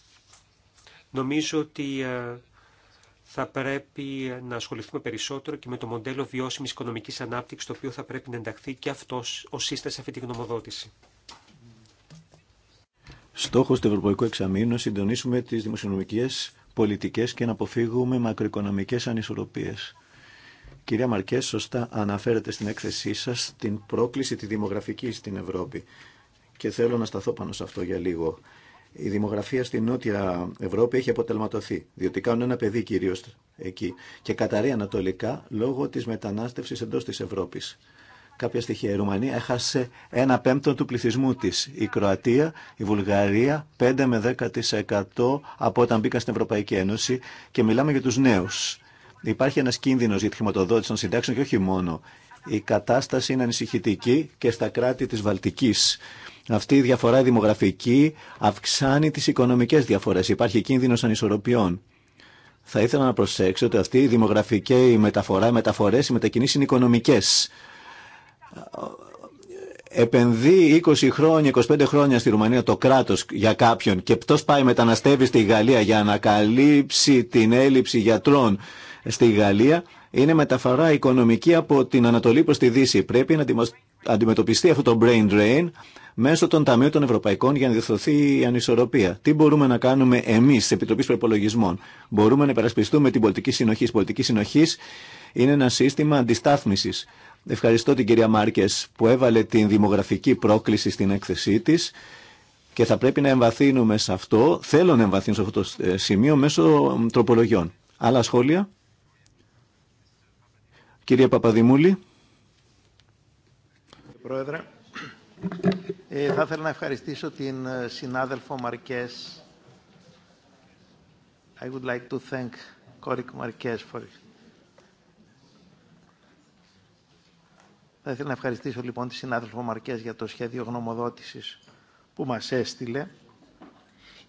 Νομίζω ότι ε, θα πρέπει να ασχοληθούμε περισσότερο και με το μοντέλο βιώσιμης οικονομικής ανάπτυξης, το οποίο θα πρέπει να ενταχθεί και αυτός ο σύσταση αυτή τη γνωμοδότηση. Στόχος του Ευρωπαϊκού Εξαμήνου είναι να συντονίσουμε τις δημοσιονομικές πολιτικές και να αποφύγουμε μακροοικονομικές ανισορροπίες. Κυρία Μαρκέ, σωστά αναφέρετε στην έκθεσή σα την πρόκληση τη δημογραφική στην Ευρώπη. Και θέλω να σταθώ πάνω σε αυτό για λίγο. Η δημογραφία στην Νότια Ευρώπη έχει αποτελματωθεί, διότι κάνουν ένα παιδί κυρίω εκεί και καταρρεί ανατολικά λόγω τη μετανάστευση εντό τη Ευρώπη. Κάποια στοιχεία. Η Ρουμανία έχασε ένα πέμπτο του πληθυσμού τη. Η Κροατία, η Βουλγαρία 5 με 10% από όταν μπήκαν στην Ευρωπαϊκή Ένωση και μιλάμε για του νέου. Υπάρχει ή τη χρηματοδότηση να συντάξει και όχι μόνο. για τη χρηματοδότηση των συντάξεων και όχι μόνο. Η κατάσταση είναι ανησυχητική και στα κράτη τη Βαλτική. Αυτή η διαφορά δημογραφική αυξάνει τι οικονομικέ διαφορέ, Υπάρχει κίνδυνο ανισορροπιών. Θα ήθελα να προσέξω ότι αυτή η δημογραφική μεταφορά, οι μεταφορέ οι μετακινήσει είναι οικονομικέ. Επενδύει 20 χρόνια, 25 χρόνια στη Ρουμανία το κράτο για κάποιον και πτώ πάει μεταναστεύει στη Γαλλία για να καλύψει την έλλειψη γιατρών στη Γαλλία είναι μεταφορά οικονομική από την Ανατολή προς τη Δύση. Πρέπει να αντιμετωπιστεί αυτό το brain drain μέσω των Ταμείων των Ευρωπαϊκών για να διορθωθεί η ανισορροπία. Τι μπορούμε να κάνουμε εμεί τη Επιτροπή Προπολογισμών. Μπορούμε να υπερασπιστούμε την πολιτική συνοχή. Η πολιτική συνοχή είναι ένα σύστημα αντιστάθμιση. Ευχαριστώ την κυρία Μάρκε που έβαλε την δημογραφική πρόκληση στην έκθεσή τη και θα πρέπει να εμβαθύνουμε σε αυτό. Θέλω να εμβαθύνω σε αυτό το ε, σημείο μέσω τροπολογιών. Άλλα σχόλια. Κυρία Παπαδημούλη. Πρόεδρε, ε, θα ήθελα να ευχαριστήσω την ε, συνάδελφο Μαρκές. I would like to thank Κόρικ Μαρκές for it. Θα ήθελα να ευχαριστήσω λοιπόν τη συνάδελφο Μαρκές για το σχέδιο γνωμοδότησης που μας έστειλε.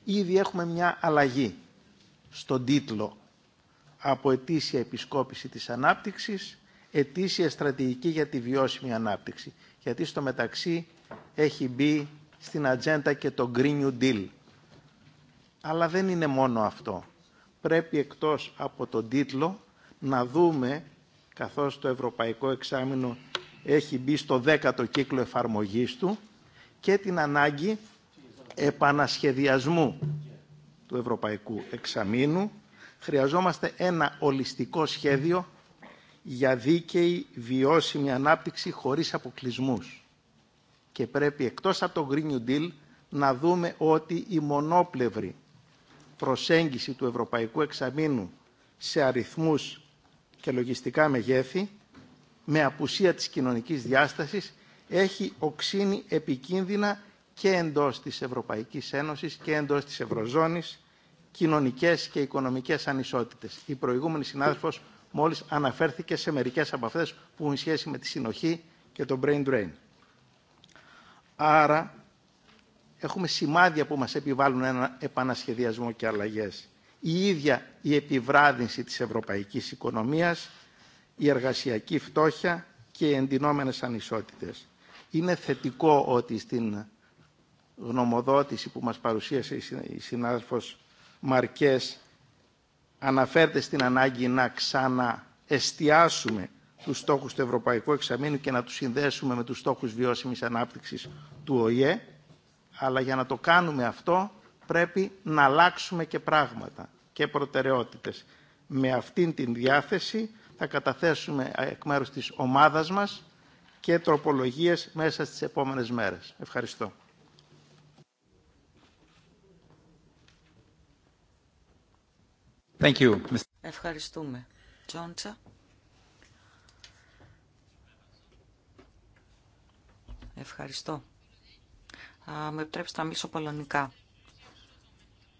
Ήδη έχουμε μια αλλαγή στον τίτλο από ετήσια επισκόπηση της ανάπτυξης ετήσια στρατηγική για τη βιώσιμη ανάπτυξη. Γιατί στο μεταξύ έχει μπει στην ατζέντα και το Green New Deal. Αλλά δεν είναι μόνο αυτό. Πρέπει εκτός από τον τίτλο να δούμε, καθώς το Ευρωπαϊκό Εξάμεινο έχει μπει στο δέκατο κύκλο εφαρμογής του, και την ανάγκη επανασχεδιασμού του Ευρωπαϊκού Εξαμήνου. Χρειαζόμαστε ένα ολιστικό σχέδιο για δίκαιη βιώσιμη ανάπτυξη χωρίς αποκλεισμούς. Και πρέπει εκτός από το Green New Deal να δούμε ότι η μονόπλευρη προσέγγιση του Ευρωπαϊκού Εξαμήνου σε αριθμούς και λογιστικά μεγέθη με απουσία της κοινωνικής διάστασης έχει οξύνει επικίνδυνα και εντός της Ευρωπαϊκής Ένωσης και εντός της Ευρωζώνης κοινωνικές και οικονομικές ανισότητες. Η προηγούμενη συνάδελφος μόλις αναφέρθηκε σε μερικές από αυτές που έχουν σχέση με τη συνοχή και το brain drain. Άρα έχουμε σημάδια που μας επιβάλλουν ένα επανασχεδιασμό και αλλαγές. Η ίδια η επιβράδυνση της ευρωπαϊκής οικονομίας, η εργασιακή φτώχεια και οι εντυνόμενες ανισότητες. Είναι θετικό ότι στην γνωμοδότηση που μας παρουσίασε η συνάδελφος Μαρκές αναφέρεται στην ανάγκη να ξαναεστιάσουμε τους στόχους του Ευρωπαϊκού Εξαμήνου και να τους συνδέσουμε με τους στόχους βιώσιμης ανάπτυξης του ΟΗΕ, αλλά για να το κάνουμε αυτό πρέπει να αλλάξουμε και πράγματα και προτεραιότητες. Με αυτήν την διάθεση θα καταθέσουμε ε, εκ μέρους της ομάδας μας και τροπολογίες μέσα στις επόμενες μέρες. Ευχαριστώ. Ευχαριστούμε. Τζόντσα. Ευχαριστώ. Α, με επιτρέψετε να μίσω πολωνικά.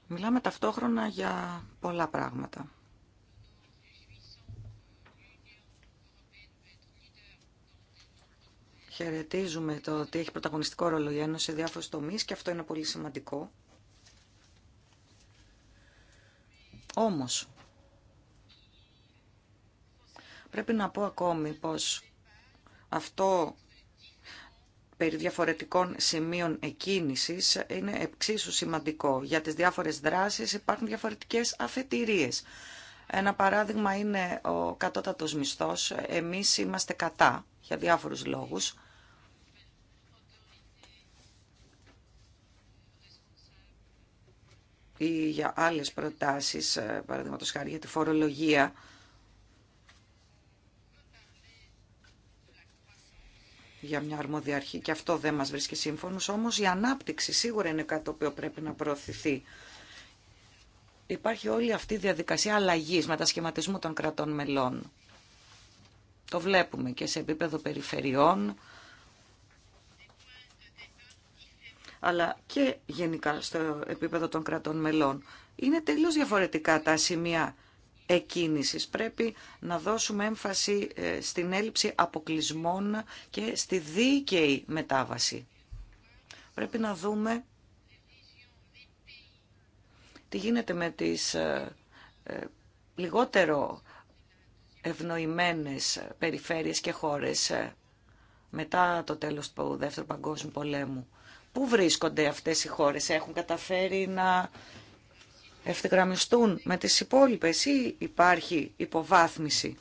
Μιλάμε ταυτόχρονα για πολλά πράγματα. Χαιρετίζουμε το ότι έχει πρωταγωνιστικό ρόλο η Ένωση σε διάφορους τομείς και αυτό είναι πολύ σημαντικό. Όμως, πρέπει να πω ακόμη πως αυτό περί διαφορετικών σημείων εκκίνησης είναι εξίσου σημαντικό. Για τις διάφορες δράσεις υπάρχουν διαφορετικές αφετηρίες. Ένα παράδειγμα είναι ο κατώτατος μισθός. Εμείς είμαστε κατά για διάφορους λόγους. ή για άλλες προτάσεις, ε, παραδείγματο χάρη για τη φορολογία. για μια αρμόδια αρχή και αυτό δεν μας βρίσκει σύμφωνος, όμως η ανάπτυξη σίγουρα είναι κάτι το οποίο πρέπει να προωθηθεί. Υπάρχει όλη αυτή η διαδικασία αλλαγής, μετασχηματισμού των κρατών μελών. Το βλέπουμε και σε επίπεδο περιφερειών, αλλά και γενικά στο επίπεδο των κρατών μελών. Είναι τελείως διαφορετικά τα σημεία εκκίνησης. Πρέπει να δώσουμε έμφαση ε, στην έλλειψη αποκλεισμών και στη δίκαιη μετάβαση. Πρέπει να δούμε τι γίνεται με τις ε, ε, λιγότερο ευνοημένες περιφέρειες και χώρες μετά το τέλος του Δεύτερου Παγκόσμιου Πολέμου. Πού βρίσκονται αυτές οι χώρες, έχουν καταφέρει να ευθυγραμμιστούν με τις υπόλοιπες ή υπάρχει υποβάθμιση.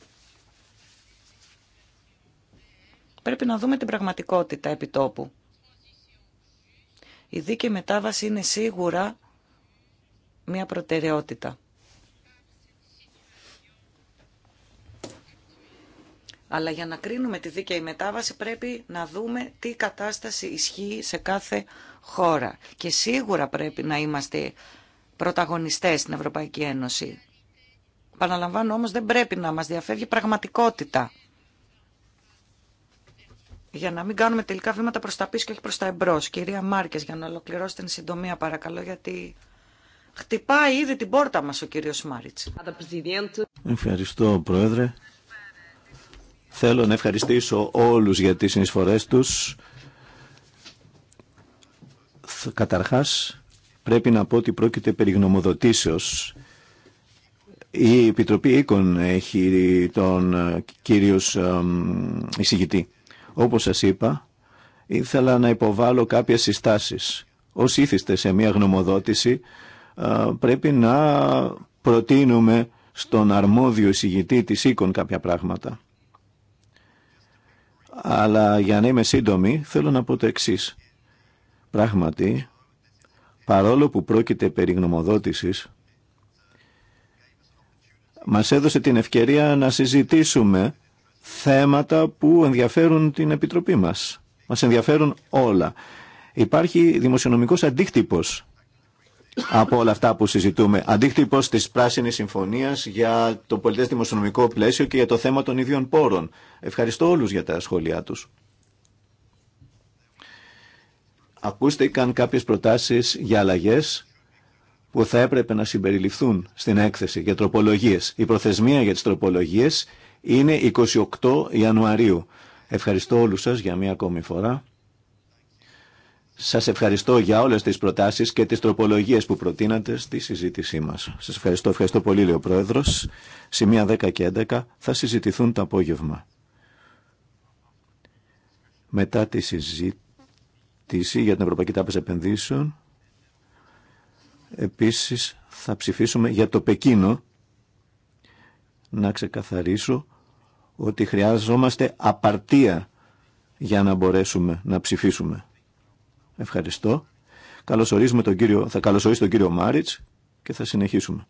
Πρέπει να δούμε την πραγματικότητα επιτόπου. Η δίκαιη μετάβαση είναι σίγουρα μια προτεραιότητα. Αλλά για να κρίνουμε τη δίκαιη μετάβαση πρέπει να δούμε τι κατάσταση ισχύει σε κάθε χώρα. Και σίγουρα πρέπει να είμαστε πρωταγωνιστές στην Ευρωπαϊκή Ένωση. Παναλαμβάνω όμως δεν πρέπει να μας διαφεύγει πραγματικότητα. Για να μην κάνουμε τελικά βήματα προς τα πίσω και όχι προς τα εμπρός. Κυρία Μάρκες, για να ολοκληρώσετε την συντομία παρακαλώ, γιατί χτυπάει ήδη την πόρτα μας ο κύριος Μάριτς. Ευχαριστώ, Πρόεδρε. Θέλω να ευχαριστήσω όλους για τις συνεισφορές τους. Καταρχάς, πρέπει να πω ότι πρόκειται περί γνωμοδοτήσεως. Η Επιτροπή Οίκων έχει τον ε, κύριο ε, εισηγητή. Όπως σας είπα, ήθελα να υποβάλω κάποιες συστάσεις. Ως ήθιστε σε μια γνωμοδότηση, ε, πρέπει να προτείνουμε στον αρμόδιο εισηγητή της οίκων κάποια πράγματα. Αλλά για να είμαι σύντομη θέλω να πω το εξή. Πράγματι, παρόλο που πρόκειται περί γνωμοδότησης, μας έδωσε την ευκαιρία να συζητήσουμε θέματα που ενδιαφέρουν την Επιτροπή μας. Μας ενδιαφέρουν όλα. Υπάρχει δημοσιονομικός αντίκτυπος από όλα αυτά που συζητούμε. Αντίκτυπο τη Πράσινη Συμφωνία για το πολιτέ δημοσιονομικό πλαίσιο και για το θέμα των ίδιων πόρων. Ευχαριστώ όλου για τα σχόλιά του. Ακούστηκαν κάποιες προτάσεις για αλλαγέ που θα έπρεπε να συμπεριληφθούν στην έκθεση για τροπολογίε. Η προθεσμία για τις τροπολογίε είναι 28 Ιανουαρίου. Ευχαριστώ όλους σας για μία ακόμη φορά. Σας ευχαριστώ για όλες τις προτάσεις και τις τροπολογίες που προτείνατε στη συζήτησή μας. Σας ευχαριστώ, ευχαριστώ πολύ, λέει ο Πρόεδρος. Σημεία 10 και 11 θα συζητηθούν το απόγευμα. Μετά τη συζήτηση για την Ευρωπαϊκή Τάπεζα Επενδύσεων, επίσης θα ψηφίσουμε για το Πεκίνο. Να ξεκαθαρίσω ότι χρειάζομαστε απαρτία για να μπορέσουμε να ψηφίσουμε. Ευχαριστώ. Καλωσορίζουμε τον κύριο, θα καλωσορίσω τον κύριο Μάριτς και θα συνεχίσουμε.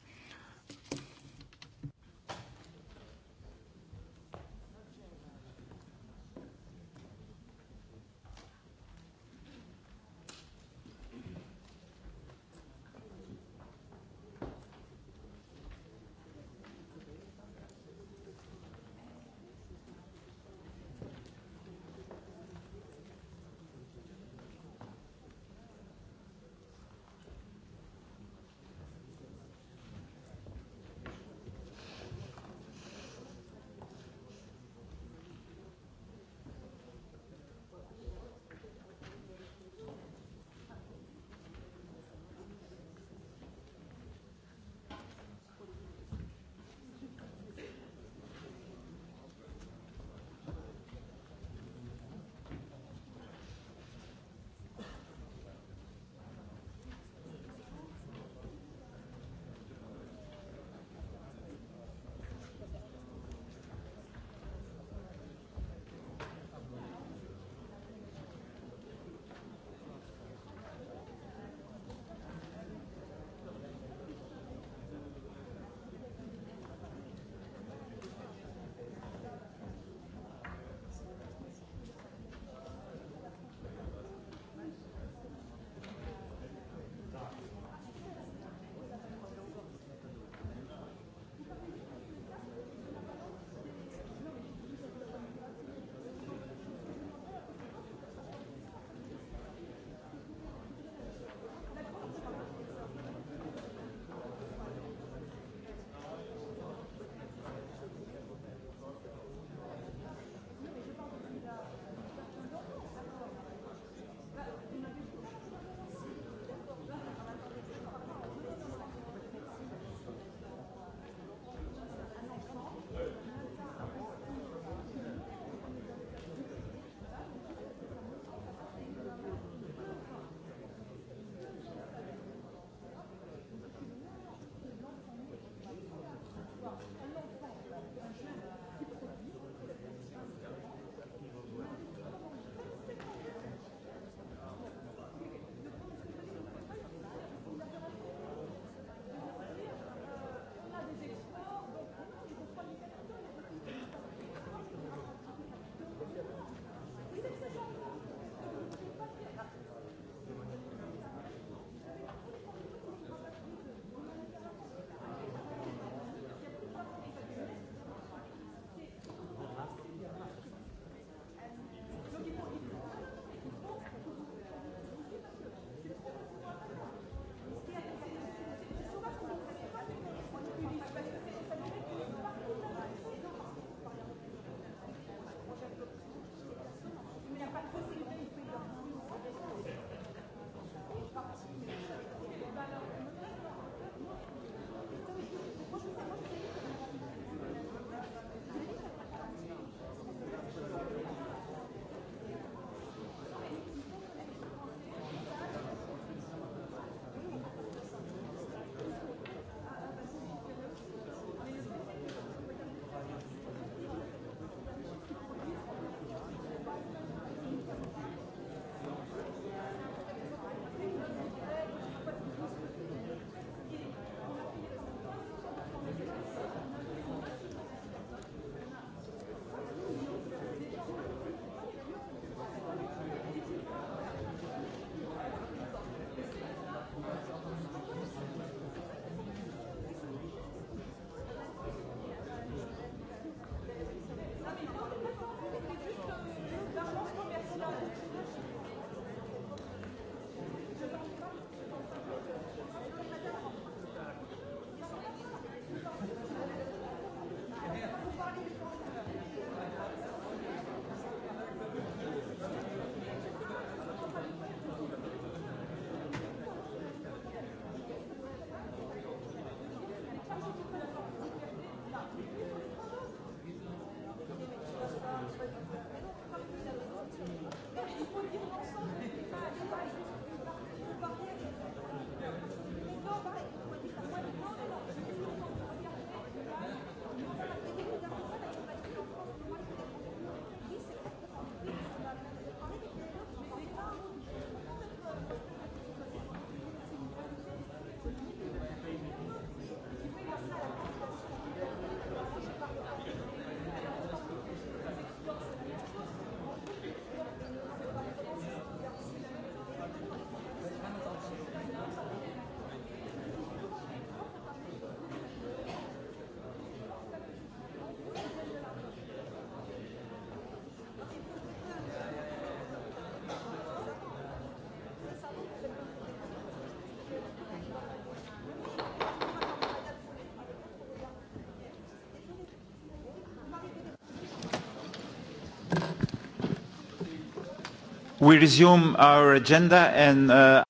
Uh,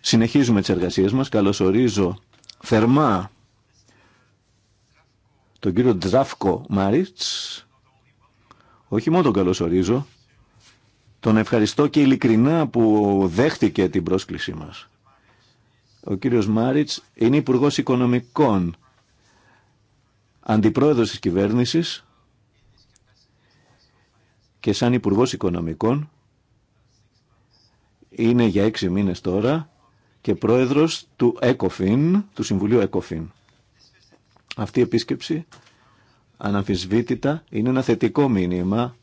Συνεχίζουμε τις εργασίες μας. Καλωσορίζω θερμά τον κύριο Τζάφκο Μάριτς. Όχι μόνο τον καλωσορίζω, τον ευχαριστώ και ειλικρινά που δέχτηκε την πρόσκλησή μας. Ο κύριος Μάριτς είναι υπουργό Οικονομικών, αντιπρόεδρος της κυβέρνησης και σαν υπουργό Οικονομικών είναι για έξι μήνες τώρα και πρόεδρος του ΕΚΟΦΗΝ, του Συμβουλίου ΕΚΟΦΗΝ. Αυτή η επίσκεψη αναμφισβήτητα είναι ένα θετικό μήνυμα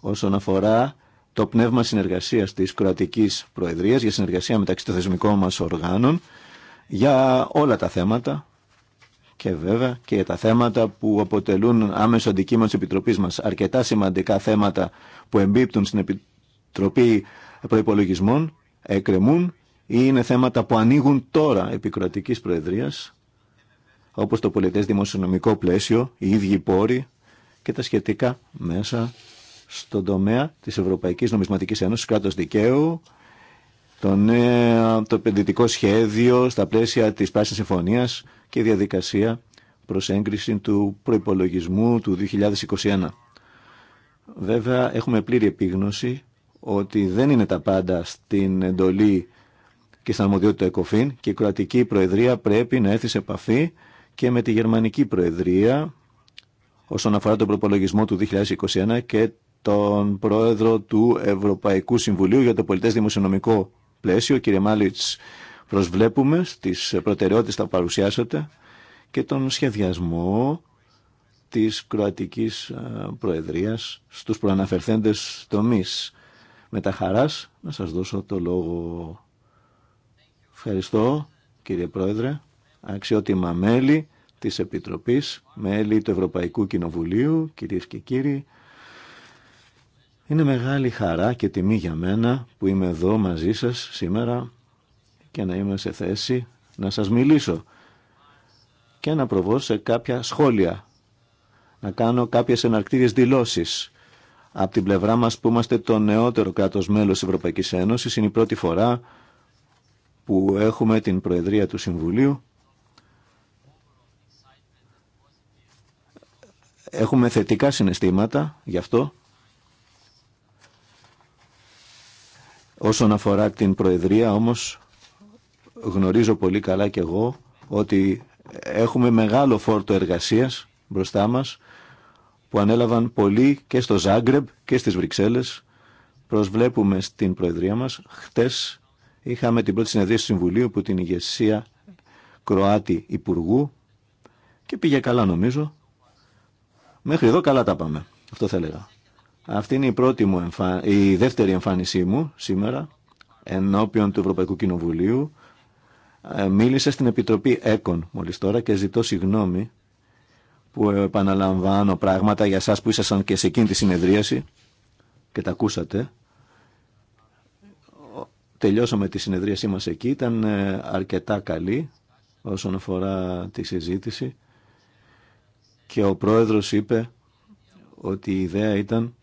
όσον αφορά το πνεύμα συνεργασίας της Κροατικής Προεδρίας για συνεργασία μεταξύ των θεσμικών μας οργάνων για όλα τα θέματα και βέβαια και για τα θέματα που αποτελούν άμεσο αντικείμενο της Επιτροπής μας. Αρκετά σημαντικά θέματα που εμπίπτουν στην Επιτροπή προϋπολογισμών εκκρεμούν ή είναι θέματα που ανοίγουν τώρα επικρατικής προεδρίας, όπως το πολιτές δημοσιονομικό πλαίσιο, οι ίδιοι πόροι και τα σχετικά μέσα στον τομέα της Ευρωπαϊκής Νομισματικής Ένωσης, κράτος δικαίου, το νέο το επενδυτικό σχέδιο στα πλαίσια της Πράσινης Συμφωνίας και διαδικασία προς έγκριση του προϋπολογισμού του 2021. Βέβαια, έχουμε πλήρη επίγνωση ότι δεν είναι τα πάντα στην εντολή και στην αρμοδιότητα ΕΚΟΦΗΝ και η Κροατική Προεδρία πρέπει να έρθει σε επαφή και με τη Γερμανική Προεδρία όσον αφορά τον προπολογισμό του 2021 και τον Πρόεδρο του Ευρωπαϊκού Συμβουλίου για το Πολιτές Δημοσιονομικό Πλαίσιο. Κύριε Μάλιτς, προσβλέπουμε στις προτεραιότητες που παρουσιάσατε και τον σχεδιασμό της Κροατικής ε, Προεδρίας στους προαναφερθέντες τομείς. Με τα χαράς να σας δώσω το λόγο. Ευχαριστώ κύριε Πρόεδρε, αξιότιμα μέλη της Επιτροπής, μέλη του Ευρωπαϊκού Κοινοβουλίου, κυρίες και κύριοι. Είναι μεγάλη χαρά και τιμή για μένα που είμαι εδώ μαζί σας σήμερα και να είμαι σε θέση να σας μιλήσω και να προβώ σε κάποια σχόλια, να κάνω κάποιες εναρκτήριες δηλώσεις από την πλευρά μας που είμαστε το νεότερο κράτος μέλος της Ευρωπαϊκής Ένωσης, είναι η πρώτη φορά που έχουμε την Προεδρία του Συμβουλίου. Έχουμε θετικά συναισθήματα γι' αυτό. Όσον αφορά την Προεδρία όμως, γνωρίζω πολύ καλά και εγώ ότι έχουμε μεγάλο φόρτο εργασίας μπροστά μας που ανέλαβαν πολλοί και στο Ζάγκρεμπ και στις Βρυξέλλες. Προσβλέπουμε στην Προεδρία μας. Χτες είχαμε την πρώτη συνεδρία του Συμβουλίου που την ηγεσία Κροάτη Υπουργού και πήγε καλά νομίζω. Μέχρι εδώ καλά τα πάμε. Αυτό θα έλεγα. Αυτή είναι η, πρώτη μου η δεύτερη εμφάνισή μου σήμερα ενώπιον του Ευρωπαϊκού Κοινοβουλίου. Ε, μίλησε στην Επιτροπή ΕΚΟΝ μόλις τώρα και ζητώ συγγνώμη που επαναλαμβάνω πράγματα για σας που ήσασταν και σε εκείνη τη συνεδρίαση και τα ακούσατε. Τελειώσαμε τη συνεδρίασή μας εκεί, ήταν ε, αρκετά καλή όσον αφορά τη συζήτηση και ο πρόεδρος είπε ότι η ιδέα ήταν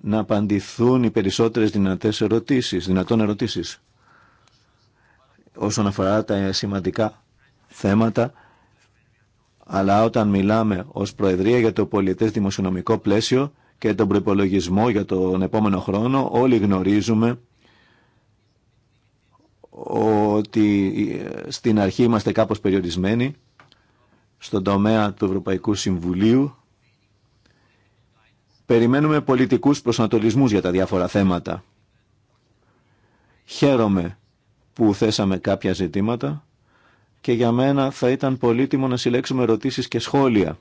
να απαντηθούν οι περισσότερες δυνατές ερωτήσεις, δυνατόν ερωτήσεις όσον αφορά τα σημαντικά θέματα αλλά όταν μιλάμε ως Προεδρία για το πολιτές δημοσιονομικό πλαίσιο και τον προπολογισμό για τον επόμενο χρόνο, όλοι γνωρίζουμε ότι στην αρχή είμαστε κάπως περιορισμένοι στον τομέα του Ευρωπαϊκού Συμβουλίου. Περιμένουμε πολιτικούς προσανατολισμούς για τα διάφορα θέματα. Χαίρομαι που θέσαμε κάποια ζητήματα και για μένα θα ήταν πολύτιμο να συλλέξουμε ερωτήσεις και σχόλια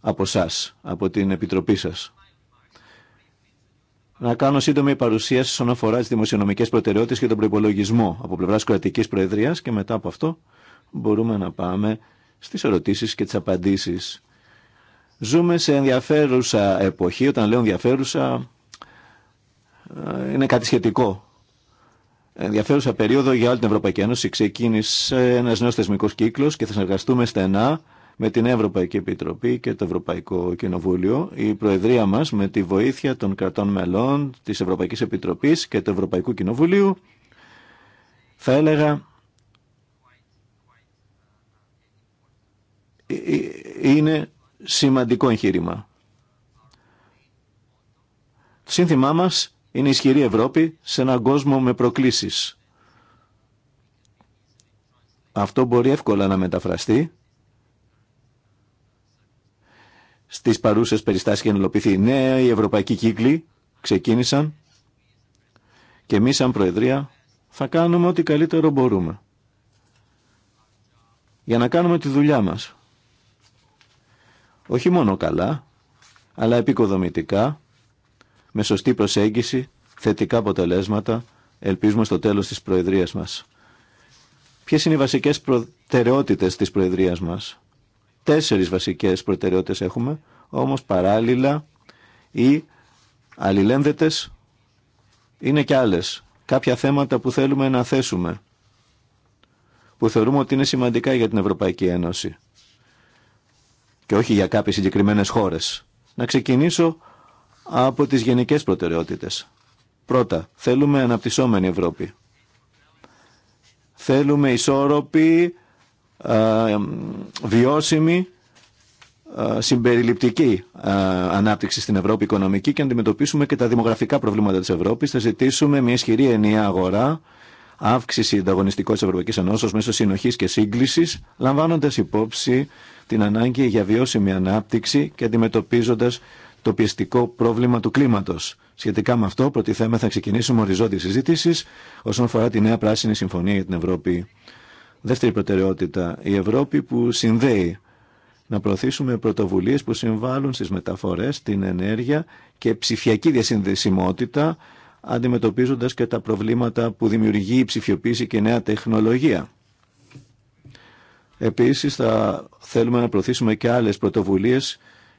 από σας, από την Επιτροπή σας. Να κάνω σύντομη παρουσίαση όσον αφορά τι δημοσιονομικέ προτεραιότητε και τον προπολογισμό από πλευρά κρατική προεδρία και μετά από αυτό μπορούμε να πάμε στι ερωτήσει και τι απαντήσει. Ζούμε σε ενδιαφέρουσα εποχή. Όταν λέω ενδιαφέρουσα, ε, είναι κάτι σχετικό ενδιαφέρουσα περίοδο για όλη την Ευρωπαϊκή Ένωση. Ξεκίνησε ένα νέο θεσμικό κύκλο και θα συνεργαστούμε στενά με την Ευρωπαϊκή Επιτροπή και το Ευρωπαϊκό Κοινοβούλιο. Η Προεδρία μα, με τη βοήθεια των κρατών μελών τη Ευρωπαϊκή Επιτροπή και του Ευρωπαϊκού Κοινοβουλίου, θα έλεγα. Είναι σημαντικό εγχείρημα. Το σύνθημά μας είναι ισχυρή Ευρώπη σε έναν κόσμο με προκλήσεις. Αυτό μπορεί εύκολα να μεταφραστεί στις παρούσες περιστάσεις και ενελοποιηθεί. Ναι, οι ευρωπαϊκοί κύκλοι ξεκίνησαν και εμείς σαν Προεδρία θα κάνουμε ό,τι καλύτερο μπορούμε για να κάνουμε τη δουλειά μας. Όχι μόνο καλά, αλλά επικοδομητικά με σωστή προσέγγιση, θετικά αποτελέσματα, ελπίζουμε στο τέλος της Προεδρίας μας. Ποιες είναι οι βασικές προτεραιότητες της Προεδρίας μας. Τέσσερις βασικές προτεραιότητες έχουμε, όμως παράλληλα ή αλληλένδετες είναι και άλλες. Κάποια θέματα που θέλουμε να θέσουμε, που θεωρούμε ότι είναι σημαντικά για την Ευρωπαϊκή Ένωση και όχι για κάποιες συγκεκριμένες χώρες. Να ξεκινήσω από τις γενικές προτεραιότητες. Πρώτα, θέλουμε αναπτυσσόμενη Ευρώπη. Θέλουμε ισόρροπη, βιώσιμη, συμπεριληπτική ανάπτυξη στην Ευρώπη οικονομική και αντιμετωπίσουμε και τα δημογραφικά προβλήματα της Ευρώπης. Θα ζητήσουμε μια ισχυρή ενιαία αγορά, αύξηση ανταγωνιστικότητας της Ευρωπαϊκής Ενώσεως μέσω συνοχής και σύγκλησης, λαμβάνοντας υπόψη την ανάγκη για βιώσιμη ανάπτυξη και αντιμετωπίζοντας το πιεστικό πρόβλημα του κλίματο. Σχετικά με αυτό, θέμα θα ξεκινήσουμε οριζόντιε συζήτηση όσον αφορά τη νέα πράσινη συμφωνία για την Ευρώπη. Δεύτερη προτεραιότητα, η Ευρώπη που συνδέει. Να προωθήσουμε πρωτοβουλίε που συμβάλλουν στι μεταφορέ, την ενέργεια και ψηφιακή διασυνδεσιμότητα, αντιμετωπίζοντα και τα προβλήματα που δημιουργεί η ψηφιοποίηση και η νέα τεχνολογία. Επίσης θα θέλουμε να προωθήσουμε και άλλες πρωτοβουλίες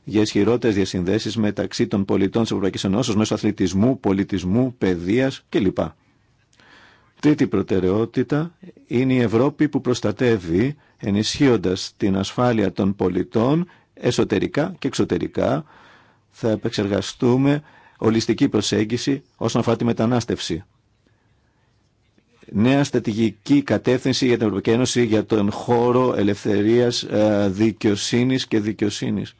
για ισχυρότερε διασυνδέσει μεταξύ των πολιτών τη Ευρωπαϊκή Ενώσεω μέσω αθλητισμού, πολιτισμού, παιδεία κλπ. Τρίτη προτεραιότητα είναι η Ευρώπη που προστατεύει ενισχύοντας την ασφάλεια των πολιτών εσωτερικά και εξωτερικά. Θα επεξεργαστούμε ολιστική προσέγγιση όσον αφορά τη μετανάστευση. Νέα στρατηγική κατεύθυνση για την Ευρωπαϊκή Ένωση για τον χώρο ελευθερίας ε, δικαιοσύνης και δικαιοσύνης.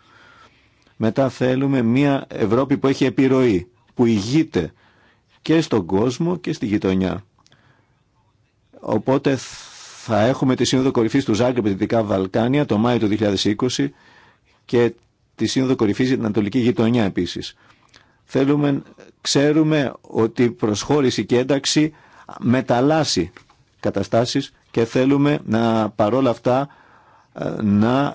Μετά θέλουμε μια Ευρώπη που έχει επιρροή, που ηγείται και στον κόσμο και στη γειτονιά. Οπότε θα έχουμε τη Σύνοδο Κορυφής του Ζάγκρεπ Δυτικά Βαλκάνια το Μάιο του 2020 και τη Σύνοδο Κορυφής για την Ανατολική Γειτονιά επίσης. Θέλουμε, ξέρουμε ότι η προσχώρηση και ένταξη μεταλλάσσει καταστάσεις και θέλουμε να παρόλα αυτά να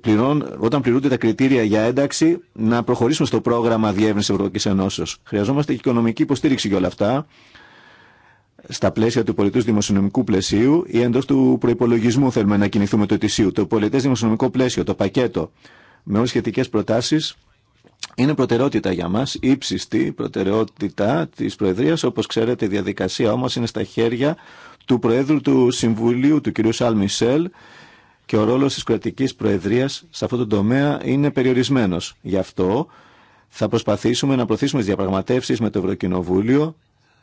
πληρών, όταν πληρούνται τα κριτήρια για ένταξη να προχωρήσουμε στο πρόγραμμα διεύρυνση Ευρωπαϊκή Ενώσεως. Χρειαζόμαστε και οικονομική υποστήριξη για όλα αυτά στα πλαίσια του πολιτού δημοσιονομικού πλαισίου ή εντό του προπολογισμού θέλουμε να κινηθούμε το ετησίου. Το πολιτέ δημοσιονομικό πλαίσιο, το πακέτο με όλε σχετικέ προτάσει είναι προτεραιότητα για μα, ύψιστη προτεραιότητα τη Προεδρία. Όπω ξέρετε, η διαδικασία όμω είναι στα χέρια του Προέδρου του Συμβουλίου, του κ. Σαλ και ο ρόλος της κρατικής προεδρίας σε αυτό το τομέα είναι περιορισμένος. Γι' αυτό θα προσπαθήσουμε να προωθήσουμε τις διαπραγματεύσεις με το Ευρωκοινοβούλιο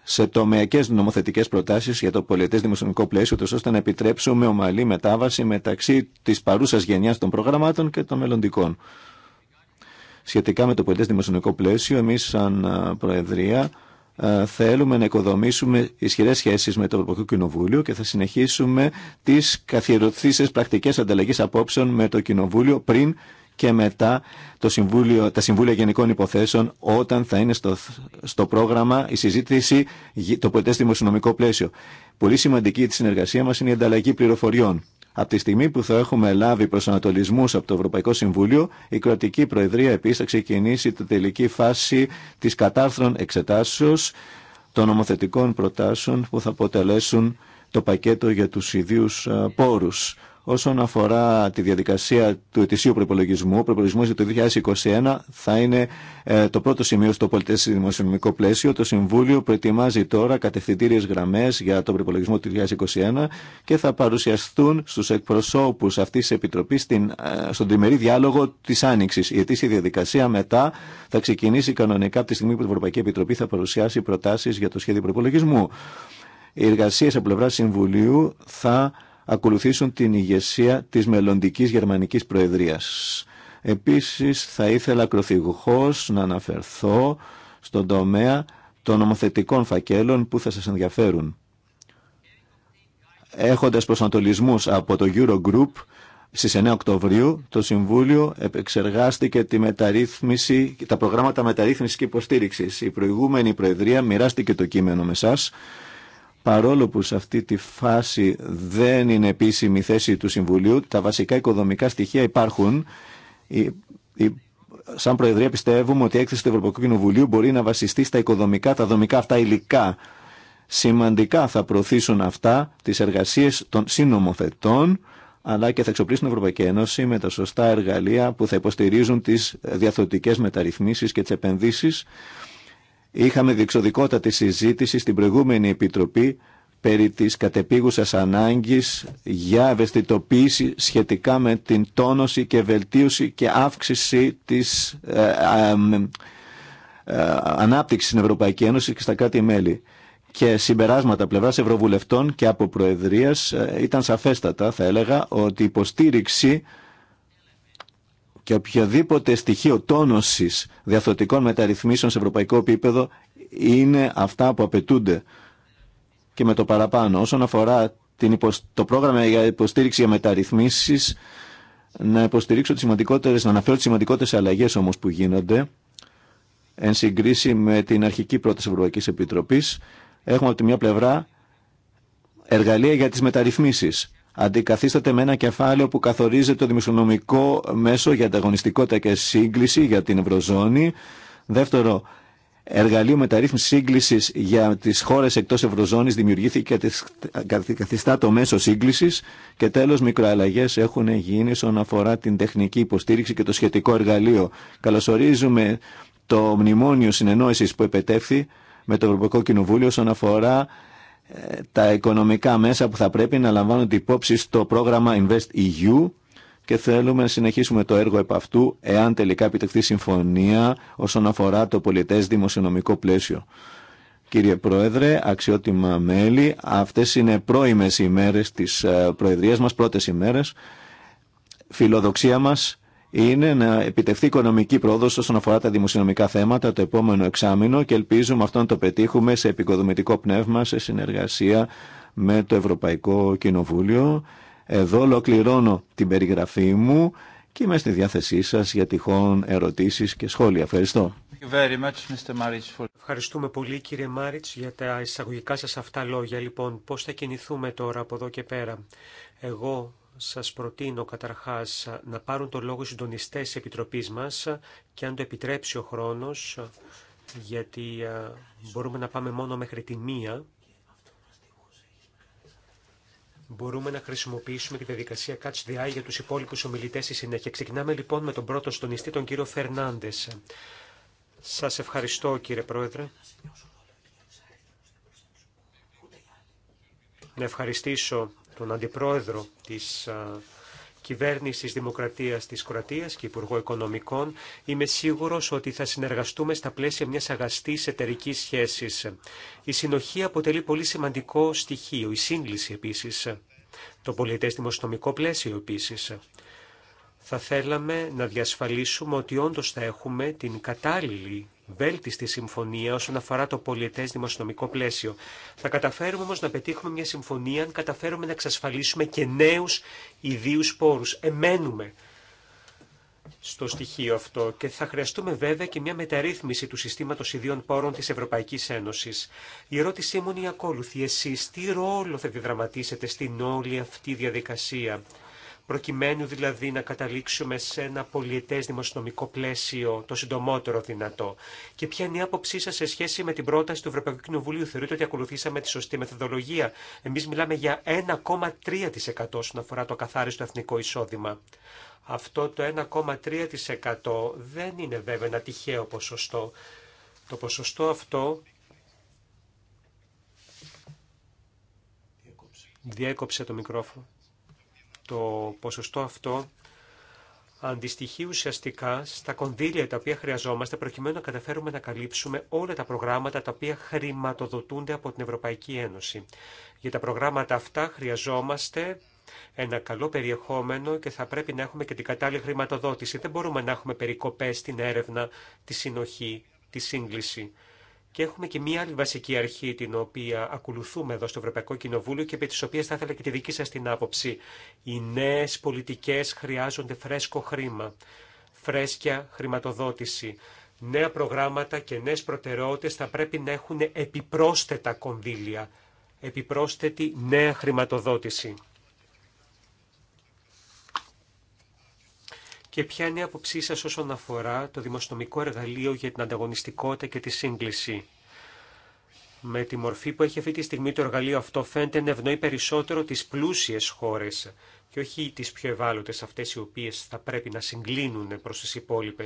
σε τομεακέ νομοθετικέ προτάσει για το πολιτέ δημοσιονομικό πλαίσιο, ώστε να επιτρέψουμε ομαλή μετάβαση μεταξύ τη παρούσα γενιά των προγραμμάτων και των μελλοντικών. Σχετικά με το πολιτέ δημοσιονομικό πλαίσιο, εμεί, σαν Προεδρία, ε, θέλουμε να οικοδομήσουμε ισχυρέ σχέσει με το Ευρωπαϊκό Κοινοβούλιο και θα συνεχίσουμε τι καθιερωθήσει πρακτικέ ανταλλαγή απόψεων με το Κοινοβούλιο πριν και μετά το συμβούλιο, τα Συμβούλια Γενικών Υποθέσεων όταν θα είναι στο, στο πρόγραμμα η συζήτηση το πολιτές δημοσιονομικό πλαίσιο. Πολύ σημαντική τη συνεργασία μας είναι η ανταλλαγή πληροφοριών. Από τη στιγμή που θα έχουμε λάβει προσανατολισμού από το Ευρωπαϊκό Συμβούλιο, η Κροατική Προεδρία επίση θα ξεκινήσει τη τελική φάση της κατάρθρων εξετάσεως των νομοθετικών προτάσεων που θα αποτελέσουν το πακέτο για τους ίδιου ε, πόρους. Όσον αφορά τη διαδικασία του ετησίου προπολογισμού, ο προπολογισμό για το 2021 θα είναι ε, το πρώτο σημείο στο πολιτέ δημοσιονομικό πλαίσιο. Το Συμβούλιο προετοιμάζει τώρα κατευθυντήριε γραμμέ για τον προπολογισμό του 2021 και θα παρουσιαστούν στου εκπροσώπου αυτή τη Επιτροπή ε, στον τριμερή διάλογο τη Άνοιξη. Η ετήσια διαδικασία μετά θα ξεκινήσει κανονικά από τη στιγμή που η Ευρωπαϊκή Επιτροπή θα παρουσιάσει προτάσει για το σχέδιο προπολογισμού. Οι εργασίε από πλευρά Συμβουλίου θα ακολουθήσουν την ηγεσία της μελλοντική γερμανικής προεδρίας. Επίσης θα ήθελα ακροθυγουχώς να αναφερθώ στον τομέα των νομοθετικών φακέλων που θα σας ενδιαφέρουν. Έχοντας προσανατολισμούς από το Eurogroup, στις 9 Οκτωβρίου το Συμβούλιο επεξεργάστηκε τη μεταρρύθμιση, τα προγράμματα μεταρρύθμισης και υποστήριξης. Η προηγούμενη Προεδρία μοιράστηκε το κείμενο με σας Παρόλο που σε αυτή τη φάση δεν είναι επίσημη θέση του Συμβουλίου, τα βασικά οικοδομικά στοιχεία υπάρχουν. Σαν Προεδρία πιστεύουμε ότι η έκθεση του Ευρωπαϊκού Κοινοβουλίου μπορεί να βασιστεί στα οικοδομικά, τα δομικά αυτά υλικά. Σημαντικά θα προωθήσουν αυτά τις εργασίες των συνομοθετών, αλλά και θα εξοπλίσουν την Ευρωπαϊκή Ένωση με τα σωστά εργαλεία που θα υποστηρίζουν τις διαθωτικές μεταρρυθμίσεις και τις επενδύσεις Είχαμε διεξοδικότατη συζήτηση στην προηγούμενη Επιτροπή περί της κατεπίγουσας ανάγκης για ευαισθητοποίηση σχετικά με την τόνωση και βελτίωση και αύξηση της ε, ε ανάπτυξης στην Ευρωπαϊκή Ένωση και στα κράτη-μέλη. Και συμπεράσματα πλευράς Ευρωβουλευτών και από Προεδρίας ε, ήταν σαφέστατα, θα έλεγα, ότι η υποστήριξη και οποιοδήποτε στοιχείο τόνωσης διαθωτικών μεταρρυθμίσεων σε ευρωπαϊκό επίπεδο είναι αυτά που απαιτούνται και με το παραπάνω. Όσον αφορά την το πρόγραμμα για υποστήριξη για μεταρρυθμίσει, να υποστηρίξω τις σημαντικότερες, να αναφέρω τις σημαντικότερες αλλαγές όμω που γίνονται εν συγκρίση με την αρχική πρόταση Ευρωπαϊκή Επιτροπή, Έχουμε από τη μια πλευρά εργαλεία για τις μεταρρυθμίσεις αντικαθίσταται με ένα κεφάλαιο που καθορίζει το δημοσιονομικό μέσο για ανταγωνιστικότητα και σύγκληση για την Ευρωζώνη. Δεύτερο, εργαλείο μεταρρύθμιση σύγκληση για τι χώρε εκτό ευρωζώνη δημιουργήθηκε και καθιστά το μέσο σύγκληση και τέλο, μικροαλλαγέ έχουν γίνει όσον αφορά την τεχνική υποστήριξη και το σχετικό εργαλείο. Καλωσορίζουμε το μνημόνιο συνεννόηση που επετεύθη με το Ευρωπαϊκό Κοινοβούλιο όσον αφορά τα οικονομικά μέσα που θα πρέπει να λαμβάνονται υπόψη στο πρόγραμμα Invest EU και θέλουμε να συνεχίσουμε το έργο επ' αυτού εάν τελικά επιτευχθεί συμφωνία όσον αφορά το πολιτές δημοσιονομικό πλαίσιο. Κύριε Πρόεδρε, αξιότιμα μέλη, αυτές είναι πρώιμες ημέρες της ε, Προεδρίας μας, πρώτες ημέρες. Φιλοδοξία μας είναι να επιτευχθεί οικονομική πρόοδος όσον αφορά τα δημοσιονομικά θέματα το επόμενο εξάμεινο και ελπίζουμε αυτό να το πετύχουμε σε επικοδομητικό πνεύμα, σε συνεργασία με το Ευρωπαϊκό Κοινοβούλιο. Εδώ ολοκληρώνω την περιγραφή μου και είμαι στη διάθεσή σας για τυχόν ερωτήσεις και σχόλια. Ευχαριστώ. Ευχαριστούμε πολύ κύριε Μάριτς για τα εισαγωγικά σας αυτά λόγια. Λοιπόν, πώς θα κινηθούμε τώρα από εδώ και πέρα. Εγώ σας προτείνω καταρχάς να πάρουν το λόγο οι συντονιστές της Επιτροπής μας και αν το επιτρέψει ο χρόνος, γιατί μπορούμε να πάμε μόνο μέχρι τη μία, μπορούμε να χρησιμοποιήσουμε τη διαδικασία Catch the Eye για τους υπόλοιπους ομιλητές στη συνέχεια. Ξεκινάμε λοιπόν με τον πρώτο συντονιστή, τον κύριο Φερνάντες. Σας ευχαριστώ κύριε Πρόεδρε. Να ευχαριστήσω τον αντιπρόεδρο της κυβέρνησης Δημοκρατίας της Κροατίας και Υπουργό Οικονομικών, είμαι σίγουρος ότι θα συνεργαστούμε στα πλαίσια μιας αγαστής εταιρική σχέσης. Η συνοχή αποτελεί πολύ σημαντικό στοιχείο, η σύγκληση επίσης, το πολιτές νομικό πλαίσιο επίσης. Θα θέλαμε να διασφαλίσουμε ότι όντως θα έχουμε την κατάλληλη βέλτιστη συμφωνία όσον αφορά το πολιετέ δημοσιονομικό πλαίσιο. Θα καταφέρουμε όμω να πετύχουμε μια συμφωνία αν καταφέρουμε να εξασφαλίσουμε και νέου ιδίου πόρου. Εμένουμε στο στοιχείο αυτό και θα χρειαστούμε βέβαια και μια μεταρρύθμιση του συστήματος ιδίων πόρων της Ευρωπαϊκής Ένωση. Η ερώτησή μου είναι η ακόλουθη. Εσείς τι ρόλο θα διδραματίσετε στην όλη αυτή διαδικασία προκειμένου δηλαδή να καταλήξουμε σε ένα πολιετές δημοσιονομικό πλαίσιο το συντομότερο δυνατό. Και ποια είναι η άποψή σας σε σχέση με την πρόταση του Ευρωπαϊκού Κοινοβουλίου. Θεωρείτε ότι ακολουθήσαμε τη σωστή μεθοδολογία. Εμείς μιλάμε για 1,3% όσον αφορά το καθάριστο εθνικό εισόδημα. Αυτό το 1,3% δεν είναι βέβαια ένα τυχαίο ποσοστό. Το ποσοστό αυτό διέκοψε το μικρόφωνο το ποσοστό αυτό αντιστοιχεί ουσιαστικά στα κονδύλια τα οποία χρειαζόμαστε προκειμένου να καταφέρουμε να καλύψουμε όλα τα προγράμματα τα οποία χρηματοδοτούνται από την Ευρωπαϊκή Ένωση. Για τα προγράμματα αυτά χρειαζόμαστε ένα καλό περιεχόμενο και θα πρέπει να έχουμε και την κατάλληλη χρηματοδότηση. Δεν μπορούμε να έχουμε περικοπές στην έρευνα, τη συνοχή, τη σύγκληση. Και έχουμε και μία άλλη βασική αρχή την οποία ακολουθούμε εδώ στο Ευρωπαϊκό Κοινοβούλιο και επί τη οποία θα ήθελα και τη δική σα την άποψη. Οι νέε πολιτικέ χρειάζονται φρέσκο χρήμα, φρέσκια χρηματοδότηση. Νέα προγράμματα και νέε προτεραιότητε θα πρέπει να έχουν επιπρόσθετα κονδύλια, επιπρόσθετη νέα χρηματοδότηση. και ποια είναι η άποψή σα όσον αφορά το δημοσιονομικό εργαλείο για την ανταγωνιστικότητα και τη σύγκληση. Με τη μορφή που έχει αυτή τη στιγμή το εργαλείο αυτό φαίνεται να ευνοεί περισσότερο τις πλούσιες χώρες και όχι τις πιο ευάλωτε αυτέ οι οποίε θα πρέπει να συγκλίνουν προ τι υπόλοιπε.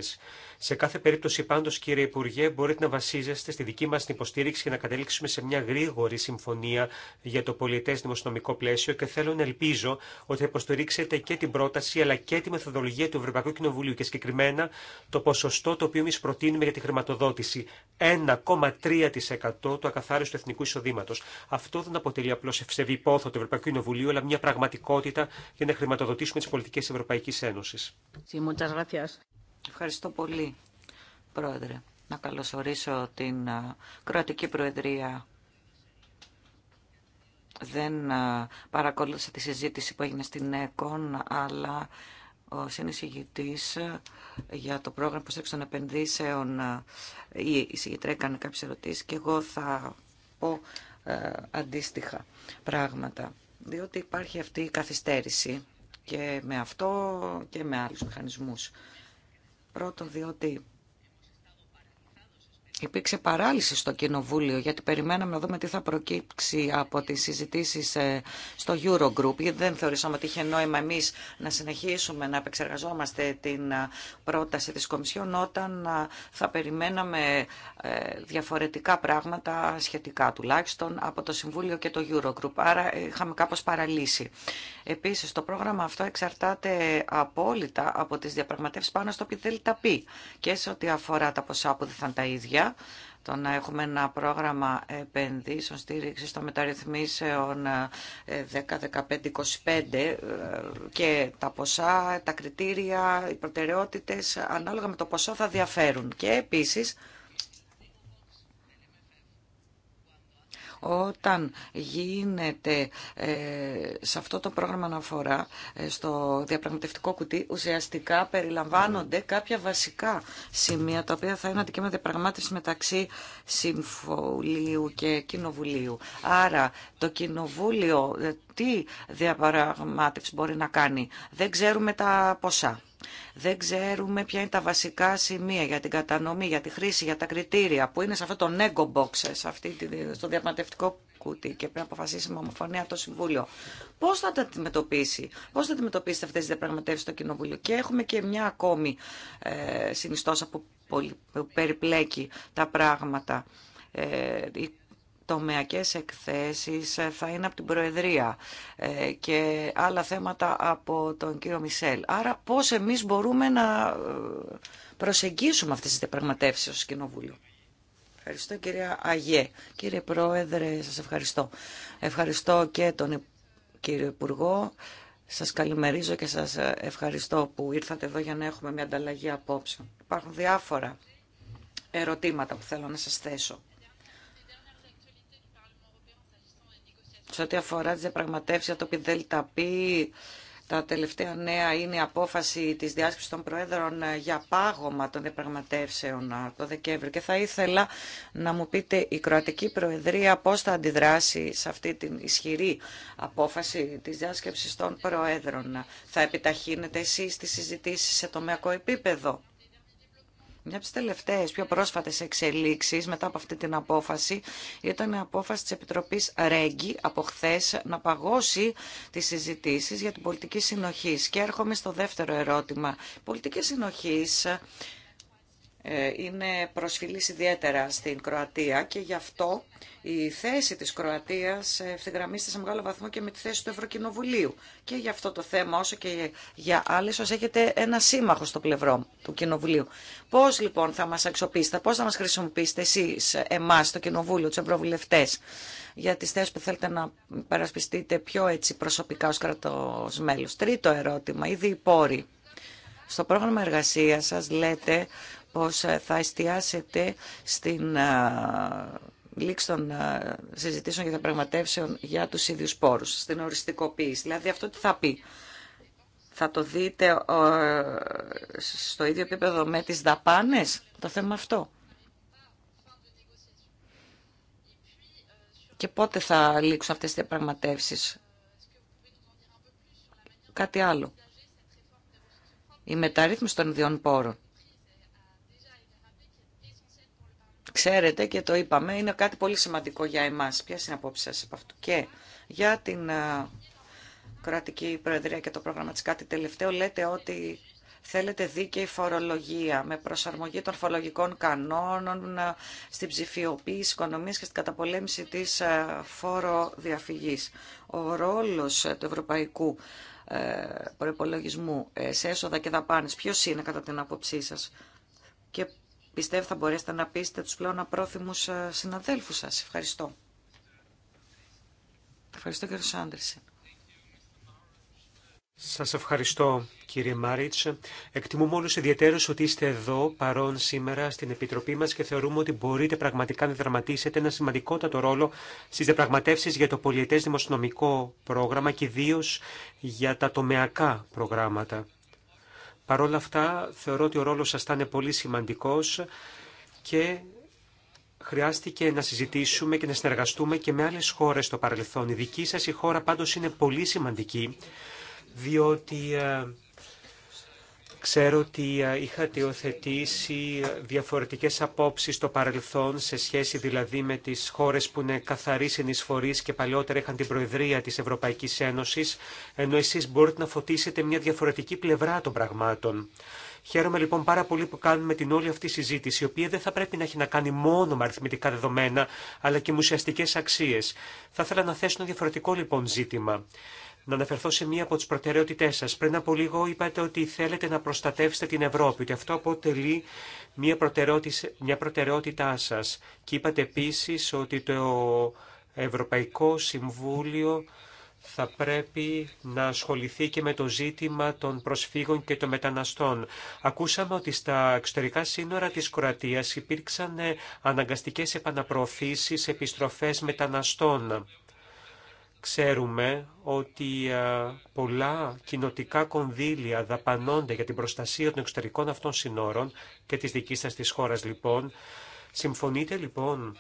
Σε κάθε περίπτωση πάντως κύριε Υπουργέ μπορείτε να βασίζεστε στη δική μα υποστήριξη και να καταλήξουμε σε μια γρήγορη συμφωνία για το πολιτέ δημοσιονομικό πλαίσιο και θέλω να ελπίζω ότι θα υποστηρίξετε και την πρόταση αλλά και τη μεθοδολογία του Ευρωπαϊκού Κοινοβουλίου και συγκεκριμένα το ποσοστό το οποίο εμεί προτείνουμε για τη χρηματοδότηση 1,3% του ακαθάριστου εθνικού εισοδήματο. Αυτό δεν αποτελεί απλώ ευσεβή πόθο του Ευρωπαϊκού Κοινοβουλίου αλλά μια πραγματικότητα και να χρηματοδοτήσουμε τις πολιτικές Ευρωπαϊκής Ένωσης. Ευχαριστώ πολύ, Πρόεδρε. Να καλωσορίσω την Κροατική Προεδρία. Δεν παρακολούθησα τη συζήτηση που έγινε στην ΕΚΟΝ, αλλά ο συνεισηγητής για το πρόγραμμα που των επενδύσεων η εισηγητρία έκανε κάποιες ερωτήσεις και εγώ θα πω αντίστοιχα πράγματα διότι υπάρχει αυτή η καθυστέρηση και με αυτό και με άλλους μηχανισμούς. Πρώτον, διότι Υπήρξε παράλυση στο Κοινοβούλιο γιατί περιμέναμε να δούμε τι θα προκύψει από τις συζητήσεις ε, στο Eurogroup δεν θεωρήσαμε ότι είχε νόημα εμείς να συνεχίσουμε να επεξεργαζόμαστε την ε, πρόταση της Κομισιόν όταν ε, θα περιμέναμε διαφορετικά πράγματα σχετικά τουλάχιστον από το Συμβούλιο και το Eurogroup. Άρα είχαμε κάπως παραλύσει. Επίσης το πρόγραμμα αυτό εξαρτάται απόλυτα από τις διαπραγματεύσεις πάνω στο πει και σε ό,τι αφορά τα ποσά που δεν θα είναι τα ίδια το να έχουμε ένα πρόγραμμα επενδύσεων στήριξη των μεταρρυθμίσεων 10-15-25 ε, ε, και τα ποσά, τα κριτήρια, οι προτεραιότητες ανάλογα με το ποσό θα διαφέρουν. Και επίσης Όταν γίνεται ε, σε αυτό το πρόγραμμα αναφορά, ε, στο διαπραγματευτικό κουτί, ουσιαστικά περιλαμβάνονται κάποια βασικά σημεία, τα οποία θα είναι αντικείμενα διαπραγμάτευση μεταξύ Συμφωλίου και Κοινοβουλίου. Άρα, το Κοινοβούλιο ε, τι διαπραγμάτευση μπορεί να κάνει. Δεν ξέρουμε τα ποσά δεν ξέρουμε ποια είναι τα βασικά σημεία για την κατανομή, για τη χρήση, για τα κριτήρια που είναι σε αυτό το nego box, στο διαπραγματευτικό κουτί και πρέπει να αποφασίσει με ομοφωνία το Συμβούλιο. Πώ θα τα αντιμετωπίσει, πώ θα αντιμετωπίσετε αυτέ τι διαπραγματεύσει στο Κοινοβούλιο. Και έχουμε και μια ακόμη ε, συνιστόσα που, περιπλέκει τα πράγματα. Ε, τομεακές εκθέσεις ε, θα είναι από την Προεδρία ε, και άλλα θέματα από τον κύριο Μισελ. Άρα πώς εμείς μπορούμε να ε, προσεγγίσουμε αυτές τις διαπραγματεύσει ως Κοινοβούλιο. Ευχαριστώ κυρία Αγιέ. Κύριε Πρόεδρε, σας ευχαριστώ. Ευχαριστώ και τον κύριο Υπουργό. Σας καλημερίζω και σας ευχαριστώ που ήρθατε εδώ για να έχουμε μια ανταλλαγή απόψε. Υπάρχουν διάφορα ερωτήματα που θέλω να σας θέσω. σε ό,τι αφορά τις διαπραγματεύσει, για το ΠΙΔΕΛΤΑΠΗ, τα τελευταία νέα είναι η απόφαση της διάσκεψης των Προέδρων για πάγωμα των διαπραγματεύσεων το Δεκέμβριο. Και θα ήθελα να μου πείτε η Κροατική Προεδρία πώς θα αντιδράσει σε αυτή την ισχυρή απόφαση της διάσκεψης των Προέδρων. Θα επιταχύνετε εσείς τις συζητήσεις σε τομεακό επίπεδο μια από τι τελευταίε πιο πρόσφατε εξελίξει μετά από αυτή την απόφαση ήταν η απόφαση τη Επιτροπή Ρέγγι από χθε να παγώσει τι συζητήσει για την πολιτική συνοχή. Και έρχομαι στο δεύτερο ερώτημα. πολιτική συνοχή ε, είναι προσφυλής ιδιαίτερα στην Κροατία και γι' αυτό η θέση της Κροατίας ευθυγραμμίζεται σε μεγάλο βαθμό και με τη θέση του Ευρωκοινοβουλίου. Και γι' αυτό το θέμα, όσο και για άλλες, όσο έχετε ένα σύμμαχο στο πλευρό του Κοινοβουλίου. Πώς λοιπόν θα μας αξιοποιήσετε, πώς θα μας χρησιμοποιήσετε εσείς, εμάς, το Κοινοβούλιο, του Ευρωβουλευτές, για τις θέσεις που θέλετε να παρασπιστείτε πιο έτσι προσωπικά ως κρατός μέλος. Τρίτο ερώτημα, ήδη οι πόροι. Στο πρόγραμμα εργασίας σας λέτε πως ε, θα εστιάσετε στην ε, λήξη των ε, συζητήσεων και των για τους ίδιους πόρους, στην οριστικοποίηση. Δηλαδή αυτό τι θα πει. Θα το δείτε στο ίδιο επίπεδο με τις δαπάνες, το θέμα αυτό. Και πότε θα λήξουν αυτές τις πραγματεύσεις. Κάτι άλλο. Η μεταρρύθμιση των ιδιών πόρων. Ξέρετε και το είπαμε, είναι κάτι πολύ σημαντικό για εμάς. Ποια είναι απόψεις σας από αυτού. Και για την κρατική προεδρία και το πρόγραμμα της κάτι τελευταίο λέτε ότι θέλετε δίκαιη φορολογία με προσαρμογή των φορολογικών κανόνων στην ψηφιοποίηση οικονομίας και στην καταπολέμηση της φοροδιαφυγής. Ο ρόλος του ευρωπαϊκού ε, προπολογισμού ε, σε έσοδα και δαπάνες ποιος είναι κατά την άποψή σας Πιστεύω θα μπορέσετε να πείσετε τους πλέον απρόθυμους ε, συναδέλφους σας. Ευχαριστώ. Ευχαριστώ κύριο Σάντρισεν. Σας ευχαριστώ κύριε Μάριτς. Εκτιμούμε όλους ιδιαίτερως ότι είστε εδώ παρόν σήμερα στην Επιτροπή μας και θεωρούμε ότι μπορείτε πραγματικά να δραματίσετε ένα σημαντικότατο ρόλο στις διαπραγματεύσεις για το πολιετές δημοσιονομικό πρόγραμμα και ιδίω για τα τομεακά προγράμματα. Παρ' όλα αυτά, θεωρώ ότι ο ρόλος σας θα είναι πολύ σημαντικός και χρειάστηκε να συζητήσουμε και να συνεργαστούμε και με άλλες χώρες στο παρελθόν. Η δική σας η χώρα πάντως είναι πολύ σημαντική, διότι ε, Ξέρω ότι ε, είχατε υιοθετήσει ε, διαφορετικές απόψεις στο παρελθόν σε σχέση δηλαδή με τις χώρες που είναι καθαροί συνεισφορείς και παλαιότερα είχαν την Προεδρία της Ευρωπαϊκής Ένωσης, ενώ εσείς μπορείτε να φωτίσετε μια διαφορετική πλευρά των πραγμάτων. Χαίρομαι λοιπόν πάρα πολύ που κάνουμε την όλη αυτή συζήτηση, η οποία δεν θα πρέπει να έχει να κάνει μόνο με αριθμητικά δεδομένα, αλλά και με ουσιαστικέ αξίε. Θα ήθελα να θέσω ένα διαφορετικό λοιπόν ζήτημα να αναφερθώ σε μία από τι προτεραιότητές σας. Πριν από λίγο είπατε ότι θέλετε να προστατεύσετε την Ευρώπη, ότι αυτό αποτελεί μία μια προτεραιοτητα σας. Και είπατε επίσης ότι το Ευρωπαϊκό Συμβούλιο θα πρέπει να ασχοληθεί και με το ζήτημα των προσφύγων και των μεταναστών. Ακούσαμε ότι στα εξωτερικά σύνορα της Κροατίας υπήρξαν αναγκαστικές επαναπροωθήσεις, επιστροφές μεταναστών. Ξέρουμε ότι ε, πολλά κοινοτικά κονδύλια δαπανώνται για την προστασία των εξωτερικών αυτών συνόρων και της δικής σας της χώρας λοιπόν. Συμφωνείτε λοιπόν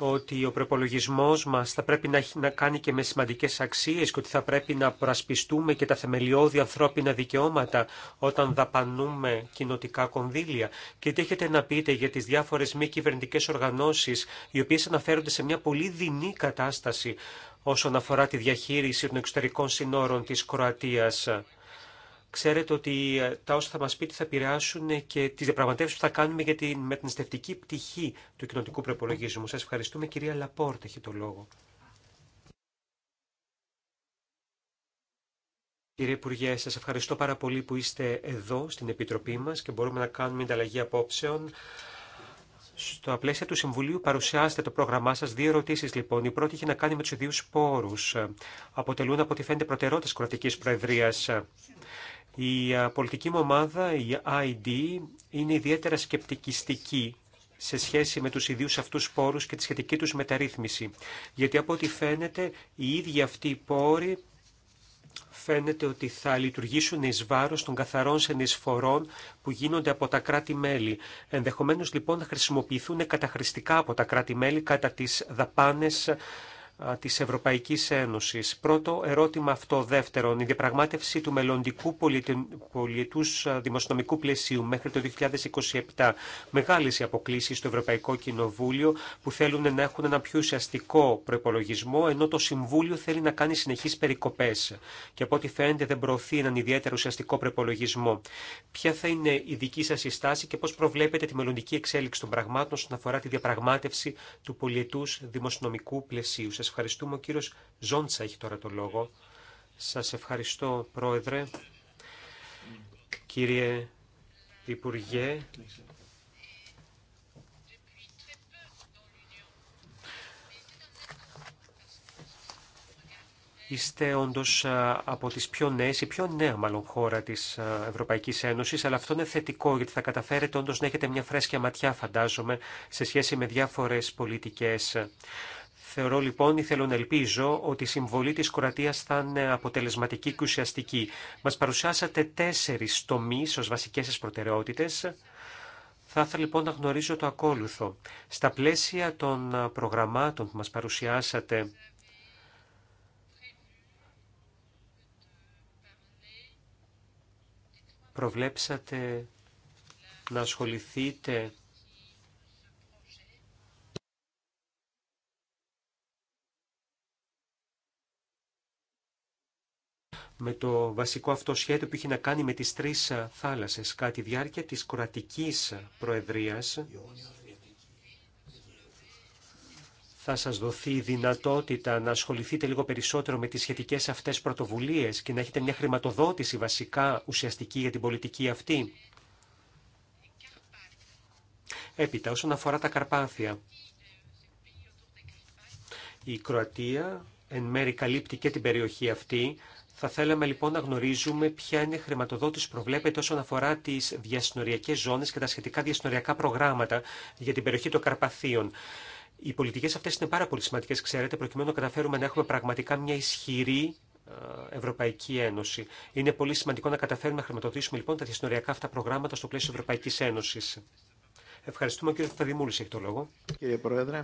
ότι ο προπολογισμό μα θα πρέπει να, να κάνει και με σημαντικέ αξίε και ότι θα πρέπει να προασπιστούμε και τα θεμελιώδη ανθρώπινα δικαιώματα όταν δαπανούμε κοινοτικά κονδύλια. Και τι έχετε να πείτε για τι διάφορε μη κυβερνητικέ οργανώσει, οι οποίε αναφέρονται σε μια πολύ δεινή κατάσταση όσον αφορά τη διαχείριση των εξωτερικών συνόρων τη Κροατία. Ξέρετε ότι ε, τα όσα θα μας πείτε θα επηρεάσουν ε, και τις διαπραγματεύσει που θα κάνουμε για την μεταναστευτική πτυχή του κοινωνικού προπολογισμού. Σας ευχαριστούμε κυρία Λαπόρτ, έχει το λόγο. Κύριε Υπουργέ, σα ευχαριστώ πάρα πολύ που είστε εδώ στην Επιτροπή μα και μπορούμε να κάνουμε ανταλλαγή απόψεων. Στο πλαίσιο του Συμβουλίου παρουσιάσετε το πρόγραμμά σα. Δύο ερωτήσει λοιπόν. Η πρώτη έχει να κάνει με του ιδίου πόρου. Αποτελούν από ό,τι φαίνεται προτεραιότητε κρατική προεδρία. Η πολιτική μου ομάδα, η ID, είναι ιδιαίτερα σκεπτικιστική σε σχέση με τους ιδίους αυτούς πόρους και τη σχετική τους μεταρρύθμιση. Γιατί από ό,τι φαίνεται, οι ίδιοι αυτοί οι πόροι φαίνεται ότι θα λειτουργήσουν εις βάρος των καθαρών συνεισφορών που γίνονται από τα κράτη-μέλη. Ενδεχομένως λοιπόν να χρησιμοποιηθούν καταχρηστικά από τα κράτη-μέλη κατά τις δαπάνες της Ευρωπαϊκής Ένωσης. Πρώτο ερώτημα αυτό. Δεύτερον, η διαπραγμάτευση του μελλοντικού πολιετού δημοσιονομικού πλαισίου μέχρι το 2027. Μεγάλες οι αποκλήσεις στο Ευρωπαϊκό Κοινοβούλιο που θέλουν να έχουν ένα πιο ουσιαστικό προπολογισμό, ενώ το Συμβούλιο θέλει να κάνει συνεχείς περικοπές και από ό,τι φαίνεται δεν προωθεί έναν ιδιαίτερο ουσιαστικό προπολογισμό. Ποια θα είναι η δική σας συστάση και πώ προβλέπετε τη μελλοντική εξέλιξη των πραγμάτων όσον αφορά τη διαπραγμάτευση του πολιετούς δημοσιονομικού πλαισίου. Σας ευχαριστούμε. Ο κύριος Ζόντσα έχει τώρα το λόγο. Σας ευχαριστώ, Πρόεδρε. Κύριε Υπουργέ, Είστε όντω από τι πιο νέε, η πιο νέα μάλλον χώρα τη Ευρωπαϊκή Ένωση, αλλά αυτό είναι θετικό γιατί θα καταφέρετε όντω να έχετε μια φρέσκια ματιά, φαντάζομαι, σε σχέση με διάφορε πολιτικέ. Θεωρώ λοιπόν ή θέλω να ελπίζω ότι η συμβολή της Κροατίας θα είναι αποτελεσματική και ουσιαστική. Μας παρουσιάσατε τέσσερις τομείς ως βασικές σας προτεραιότητες. Θα ήθελα λοιπόν να γνωρίζω το ακόλουθο. Στα πλαίσια των προγραμμάτων που μας παρουσιάσατε, προβλέψατε να ασχοληθείτε με το βασικό αυτό σχέδιο που είχε να κάνει με τις τρεις θάλασσες κατά τη διάρκεια της κρατικής προεδρίας. Θα σας δοθεί η δυνατότητα να ασχοληθείτε λίγο περισσότερο με τις σχετικές αυτές πρωτοβουλίες και να έχετε μια χρηματοδότηση βασικά ουσιαστική για την πολιτική αυτή. Έπειτα, όσον αφορά τα Καρπάθια, η Κροατία εν μέρη καλύπτει και την περιοχή αυτή. Θα θέλαμε λοιπόν να γνωρίζουμε ποια είναι η χρηματοδότηση που προβλέπεται όσον αφορά τι διασυνοριακέ ζώνε και τα σχετικά διασυνοριακά προγράμματα για την περιοχή των Καρπαθίων. Οι πολιτικέ αυτέ είναι πάρα πολύ σημαντικέ, ξέρετε, προκειμένου να καταφέρουμε να έχουμε πραγματικά μια ισχυρή ε, Ευρωπαϊκή Ένωση. Είναι πολύ σημαντικό να καταφέρουμε να χρηματοδοτήσουμε λοιπόν τα διασυνοριακά αυτά προγράμματα στο πλαίσιο Ευρωπαϊκή Ένωση. Ευχαριστούμε, ο έχει το λόγο. Κύριε Πρόεδρε,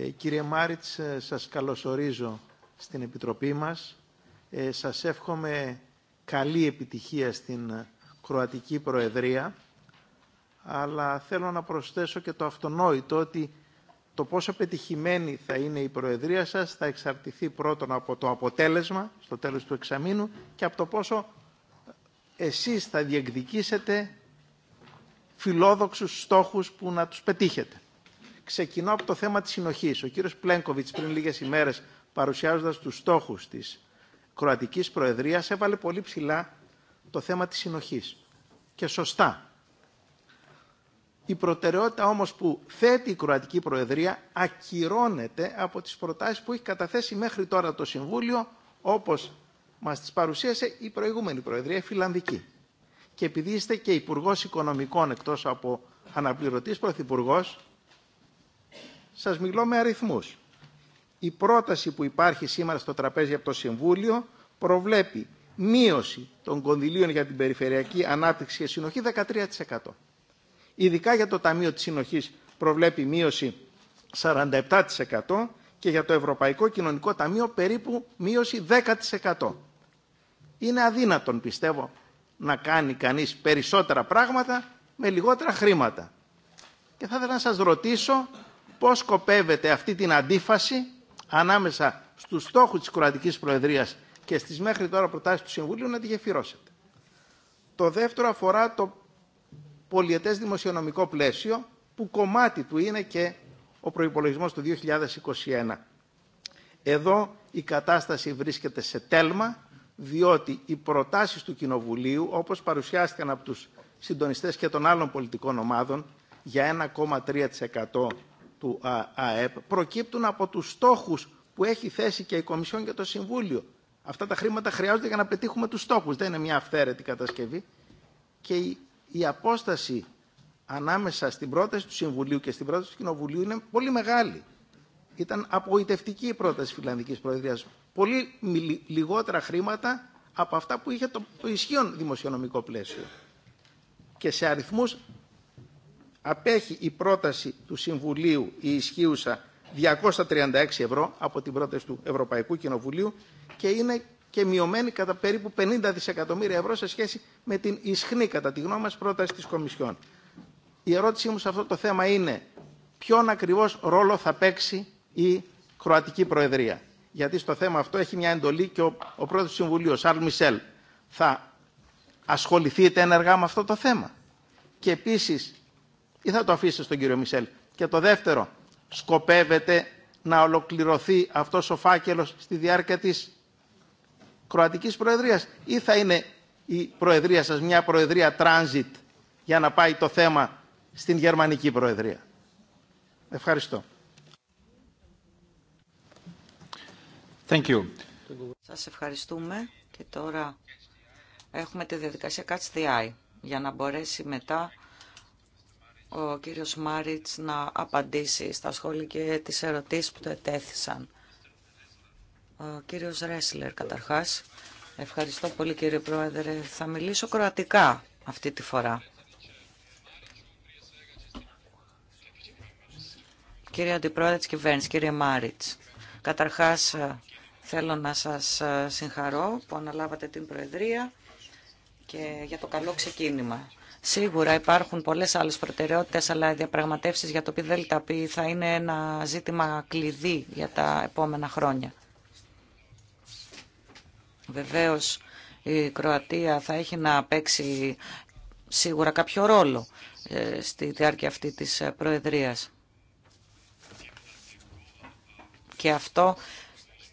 ε, κύριε Μάριτς, ε, σας καλωσορίζω στην Επιτροπή μας. Ε, σας εύχομαι καλή επιτυχία στην Κροατική Προεδρία, αλλά θέλω να προσθέσω και το αυτονόητο ότι το πόσο πετυχημένη θα είναι η Προεδρία σας θα εξαρτηθεί πρώτον από το αποτέλεσμα στο τέλος του εξαμήνου και από το πόσο εσείς θα διεκδικήσετε φιλόδοξους στόχους που να τους πετύχετε ξεκινώ από το θέμα της συνοχής. Ο κύριος Πλένκοβιτς πριν λίγες ημέρες παρουσιάζοντας τους στόχους της Κροατικής Προεδρίας έβαλε πολύ ψηλά το θέμα της συνοχής. Και σωστά. Η προτεραιότητα όμως που θέτει η Κροατική Προεδρία ακυρώνεται από τις προτάσεις που έχει καταθέσει μέχρι τώρα το Συμβούλιο όπως μας τις παρουσίασε η προηγούμενη Προεδρία, η Φιλανδική. Και επειδή είστε και υπουργό Οικονομικών εκτός από αναπληρωτής Πρωθυπουργό, σας μιλώ με αριθμούς. Η πρόταση που υπάρχει σήμερα στο τραπέζι από το Συμβούλιο προβλέπει μείωση των κονδυλίων για την περιφερειακή ανάπτυξη και συνοχή 13%. Ειδικά για το Ταμείο της Συνοχής προβλέπει μείωση 47% και για το Ευρωπαϊκό Κοινωνικό Ταμείο περίπου μείωση 10%. Είναι αδύνατον πιστεύω να κάνει κανείς περισσότερα πράγματα με λιγότερα χρήματα. Και θα ήθελα να σας ρωτήσω πώς σκοπεύεται αυτή την αντίφαση ανάμεσα στους στόχους της Κροατικής Προεδρίας και στις μέχρι τώρα προτάσεις του Συμβουλίου να τη γεφυρώσετε. Το δεύτερο αφορά το πολιετές δημοσιονομικό πλαίσιο που κομμάτι του είναι και ο προϋπολογισμός του 2021. Εδώ η κατάσταση βρίσκεται σε τέλμα διότι οι προτάσεις του Κοινοβουλίου όπως παρουσιάστηκαν από τους συντονιστές και των άλλων πολιτικών ομάδων για 1,3% του ΑΕΠ προκύπτουν από τους στόχους που έχει θέσει και η Κομισιόν και το Συμβούλιο. Αυτά τα χρήματα χρειάζονται για να πετύχουμε τους στόχους. Δεν είναι μια αυθαίρετη κατασκευή. Και η, απόσταση ανάμεσα στην πρόταση του Συμβουλίου και στην πρόταση του Κοινοβουλίου είναι πολύ μεγάλη. Ήταν απογοητευτική η πρόταση Φιλανδικής Προεδρίας. Πολύ λιγότερα χρήματα από αυτά που είχε το, το ισχύον δημοσιονομικό πλαίσιο. Και σε αριθμούς απέχει η πρόταση του Συμβουλίου η ισχύουσα 236 ευρώ από την πρόταση του Ευρωπαϊκού Κοινοβουλίου και είναι και μειωμένη κατά περίπου 50 δισεκατομμύρια ευρώ σε σχέση με την ισχνή κατά τη γνώμη μας πρόταση της Κομισιόν. Η ερώτησή μου σε αυτό το θέμα είναι ποιον ακριβώς ρόλο θα παίξει η Κροατική Προεδρία. Γιατί στο θέμα αυτό έχει μια εντολή και ο, ο πρόεδρος του Συμβουλίου, ο Σαρλ Μισελ, θα ασχοληθείτε ενεργά με αυτό το θέμα. Και επίσης ή θα το αφήσετε στον κύριο Μισελ. Και το δεύτερο, σκοπεύετε να ολοκληρωθεί αυτός ο φάκελος στη διάρκεια της Κροατικής Προεδρίας ή θα είναι η Προεδρία σας μια Προεδρία Transit για να πάει το θέμα στην Γερμανική Προεδρία. Ευχαριστώ. Thank you. Σας ευχαριστούμε και τώρα έχουμε τη διαδικασία Catch για να μπορέσει μετά ο κύριος Μάριτς να απαντήσει στα σχόλια και τις ερωτήσεις που το ετέθησαν. Ο κύριος Ρέσλερ καταρχάς. Ευχαριστώ πολύ κύριε Πρόεδρε. Θα μιλήσω κροατικά αυτή τη φορά. Κύριε Αντιπρόεδρε της Κυβέρνησης, κύριε Μάριτς. Καταρχάς ε, θέλω να σας ε, συγχαρώ που αναλάβατε την Προεδρία και για το καλό ξεκίνημα. Σίγουρα υπάρχουν πολλέ άλλες προτεραιότητε, αλλά οι διαπραγματεύσεις για το ΠΔΠ θα είναι ένα ζήτημα κλειδί για τα επόμενα χρόνια. Βεβαίως η Κροατία θα έχει να παίξει σίγουρα κάποιο ρόλο ε, στη διάρκεια αυτή της Προεδρίας. Και αυτό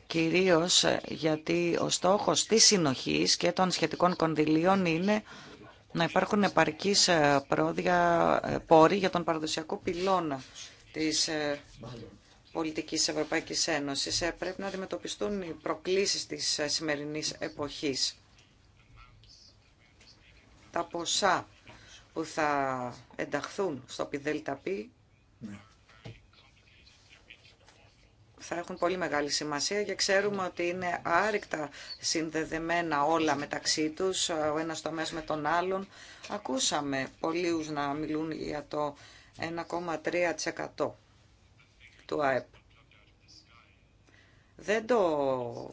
κυρίως γιατί ο στόχος της συνοχής και των σχετικών κονδυλίων είναι να υπάρχουν επαρκείς ε, πρόδια ε, πόροι για τον παραδοσιακό πυλώνα της ε, πολιτικής Ευρωπαϊκής Ένωσης. Πρέπει να αντιμετωπιστούν οι προκλήσεις της σημερινής εποχής. Τα ποσά που θα ενταχθούν στο ΠΔΠ ναι θα έχουν πολύ μεγάλη σημασία και ξέρουμε ότι είναι άρρηκτα συνδεδεμένα όλα μεταξύ τους, ο ένας τομέας με τον άλλον. Ακούσαμε πολλούς να μιλούν για το 1,3% του ΑΕΠ. Δεν το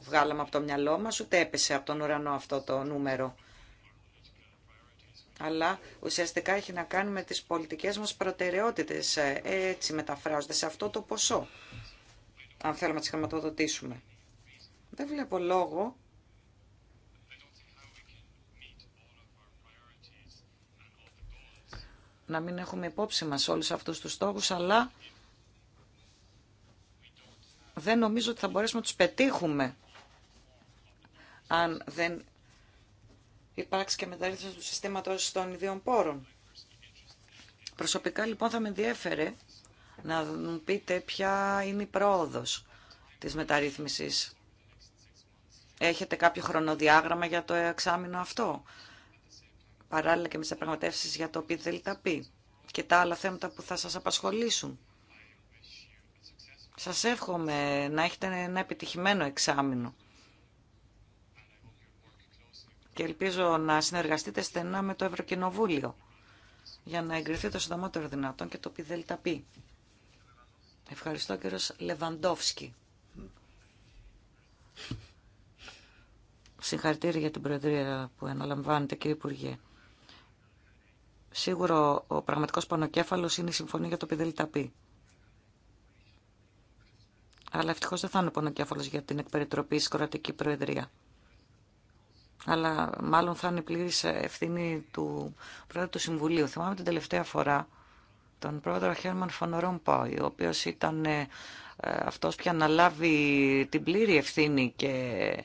βγάλαμε από το μυαλό μας, ούτε έπεσε από τον ουρανό αυτό το νούμερο. Αλλά ουσιαστικά έχει να κάνει με τις πολιτικές μας προτεραιότητες. Έτσι μεταφράζονται σε αυτό το ποσό αν θέλουμε να τις χρηματοδοτήσουμε. Δεν βλέπω λόγο να μην έχουμε υπόψη μας όλους αυτούς τους στόχους, αλλά δεν νομίζω ότι θα μπορέσουμε να τους πετύχουμε αν δεν υπάρξει και μεταρρύθμιση του συστήματος των ιδιών πόρων. Προσωπικά λοιπόν θα με ενδιέφερε να μου πείτε ποια είναι η πρόοδος της μεταρρύθμισης. Έχετε κάποιο χρονοδιάγραμμα για το εξάμεινο αυτό, παράλληλα και με τις επραγματεύσεις για το ΠΔΠ και τα άλλα θέματα που θα σας απασχολήσουν. Σας εύχομαι να έχετε ένα επιτυχημένο εξάμεινο και ελπίζω να συνεργαστείτε στενά με το Ευρωκοινοβούλιο για να εγκριθεί το συντομότερο δυνατόν και το ΠΔΠ. Ευχαριστώ κύριο Λεβαντόφσκι. Συγχαρητήρια για την Προεδρία που αναλαμβάνετε κύριε Υπουργέ. Σίγουρο ο πραγματικός πανοκέφαλος είναι η Συμφωνία για το ΠΔΛΤΑΠΗ. Αλλά ευτυχώς δεν θα είναι πονοκέφαλο για την εκπεριτροπή στη Κροατική Προεδρία. Αλλά μάλλον θα είναι πλήρης ευθύνη του Πρόεδρου του Συμβουλίου. Θυμάμαι την τελευταία φορά τον πρόεδρο Χέρμαν Φονορομπάι, ο οποίος ήταν ε, ε, αυτός που αναλάβει την πλήρη ευθύνη και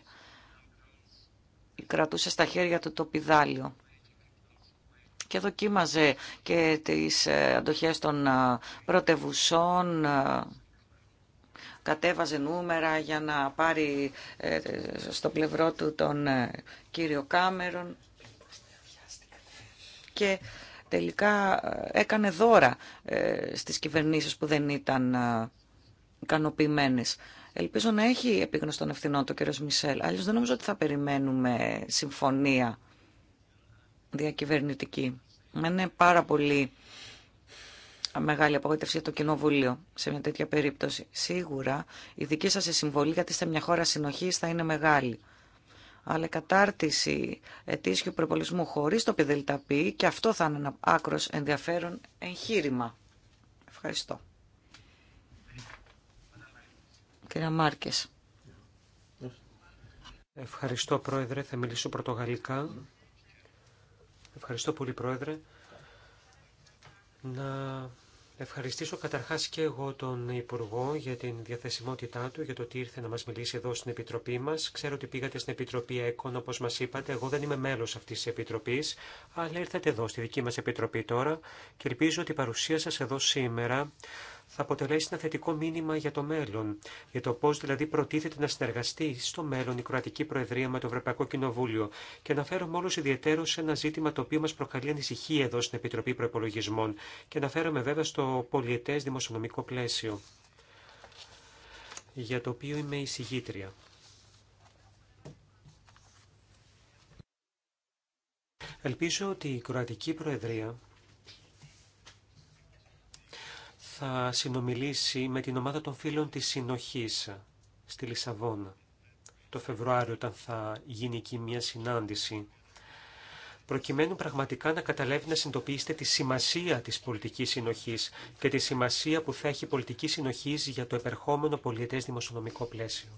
κρατούσε στα χέρια του το πιδάλιο και δοκίμαζε και τις ε, αντοχές των πρωτευουσών, κατέβαζε νούμερα για να πάρει στο πλευρό του τον κύριο Κάμερον και τελικά ε, έκανε δώρα ε, στις κυβερνήσεις που δεν ήταν ε, ικανοποιημένε. Ελπίζω να έχει επίγνωση των ευθυνών το κύριο Μισελ, αλλιώς δεν νομίζω ότι θα περιμένουμε συμφωνία διακυβερνητική. Είναι πάρα πολύ μεγάλη απογοήτευση για το Κοινοβούλιο σε μια τέτοια περίπτωση. Σίγουρα η δική σας συμβολή γιατί είστε μια χώρα συνοχής θα είναι μεγάλη αλλά κατάρτιση ετήσιου προπολισμού χωρίς το πιδελταπή και αυτό θα είναι ένα άκρος ενδιαφέρον εγχείρημα. Ευχαριστώ. Κύριε Μάρκες. Ευχαριστώ Πρόεδρε, θα μιλήσω πρωτογαλλικά. Ευχαριστώ πολύ Πρόεδρε. Να ευχαριστήσω καταρχάς και εγώ τον Υπουργό για την διαθεσιμότητά του, για το ότι ήρθε να μας μιλήσει εδώ στην Επιτροπή μας. Ξέρω ότι πήγατε στην Επιτροπή ΕΚΟΝ, όπως μας είπατε. Εγώ δεν είμαι μέλος αυτής της Επιτροπής, αλλά ήρθατε εδώ στη δική μας Επιτροπή τώρα και ελπίζω ότι η παρουσία σας εδώ σήμερα θα αποτελέσει ένα θετικό μήνυμα για το μέλλον, για το πώς δηλαδή προτίθεται να συνεργαστεί στο μέλλον η Κροατική Προεδρία με το Ευρωπαϊκό Κοινοβούλιο. Και αναφέρομαι όλος ιδιαίτερο σε ένα ζήτημα το οποίο μας προκαλεί ανησυχία εδώ στην Επιτροπή Προεπολογισμών. και αναφέρομαι βέβαια στο πολιτέ δημοσιονομικό πλαίσιο, για το οποίο είμαι εισηγήτρια. Ελπίζω ότι η Κροατική Προεδρία θα συνομιλήσει με την ομάδα των φίλων της Συνοχής στη Λισαβόνα το Φεβρουάριο όταν θα γίνει εκεί μια συνάντηση προκειμένου πραγματικά να καταλάβει να συνειδητοποιήσετε τη σημασία της πολιτικής συνοχής και τη σημασία που θα έχει η πολιτική συνοχής για το επερχόμενο πολιετές δημοσιονομικό πλαίσιο.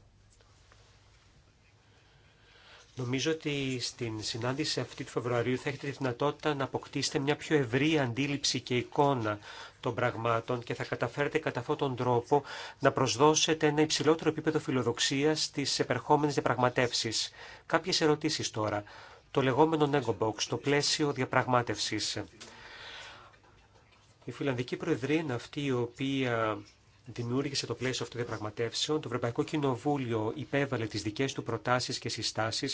Νομίζω ότι στην συνάντηση αυτή του Φεβρουαρίου θα έχετε τη δυνατότητα να αποκτήσετε μια πιο ευρή αντίληψη και εικόνα των πραγμάτων και θα καταφέρετε κατά αυτόν τον τρόπο να προσδώσετε ένα υψηλότερο επίπεδο φιλοδοξίας στι επερχόμενε διαπραγματεύσει. Κάποιες ερωτήσεις τώρα. Το λεγόμενο Nego το πλαίσιο διαπραγματεύση. Η Φιλανδική Προεδρία είναι αυτή η οποία δημιούργησε το πλαίσιο αυτό διαπραγματεύσεων. Το Ευρωπαϊκό Κοινοβούλιο υπέβαλε τι δικέ του προτάσει και συστάσει,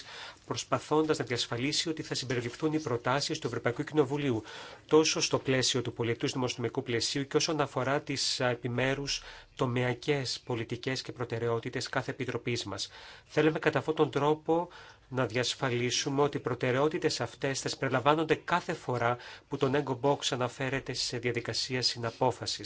προσπαθώντα να διασφαλίσει ότι θα συμπεριληφθούν οι προτάσει του Ευρωπαϊκού Κοινοβουλίου, τόσο στο πλαίσιο του πολιτικού δημοσιονομικού πλαισίου και όσον αφορά τι επιμέρου τομεακέ πολιτικέ και προτεραιότητε κάθε επιτροπή μα. Θέλουμε κατά αυτόν τον τρόπο να διασφαλίσουμε ότι οι προτεραιότητε αυτέ θα συμπεριλαμβάνονται κάθε φορά που τον Nego αναφέρεται σε διαδικασία συναπόφαση.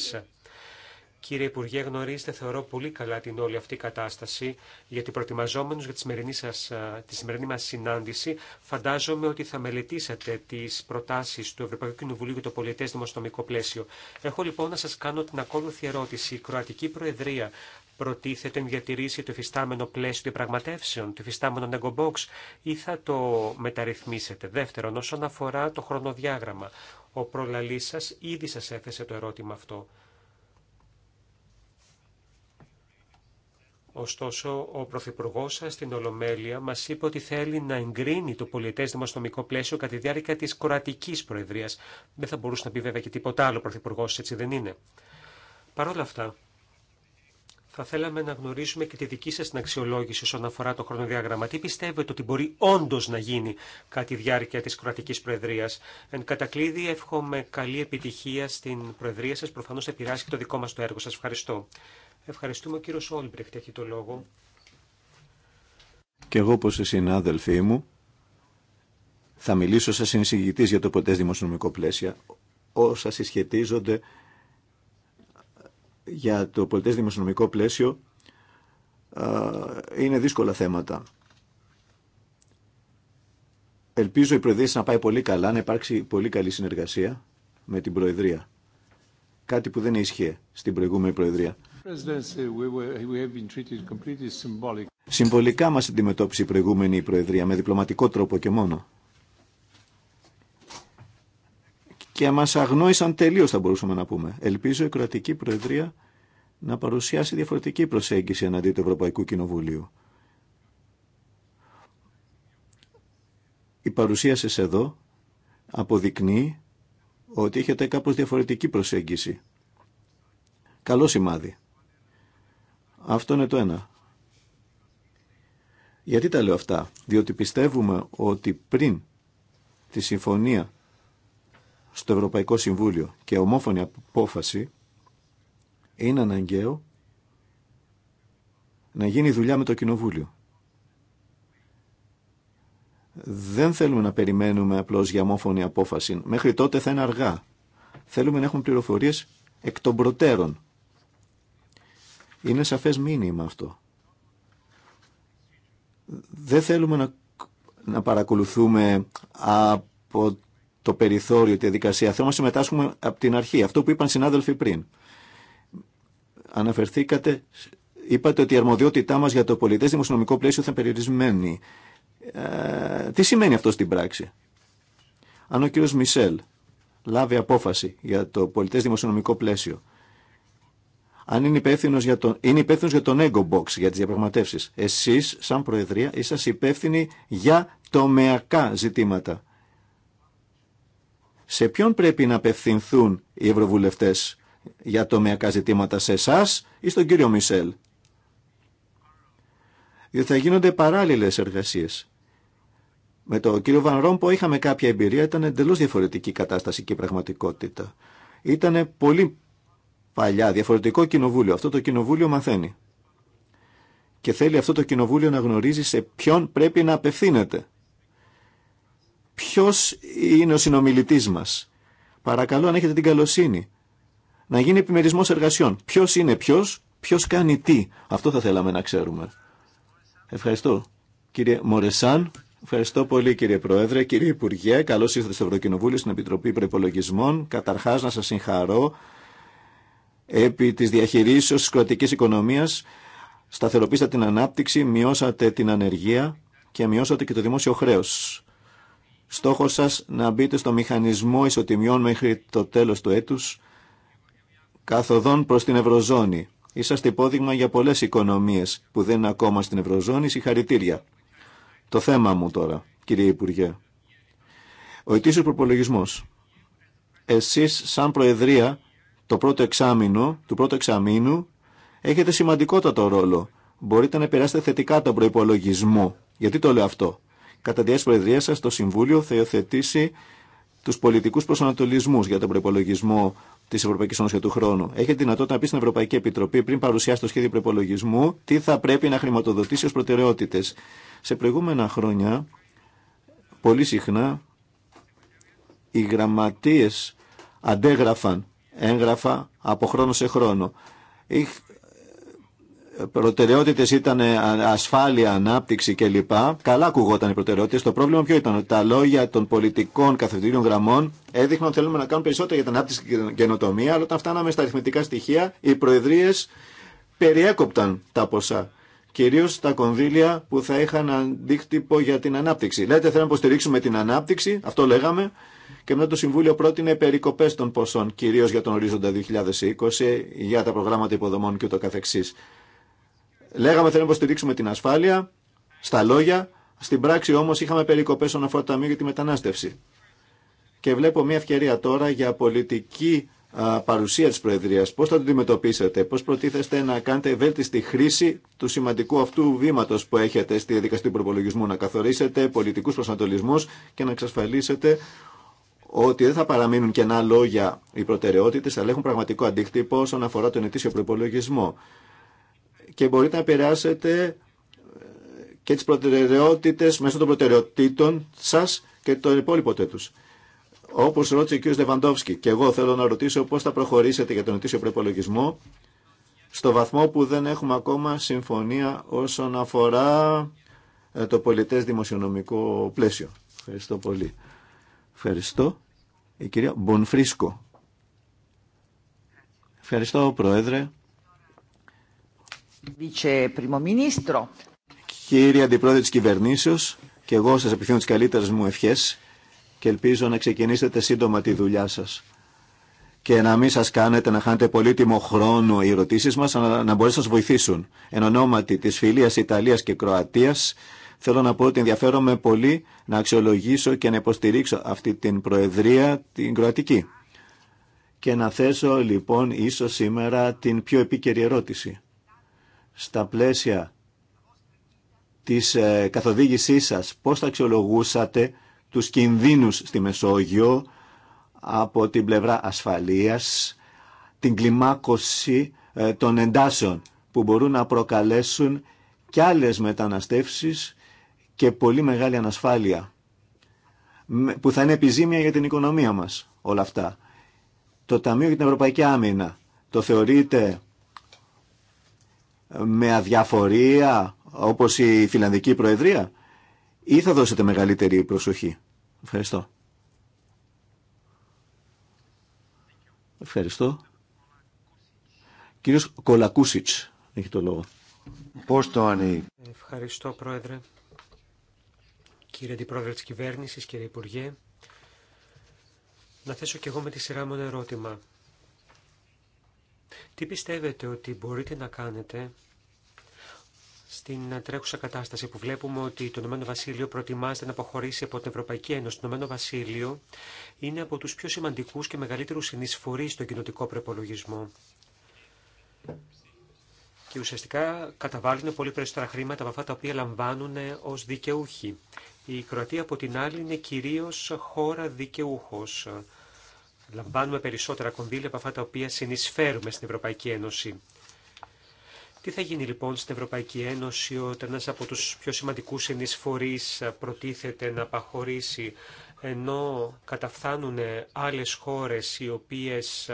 Κύριε Υπουργέ, γνωρίζετε, θεωρώ πολύ καλά την όλη αυτή η κατάσταση, γιατί προετοιμαζόμενους για τη σημερινή, σας, τη σημερινή μας συνάντηση, φαντάζομαι ότι θα μελετήσατε τις προτάσεις του Ευρωπαϊκού Κοινοβουλίου για το πολιτές δημοσιονομικό πλαίσιο. Έχω λοιπόν να σας κάνω την ακόλουθη ερώτηση. Η Κροατική Προεδρία προτίθεται να διατηρήσει το εφιστάμενο πλαίσιο διαπραγματεύσεων, το εφιστάμενο Negobox, ή θα το μεταρρυθμίσετε. Δεύτερον, όσον αφορά το χρονοδιάγραμμα, ο προλαλής σας ήδη σα έθεσε το ερώτημα αυτό. Ωστόσο, ο Πρωθυπουργό σα στην Ολομέλεια μα είπε ότι θέλει να εγκρίνει το πολιτέ δημοσιονομικό πλαίσιο κατά τη διάρκεια τη κρατική προεδρία. Δεν θα μπορούσε να πει βέβαια και τίποτα άλλο ο Πρωθυπουργό, έτσι δεν είναι. Παρ' όλα αυτά, θα θέλαμε να γνωρίσουμε και τη δική σα αξιολόγηση όσον αφορά το χρονοδιάγραμμα. Τι πιστεύετε ότι μπορεί όντω να γίνει κατά τη διάρκεια τη κρατική προεδρία. Εν κατακλείδη, εύχομαι καλή επιτυχία στην προεδρία σα. Προφανώ επηρεάσει και το δικό μα το έργο. Σα ευχαριστώ. Ευχαριστούμε ο κύριος Όλμπρεχτ, έχει το λόγο. Και εγώ όπως οι συνάδελφοί μου θα μιλήσω σαν συνεισηγητής για το ποτέ δημοσιονομικό πλαίσιο όσα συσχετίζονται για το πολιτές δημοσιονομικό πλαίσιο είναι δύσκολα θέματα. Ελπίζω η Προεδρία να πάει πολύ καλά, να υπάρξει πολύ καλή συνεργασία με την Προεδρία. Κάτι που δεν ίσχυε στην προηγούμενη Προεδρία. Συμβολικά μας αντιμετώπισε η προηγούμενη Προεδρία με διπλωματικό τρόπο και μόνο. Και μας αγνόησαν τελείως θα μπορούσαμε να πούμε. Ελπίζω η Κροατική Προεδρία να παρουσιάσει διαφορετική προσέγγιση εναντί του Ευρωπαϊκού Κοινοβουλίου. Η παρουσία σας εδώ αποδεικνύει ότι έχετε κάπως διαφορετική προσέγγιση. Καλό σημάδι. Αυτό είναι το ένα. Γιατί τα λέω αυτά. Διότι πιστεύουμε ότι πριν τη συμφωνία στο Ευρωπαϊκό Συμβούλιο και ομόφωνη απόφαση είναι αναγκαίο να γίνει δουλειά με το Κοινοβούλιο. Δεν θέλουμε να περιμένουμε απλώς για ομόφωνη απόφαση. Μέχρι τότε θα είναι αργά. Θέλουμε να έχουμε πληροφορίες εκ των προτέρων είναι σαφές μήνυμα αυτό. Δεν θέλουμε να, να παρακολουθούμε από το περιθώριο τη διαδικασία. Θέλουμε να συμμετάσχουμε από την αρχή. Αυτό που είπαν συνάδελφοι πριν. Αναφερθήκατε, είπατε ότι η αρμοδιότητά μας για το πολιτές δημοσιονομικό πλαίσιο θα είναι περιορισμένη. Ε, τι σημαίνει αυτό στην πράξη. Αν ο κύριος Μισελ λάβει απόφαση για το πολιτές δημοσιονομικό πλαίσιο αν είναι υπεύθυνο για, τον... για τον Ego Box, για τι διαπραγματεύσει. Εσεί, σαν Προεδρία, είσαστε υπεύθυνοι για τομεακά ζητήματα. Σε ποιον πρέπει να απευθυνθούν οι Ευρωβουλευτέ για τομεακά ζητήματα, σε εσά ή στον κύριο Μισελ. Διότι θα γίνονται παράλληλε εργασίε. Με τον κύριο Βαν Ρόμπο είχαμε κάποια εμπειρία, ήταν εντελώ διαφορετική κατάσταση και η πραγματικότητα. Ήταν πολύ παλιά, διαφορετικό κοινοβούλιο. Αυτό το κοινοβούλιο μαθαίνει. Και θέλει αυτό το κοινοβούλιο να γνωρίζει σε ποιον πρέπει να απευθύνεται. Ποιος είναι ο συνομιλητής μας. Παρακαλώ αν έχετε την καλοσύνη. Να γίνει επιμερισμός εργασιών. Ποιο είναι ποιο, ποιο κάνει τι. Αυτό θα θέλαμε να ξέρουμε. Ευχαριστώ. Κύριε Μορεσάν, ευχαριστώ πολύ κύριε Πρόεδρε, κύριε Υπουργέ, καλώς ήρθατε στο Ευρωκοινοβούλιο στην Επιτροπή Προπολογισμών. Καταρχά να σα συγχαρώ επί της διαχειρίσεως της κρατικής οικονομίας, σταθεροποίησατε την ανάπτυξη, μειώσατε την ανεργία και μειώσατε και το δημόσιο χρέος. Στόχος σας να μπείτε στο μηχανισμό ισοτιμιών μέχρι το τέλος του έτους, καθοδόν προς την Ευρωζώνη. Είσαστε υπόδειγμα για πολλές οικονομίες που δεν είναι ακόμα στην Ευρωζώνη, συγχαρητήρια. Το θέμα μου τώρα, κύριε Υπουργέ. Ο ετήσιος προπολογισμός. Εσείς σαν Προεδρία το πρώτο εξάμεινο, του πρώτου εξαμήνου έχετε σημαντικότατο ρόλο. Μπορείτε να επηρεάσετε θετικά τον προπολογισμό. Γιατί το λέω αυτό. Κατά τη διάρκεια σα, το Συμβούλιο θα υιοθετήσει του πολιτικού προσανατολισμού για τον προπολογισμό τη Ευρωπαϊκή Ένωση του χρόνου. Έχετε δυνατότητα να πει στην Ευρωπαϊκή Επιτροπή πριν παρουσιάσει το σχέδιο προπολογισμού τι θα πρέπει να χρηματοδοτήσει ω προτεραιότητε. Σε προηγούμενα χρόνια, πολύ συχνά, οι γραμματείε αντέγραφαν έγγραφα από χρόνο σε χρόνο. Οι Προτεραιότητε ήταν ε, ασφάλεια, ανάπτυξη κλπ. Καλά ακουγόταν οι προτεραιότητε. Το πρόβλημα ποιο ήταν. Τα λόγια των πολιτικών καθευτήριων γραμμών έδειχναν ότι θέλουμε να κάνουμε περισσότερο για την ανάπτυξη και την καινοτομία, αλλά όταν φτάναμε στα αριθμητικά στοιχεία, οι προεδρίες περιέκοπταν τα ποσά κυρίω τα κονδύλια που θα είχαν αντίκτυπο για την ανάπτυξη. Λέτε θέλουμε να υποστηρίξουμε την ανάπτυξη, αυτό λέγαμε, και μετά το Συμβούλιο πρότεινε περικοπε των ποσών, κυρίω για τον ορίζοντα 2020, για τα προγράμματα υποδομών και Λέγαμε θέλουμε να υποστηρίξουμε την ασφάλεια, στα λόγια, στην πράξη όμω είχαμε περικοπές στον αφορά το Ταμείο για τη Μετανάστευση. Και βλέπω μια ευκαιρία τώρα για πολιτική παρουσία τη προεδρία. Πώ θα την αντιμετωπίσετε, πώ προτίθεστε να κάνετε ευέλτιστη χρήση του σημαντικού αυτού βήματο που έχετε στη διαδικασία του προπολογισμού, να καθορίσετε πολιτικού προσανατολισμούς και να εξασφαλίσετε ότι δεν θα παραμείνουν κενά λόγια οι προτεραιότητες, αλλά έχουν πραγματικό αντίκτυπο όσον αφορά τον ετήσιο προπολογισμό. Και μπορείτε να επηρεάσετε ε, και τι προτεραιότητε μέσω των προτεραιοτήτων σα και το υπόλοιπο τέτου. Όπω ρώτησε ο κ. Λεβαντόφσκι και εγώ θέλω να ρωτήσω πώ θα προχωρήσετε για τον ετήσιο προπολογισμό στο βαθμό που δεν έχουμε ακόμα συμφωνία όσον αφορά ε, το πολιτές δημοσιονομικό πλαίσιο. Ευχαριστώ πολύ. Ευχαριστώ. Η κυρία Μπονφρίσκο. Ευχαριστώ, Πρόεδρε. Κύριε Αντιπρόεδρε της Κυβερνήσεως, και εγώ σας επιθυμώ τις καλύτερες μου ευχές και ελπίζω να ξεκινήσετε σύντομα τη δουλειά σας και να μην σας κάνετε να χάνετε πολύτιμο χρόνο οι ερωτήσεις μας, αλλά να μπορέσουν να σας βοηθήσουν. Εν ονόματι της φιλίας Ιταλίας και Κροατίας, Θέλω να πω ότι ενδιαφέρομαι πολύ να αξιολογήσω και να υποστηρίξω αυτή την Προεδρία, την Κροατική. Και να θέσω λοιπόν ίσως σήμερα την πιο επίκαιρη ερώτηση. Στα πλαίσια της ε, καθοδήγησής σας, πώς θα αξιολογούσατε τους κινδύνους στη Μεσόγειο από την πλευρά ασφαλείας, την κλιμάκωση ε, των εντάσεων που μπορούν να προκαλέσουν και άλλες μεταναστεύσεις και πολύ μεγάλη ανασφάλεια που θα είναι επιζήμια για την οικονομία μας όλα αυτά. Το Ταμείο για την Ευρωπαϊκή Άμυνα το θεωρείτε με αδιαφορία όπως η Φιλανδική Προεδρία ή θα δώσετε μεγαλύτερη προσοχή. Ευχαριστώ. Ευχαριστώ. Κύριος Κολακούσιτς έχει το λόγο. Πώς το ανήκει. Ευχαριστώ Πρόεδρε. Κύριε Αντιπρόεδρε τη κυβέρνηση, κύριε Υπουργέ, να θέσω κι εγώ με τη σειρά μου ένα ερώτημα. Τι πιστεύετε ότι μπορείτε να κάνετε στην τρέχουσα κατάσταση που βλέπουμε ότι το Ηνωμένο Βασίλειο προετοιμάζεται να αποχωρήσει από την Ευρωπαϊκή Ένωση. Το Ηνωμένο Βασίλειο είναι από τους πιο σημαντικούς και μεγαλύτερους συνεισφορείς στον κοινοτικό προπολογισμό. Και ουσιαστικά καταβάλουν πολύ περισσότερα χρήματα από αυτά τα οποία λαμβάνουν ως δικαιούχοι. Η Κροατία από την άλλη είναι κυρίως χώρα δικαιούχος. Λαμβάνουμε περισσότερα κονδύλια από αυτά τα οποία συνεισφέρουμε στην Ευρωπαϊκή Ένωση. Τι θα γίνει λοιπόν στην Ευρωπαϊκή Ένωση όταν ένας από τους πιο σημαντικούς συνεισφορείς προτίθεται να απαχωρήσει ενώ καταφθάνουν άλλες χώρες οι οποίες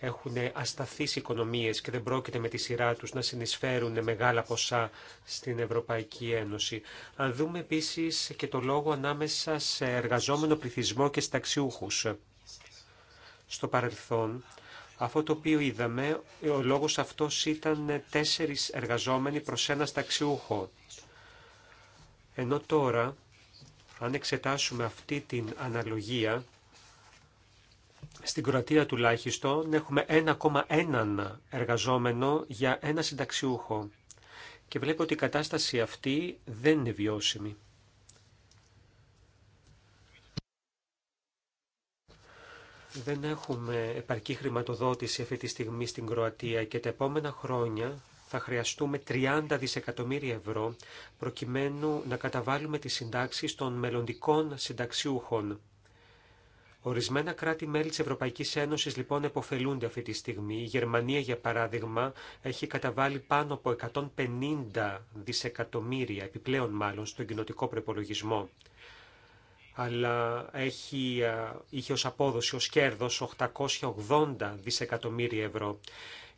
έχουν ασταθείς οικονομίες και δεν πρόκειται με τη σειρά τους να συνεισφέρουν μεγάλα ποσά στην Ευρωπαϊκή Ένωση. Αν δούμε επίσης και το λόγο ανάμεσα σε εργαζόμενο πληθυσμό και σταξιούχους. Στο παρελθόν, αυτό το οποίο είδαμε, ο λόγος αυτός ήταν τέσσερις εργαζόμενοι προς ένα σταξιούχο. Ενώ τώρα αν εξετάσουμε αυτή την αναλογία, στην Κροατία τουλάχιστον έχουμε 1,1 εργαζόμενο για ένα συνταξιούχο. Και βλέπω ότι η κατάσταση αυτή δεν είναι βιώσιμη. Δεν έχουμε επαρκή χρηματοδότηση αυτή τη στιγμή στην Κροατία και τα επόμενα χρόνια θα χρειαστούμε 30 δισεκατομμύρια ευρώ προκειμένου να καταβάλουμε τις συντάξεις των μελλοντικών συνταξιούχων. Ορισμένα κράτη-μέλη της Ευρωπαϊκής Ένωσης λοιπόν εποφελούνται αυτή τη στιγμή. Η Γερμανία, για παράδειγμα, έχει καταβάλει πάνω από 150 δισεκατομμύρια, επιπλέον μάλλον, στον κοινοτικό προπολογισμό. Αλλά έχει, είχε ως απόδοση, ως κέρδος, 880 δισεκατομμύρια ευρώ.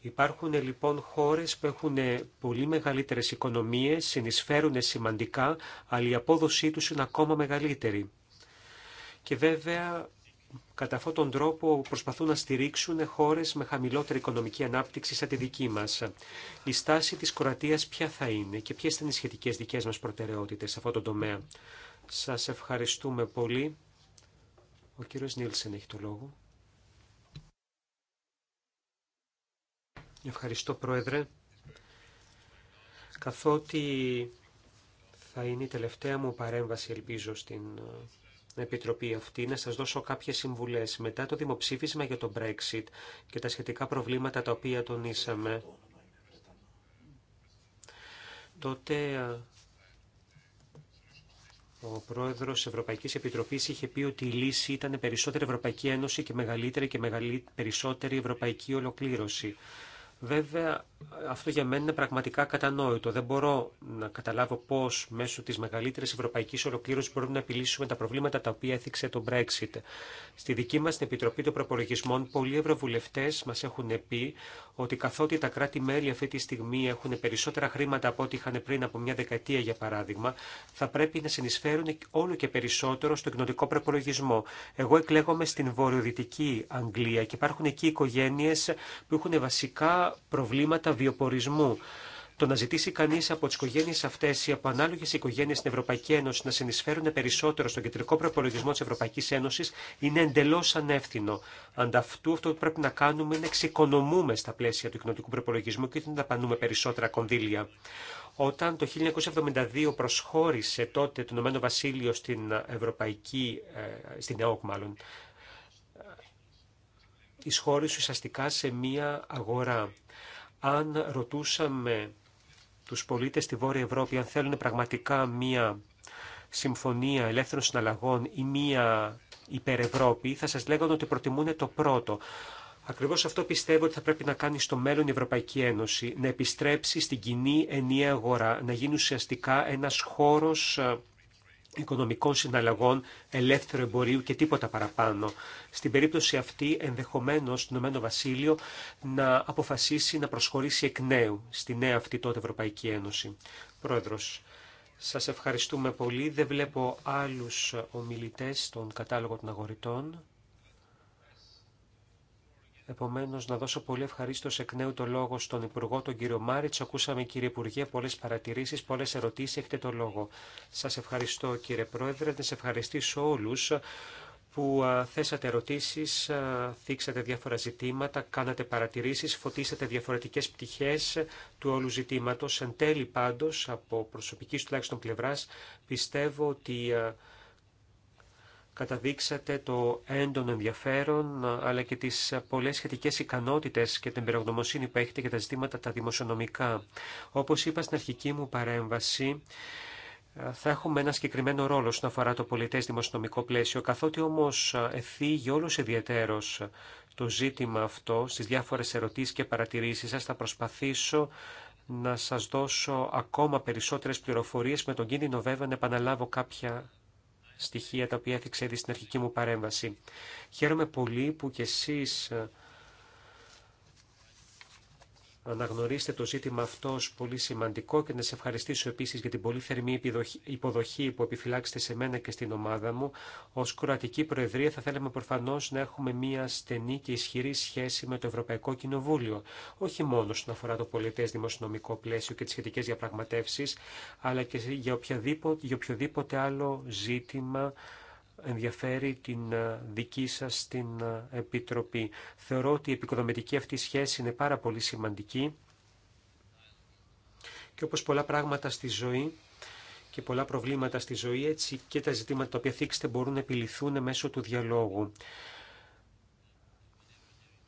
Υπάρχουν λοιπόν χώρες που έχουν πολύ μεγαλύτερες οικονομίες, συνεισφέρουν σημαντικά, αλλά η απόδοσή τους είναι ακόμα μεγαλύτερη. Και βέβαια κατά αυτόν τον τρόπο προσπαθούν να στηρίξουν χώρες με χαμηλότερη οικονομική ανάπτυξη σαν τη δική μας. Η στάση της κορατίας ποια θα είναι και ποιες είναι οι σχετικές δικές μας προτεραιότητες σε αυτόν τον τομέα. Σας ευχαριστούμε πολύ. Ο κύριος Νίλσεν έχει το λόγο. Ευχαριστώ Πρόεδρε. Καθότι θα είναι η τελευταία μου παρέμβαση, ελπίζω, στην ε, Επιτροπή αυτή, να σας δώσω κάποιες συμβουλές. Μετά το δημοψήφισμα για το Brexit και τα σχετικά προβλήματα τα οποία τονίσαμε, τότε ε, ο πρόεδρο Ευρωπαϊκής Επιτροπής είχε πει ότι η λύση ήταν περισσότερη Ευρωπαϊκή Ένωση και μεγαλύτερη και μεγαλύτερη, περισσότερη Ευρωπαϊκή Ολοκλήρωση. Βέβαια, αυτό για μένα είναι πραγματικά κατανόητο. Δεν μπορώ να καταλάβω πώ μέσω τη μεγαλύτερη ευρωπαϊκή ολοκλήρωση μπορούμε να επιλύσουμε τα προβλήματα τα οποία έθιξε το Brexit. Στη δική μα Επιτροπή των Προπολογισμών, πολλοί ευρωβουλευτέ μα έχουν πει ότι καθότι τα κράτη-μέλη αυτή τη στιγμή έχουν περισσότερα χρήματα από ό,τι είχαν πριν από μια δεκαετία, για παράδειγμα, θα πρέπει να συνεισφέρουν όλο και περισσότερο στο κοινωνικό προπολογισμό. Εγώ εκλέγομαι στην βορειοδυτική Αγγλία και υπάρχουν εκεί οικογένειε που έχουν βασικά προβλήματα βιοπορισμού. Το να ζητήσει κανεί από τι οικογένειε αυτέ ή από ανάλογε οικογένειε στην Ευρωπαϊκή Ένωση να συνεισφέρουν περισσότερο στον κεντρικό προπολογισμό τη Ευρωπαϊκή Ένωση είναι εντελώ ανεύθυνο. Ανταυτού, αυτό που πρέπει να κάνουμε είναι να εξοικονομούμε στα πλαίσια του κοινοτικού προπολογισμού και να ταπανούμε περισσότερα κονδύλια. Όταν το 1972 προσχώρησε τότε το Ηνωμένο Βασίλειο στην Ευρωπαϊκή, ε, στην ΕΟΚ μάλλον, τις χώρες ουσιαστικά σε μία αγορά. Αν ρωτούσαμε τους πολίτες στη Βόρεια Ευρώπη αν θέλουν πραγματικά μία συμφωνία ελεύθερων συναλλαγών ή μία υπερευρώπη, θα σας λέγανε ότι προτιμούν το πρώτο. Ακριβώς αυτό πιστεύω ότι θα πρέπει να κάνει στο μέλλον η Ευρωπαϊκή Ένωση, να επιστρέψει στην κοινή ενιαία αγορά, να γίνει ουσιαστικά ένας χώρος ε, οικονομικών συναλλαγών, ελεύθερου εμπορίου και τίποτα παραπάνω. Στην περίπτωση αυτή, ενδεχομένω το Ηνωμένο Βασίλειο να αποφασίσει να προσχωρήσει εκ νέου στη νέα αυτή τότε Ευρωπαϊκή Ένωση. Πρόεδρο, σα ευχαριστούμε πολύ. Δεν βλέπω άλλου ομιλητέ στον κατάλογο των αγορητών. Επομένω, να δώσω πολύ ευχαρίστω εκ νέου το λόγο στον Υπουργό, τον κύριο Μάριτς. Ακούσαμε, κύριε Υπουργέ, πολλές παρατηρήσεις, πολλές ερωτήσεις. Έχετε το λόγο. Σας ευχαριστώ, κύριε Πρόεδρε. Να σα ευχαριστήσω όλους που θέσατε ερωτήσεις, θίξατε διάφορα ζητήματα, κάνατε παρατηρήσεις, φωτίσατε διαφορετικές πτυχές του όλου ζητήματος. Εν τέλει πάντως, από προσωπικής τουλάχιστον πλευράς, πιστεύω ότι καταδείξατε το έντονο ενδιαφέρον αλλά και τις πολλές σχετικές ικανότητες και την περιογνωμοσύνη που έχετε για τα ζητήματα τα δημοσιονομικά. Όπως είπα στην αρχική μου παρέμβαση, θα έχουμε ένα συγκεκριμένο ρόλο στον αφορά το πολιτές δημοσιονομικό πλαίσιο, καθότι όμως εφήγει όλος ιδιαίτερος το ζήτημα αυτό στις διάφορες ερωτήσεις και παρατηρήσεις σας, θα προσπαθήσω να σας δώσω ακόμα περισσότερες πληροφορίες με τον κίνδυνο βέβαια να επαναλάβω κάποια στοιχεία τα οποία έθιξε ήδη στην αρχική μου παρέμβαση. Χαίρομαι πολύ που κι εσείς ε, αναγνωρίστε το ζήτημα αυτό ως πολύ σημαντικό και να σε ευχαριστήσω επίσης για την πολύ θερμή υποδοχή που επιφυλάξετε σε μένα και στην ομάδα μου. Ως κρατική Προεδρία θα θέλαμε προφανώς να έχουμε μια στενή και ισχυρή σχέση με το Ευρωπαϊκό Κοινοβούλιο, όχι μόνο στον αφορά το πολιτές δημοσιονομικό πλαίσιο και τις σχετικές διαπραγματεύσεις, αλλά και για οποιοδήποτε άλλο ζήτημα ενδιαφέρει την ε, δική σας την ε, Επιτροπή. Θεωρώ ότι η επικοδομητική αυτή σχέση είναι πάρα πολύ σημαντική και όπως πολλά πράγματα στη ζωή και πολλά προβλήματα στη ζωή, έτσι και τα ζητήματα τα οποία θίξετε μπορούν να επιληθούν μέσω του διαλόγου.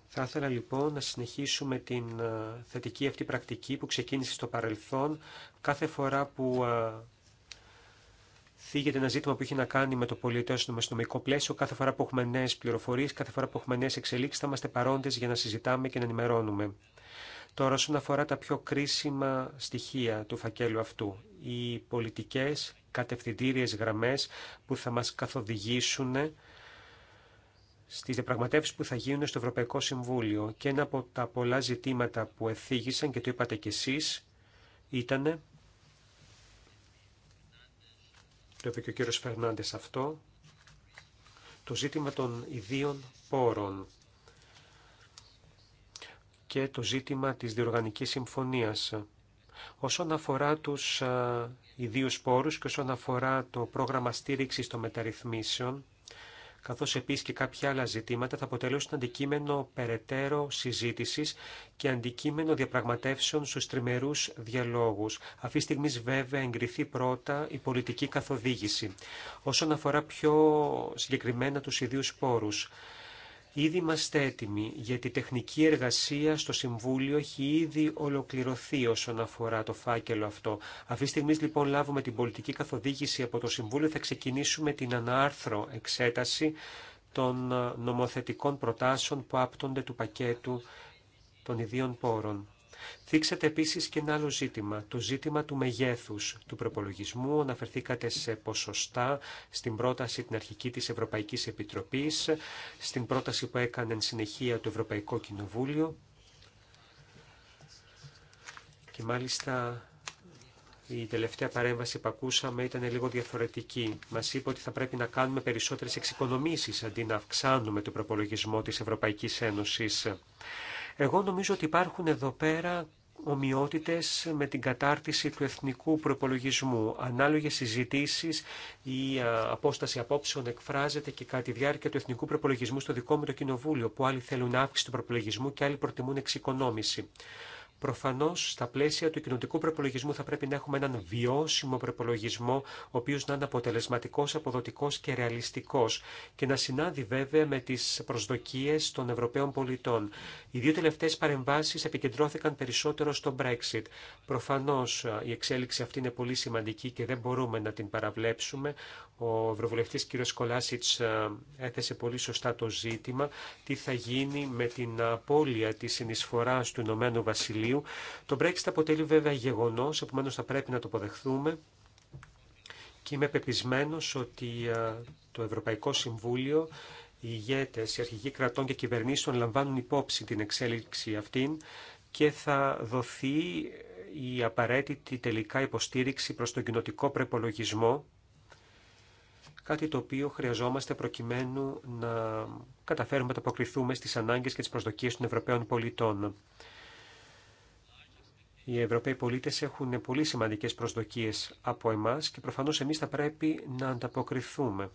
Θα ήθελα λοιπόν να συνεχίσουμε την ε, θετική αυτή πρακτική που ξεκίνησε στο παρελθόν κάθε φορά που θίγεται ένα ζήτημα που έχει να κάνει με το πολιτέ στο πλαίσιο. Κάθε φορά που έχουμε νέε πληροφορίε, κάθε φορά που έχουμε νέε εξελίξει, θα είμαστε παρόντε για να συζητάμε και να ενημερώνουμε. Τώρα, όσον αφορά τα πιο κρίσιμα στοιχεία του φακέλου αυτού, οι πολιτικέ κατευθυντήριε γραμμέ που θα μα καθοδηγήσουν στις διαπραγματεύσεις που θα γίνουν στο Ευρωπαϊκό Συμβούλιο και ένα από τα πολλά ζητήματα που εθίγησαν και το είπατε κι εσεί ήταν το είπε και ο αυτό, το ζήτημα των ιδίων πόρων και το ζήτημα της διοργανικής συμφωνίας. Όσον αφορά τους ε, ιδίους πόρους και όσον αφορά το πρόγραμμα στήριξης των μεταρρυθμίσεων, καθώς επίσης και κάποια άλλα ζητήματα θα αποτελούσαν αντικείμενο περαιτέρω συζήτησης και αντικείμενο διαπραγματεύσεων στου τριμερούς διαλόγους. Αυτή τη στιγμή βέβαια εγκριθεί πρώτα η πολιτική καθοδήγηση. Όσον αφορά πιο συγκεκριμένα τους ίδιου πόρους, Ήδη είμαστε έτοιμοι γιατί η τεχνική εργασία στο Συμβούλιο έχει ήδη ολοκληρωθεί όσον αφορά το φάκελο αυτό. Αυτή τη στιγμή λοιπόν λάβουμε την πολιτική καθοδήγηση από το Συμβούλιο θα ξεκινήσουμε την ανάρθρο εξέταση των νομοθετικών προτάσεων που άπτονται του πακέτου των ιδίων πόρων. Θίξατε επίσης και ένα άλλο ζήτημα, το ζήτημα του μεγέθους του προπολογισμού. Αναφερθήκατε σε ποσοστά στην πρόταση την αρχική της Ευρωπαϊκής Επιτροπής, στην πρόταση που έκανε εν συνεχεία το Ευρωπαϊκό Κοινοβούλιο. Και μάλιστα η τελευταία παρέμβαση που ακούσαμε ήταν λίγο διαφορετική. Μα είπε ότι θα πρέπει να κάνουμε περισσότερε εξοικονομήσει αντί να αυξάνουμε τον προπολογισμό τη Ευρωπαϊκή Ένωση. Εγώ νομίζω ότι υπάρχουν εδώ πέρα ομοιότητες με την κατάρτιση του εθνικού προπολογισμού. Ανάλογες συζητήσει ή απόσταση απόψεων εκφράζεται και κατά τη διάρκεια του εθνικού προπολογισμού στο δικό μου το κοινοβούλιο, που άλλοι θέλουν αύξηση του προπολογισμού και άλλοι προτιμούν εξοικονόμηση. Προφανώ, στα πλαίσια του κοινοτικού προπολογισμού θα πρέπει να έχουμε έναν βιώσιμο προπολογισμό, ο οποίο να είναι αποτελεσματικό, αποδοτικό και ρεαλιστικό και να συνάδει βέβαια με τι προσδοκίε των Ευρωπαίων πολιτών. Οι δύο τελευταίε παρεμβάσει επικεντρώθηκαν περισσότερο στο Brexit. Προφανώ, η εξέλιξη αυτή είναι πολύ σημαντική και δεν μπορούμε να την παραβλέψουμε. Ο Ευρωβουλευτής κ. Κολάσιτς ε, έθεσε πολύ σωστά το ζήτημα τι θα γίνει με την απώλεια της συνεισφοράς του Ηνωμένου Βασιλείου. Το Brexit αποτελεί βέβαια γεγονός, επομένως θα πρέπει να το αποδεχθούμε και είμαι πεπισμένος ότι ε, το Ευρωπαϊκό Συμβούλιο, οι ηγέτες, οι αρχηγοί κρατών και κυβερνήσεων λαμβάνουν υπόψη την εξέλιξη αυτήν και θα δοθεί η απαραίτητη τελικά υποστήριξη προς τον κοινοτικό προπολογισμό κάτι το οποίο χρειαζόμαστε προκειμένου να καταφέρουμε να αποκριθούμε στις ανάγκες και τις προσδοκίες των Ευρωπαίων πολιτών. Οι Ευρωπαίοι πολίτες έχουν πολύ σημαντικές προσδοκίες από εμάς και προφανώς εμείς θα πρέπει να ανταποκριθούμε.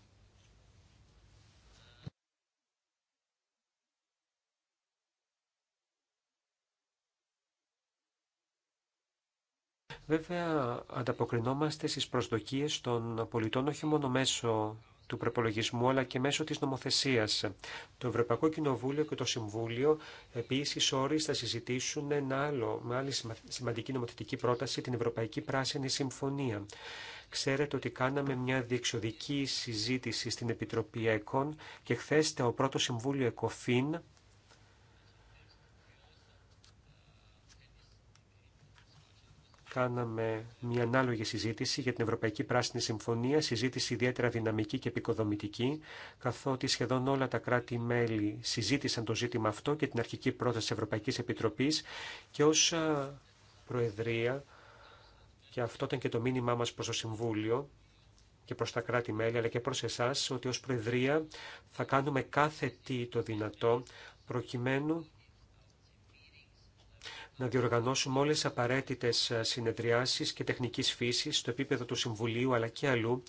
Βέβαια, ανταποκρινόμαστε στις προσδοκίες των πολιτών όχι μόνο μέσω του προπολογισμού αλλά και μέσω της νομοθεσίας. Το Ευρωπαϊκό Κοινοβούλιο και το Συμβούλιο επίσης όρει θα συζητήσουν ένα άλλο, με άλλη σημαντική νομοθετική πρόταση, την Ευρωπαϊκή Πράσινη Συμφωνία. Ξέρετε ότι κάναμε μια διεξοδική συζήτηση στην Επιτροπή ΕΚΟΝ και χθε το πρώτο Συμβούλιο ΕΚΟΦΗΝ κάναμε μια ανάλογη συζήτηση για την Ευρωπαϊκή Πράσινη Συμφωνία, συζήτηση ιδιαίτερα δυναμική και επικοδομητική, καθότι σχεδόν όλα τα κράτη-μέλη συζήτησαν το ζήτημα αυτό και την αρχική πρόταση της Ευρωπαϊκής Επιτροπής και ως Προεδρία, και αυτό ήταν και το μήνυμά μας προς το Συμβούλιο, και προς τα κράτη-μέλη, αλλά και προς εσάς, ότι ως Προεδρία θα κάνουμε κάθε τι το δυνατό, προκειμένου να διοργανώσουμε όλες τις απαραίτητες ε, συνεδριάσεις και τεχνικής φύσης στο επίπεδο του Συμβουλίου αλλά και αλλού,